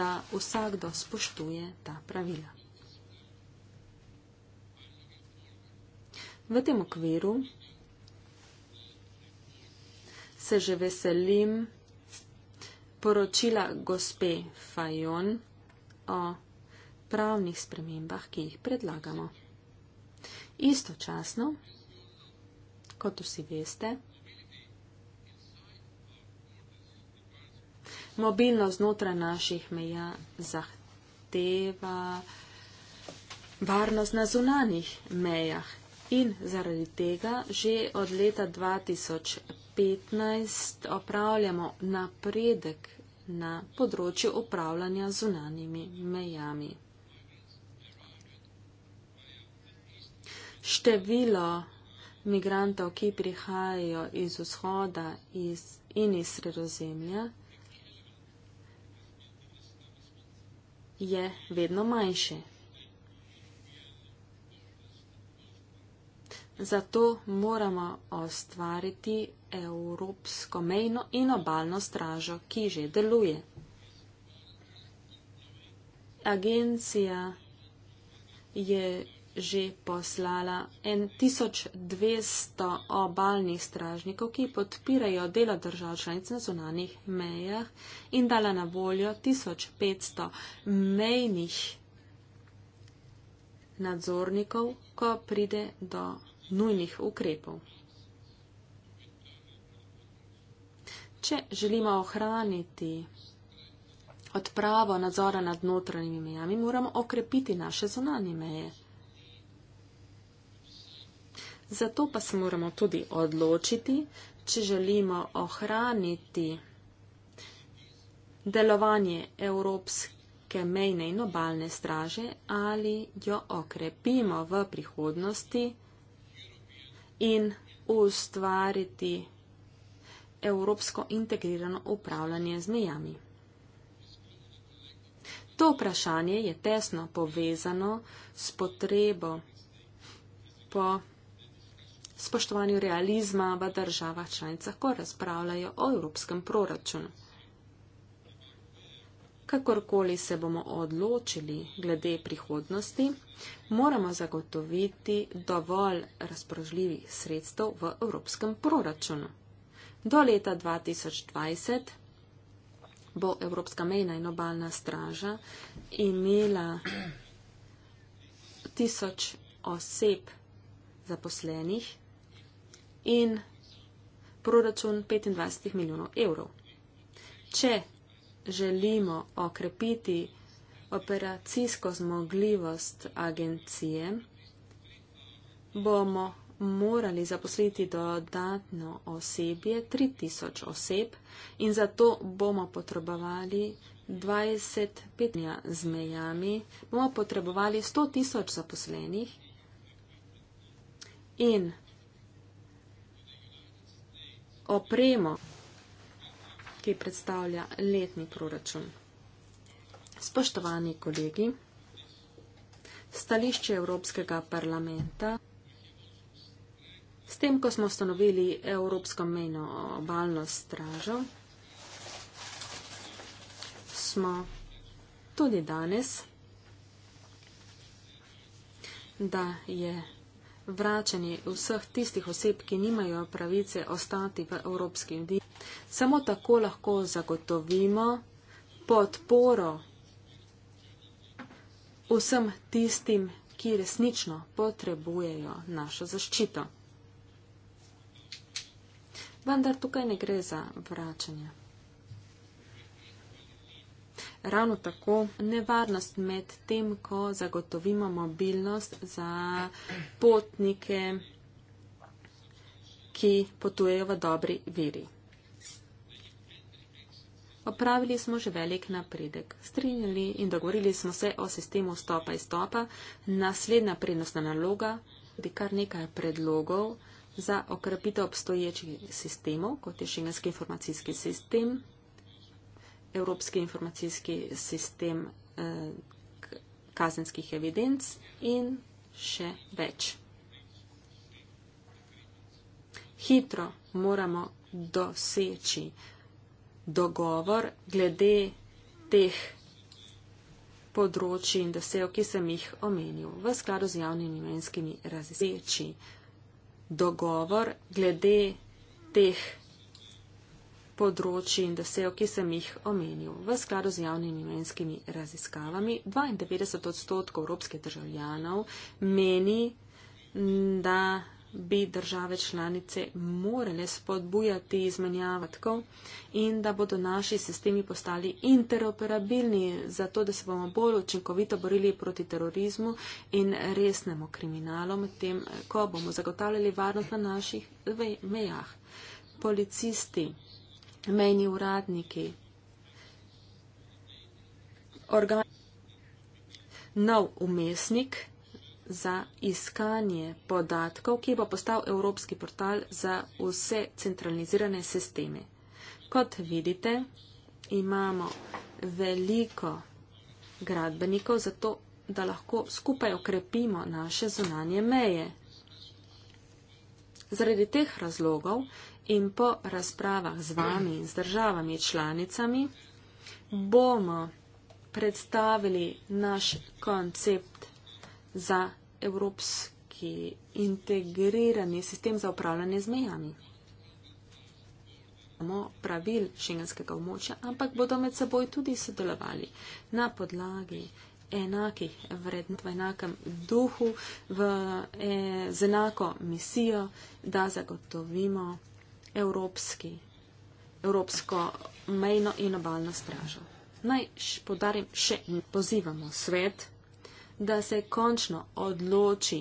da vsakdo spoštuje ta pravila. V tem okviru se že veselim poročila gospe Fajon o pravnih spremembah, ki jih predlagamo. Istočasno, kot vsi veste, mobilnost znotraj naših meja zahteva varnost na zunanih mejah in zaradi tega že od leta 2015 opravljamo napredek na področju upravljanja zunanjimi mejami. Število migrantov, ki prihajajo iz vzhoda iz, in iz sredozemlja, je vedno manjše. Zato moramo ustvariti evropsko mejno in obalno stražo, ki že deluje. Agencija je že poslala 1200 obalnih stražnikov, ki podpirajo delo držav članic na zunanih mejah in dala na voljo 1500 mejnih nadzornikov, ko pride do nujnih ukrepov. Če želimo ohraniti odpravo nadzora nad notranjimi mejami, moramo okrepiti naše zunanje meje. Zato pa se moramo tudi odločiti, če želimo ohraniti delovanje Evropske mejne in obalne straže ali jo okrepimo v prihodnosti in ustvariti evropsko integrirano upravljanje z mejami. To vprašanje je tesno povezano s potrebo po spoštovanju realizma v državah članicah, ko razpravljajo o evropskem proračunu. Kakorkoli se bomo odločili glede prihodnosti, moramo zagotoviti dovolj razpoložljivih sredstev v evropskem proračunu. Do leta 2020 bo Evropska mejna in obalna straža imela tisoč oseb zaposlenih in proračun 25 milijonov evrov. Če želimo okrepiti operacijsko zmogljivost agencije, bomo morali zaposliti dodatno osebje, 3000 oseb, in zato bomo potrebovali 20 petnja z mejami, bomo potrebovali 100 tisoč zaposlenih in opremo ki predstavlja letni proračun. Spoštovani kolegi, stališče Evropskega parlamenta. S tem, ko smo ustanovili Evropsko mejno obalno stražo, smo tudi danes, da je vračanje vseh tistih oseb, ki nimajo pravice ostati v Evropski uniji. Samo tako lahko zagotovimo podporo vsem tistim, ki resnično potrebujejo našo zaščito. Vendar tukaj ne gre za vračanje ravno tako nevarnost med tem, ko zagotovimo mobilnost za potnike, ki potujejo v dobri veri. Opravili smo že velik napredek. Strinjali in dogovorili smo se o sistemu stopa in stopa. Naslednja prednostna naloga, tudi kar nekaj predlogov za okrepitev obstoječih sistemov, kot je šengenski informacijski sistem, Evropski informacijski sistem eh, kazenskih evidenc in še več. Hitro moramo doseči dogovor glede teh področji in dosev, ki sem jih omenil, v skladu z javnimi imenskimi razreči. Dogovor glede teh področji področji in dosejo, ki sem jih omenil. V skladu z javnimi menjskimi raziskavami 92 odstotkov evropskih državljanov meni, da bi države članice morele spodbujati izmenjavatkov in da bodo naši sistemi postali interoperabilni, zato da se bomo bolj učinkovito borili proti terorizmu in resnemu kriminalu, medtem ko bomo zagotavljali varnost na naših mejah. Policisti mejni uradniki, organ, nov umestnik za iskanje podatkov, ki bo postal Evropski portal za vse centralizirane sisteme. Kot vidite, imamo veliko gradbenikov za to, da lahko skupaj okrepimo naše zunanje meje. Zaradi teh razlogov in po razpravah z vami in z državami članicami bomo predstavili naš koncept za evropski integrirani sistem za upravljanje z mejami. Samo pravil šengenskega območja, ampak bodo med seboj tudi sodelovali na podlagi enakih vrednot, v enakem duhu, v, eh, z enako misijo, da zagotovimo evropski, evropsko mejno in obalno stražo. Naj podarim še in pozivamo svet, da se končno odloči,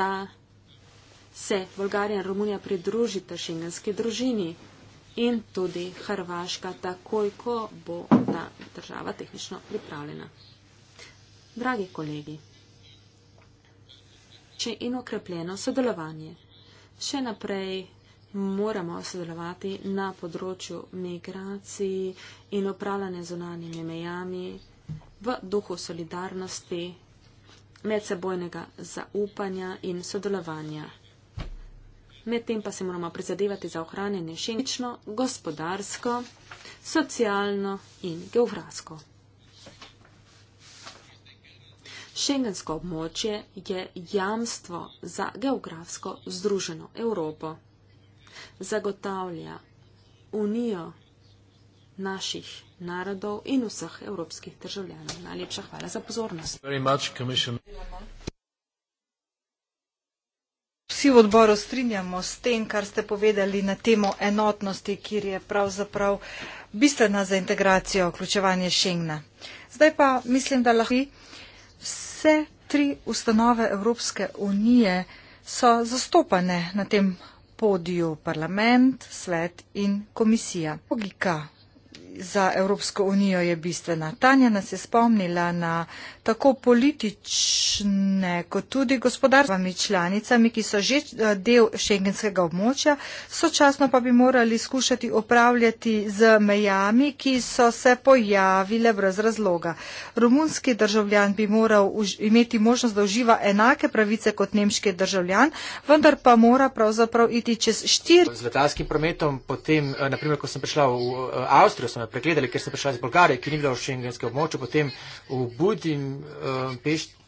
da se Bolgarija in Romunija pridružita šengenski družini in tudi Hrvaška, takoj ko bo ta država tehnično pripravljena. Dragi kolegi, še in okrepljeno sodelovanje. Še naprej moramo sodelovati na področju migracij in upravljanja zunanjimi mejami v duhu solidarnosti, medsebojnega zaupanja in sodelovanja. Medtem pa se moramo prizadevati za ohranjanje šengčno, gospodarsko, socialno in geografsko. Šengensko območje je jamstvo za geografsko združeno Evropo zagotavlja unijo naših narodov in vseh evropskih državljanov. Najlepša hvala za pozornost. Vsi v odboru strinjamo s tem, kar ste povedali na temo enotnosti, kjer je pravzaprav bistvena za integracijo vključevanje Schengna. Zdaj pa mislim, da lahko vse tri ustanove Evropske unije so zastopane na tem podiju parlament, svet in komisija. Logika za Evropsko unijo je bistvena. Tanja nas je spomnila na tako politične kot tudi gospodarstvami članicami, ki so že eh, del šengenskega območja, sočasno pa bi morali skušati upravljati z mejami, ki so se pojavile brez razloga. Romunski državljan bi moral imeti možnost, da uživa enake pravice kot nemški državljan, vendar pa mora pravzaprav iti čez štiri. Z letalskim prometom, potem, eh, naprimer, ko sem prišla v eh, Avstrijo, sem pregledali, ker ste prišli iz Bolgarije, ki ni bila v šengenskem območju, potem v Budimpešti.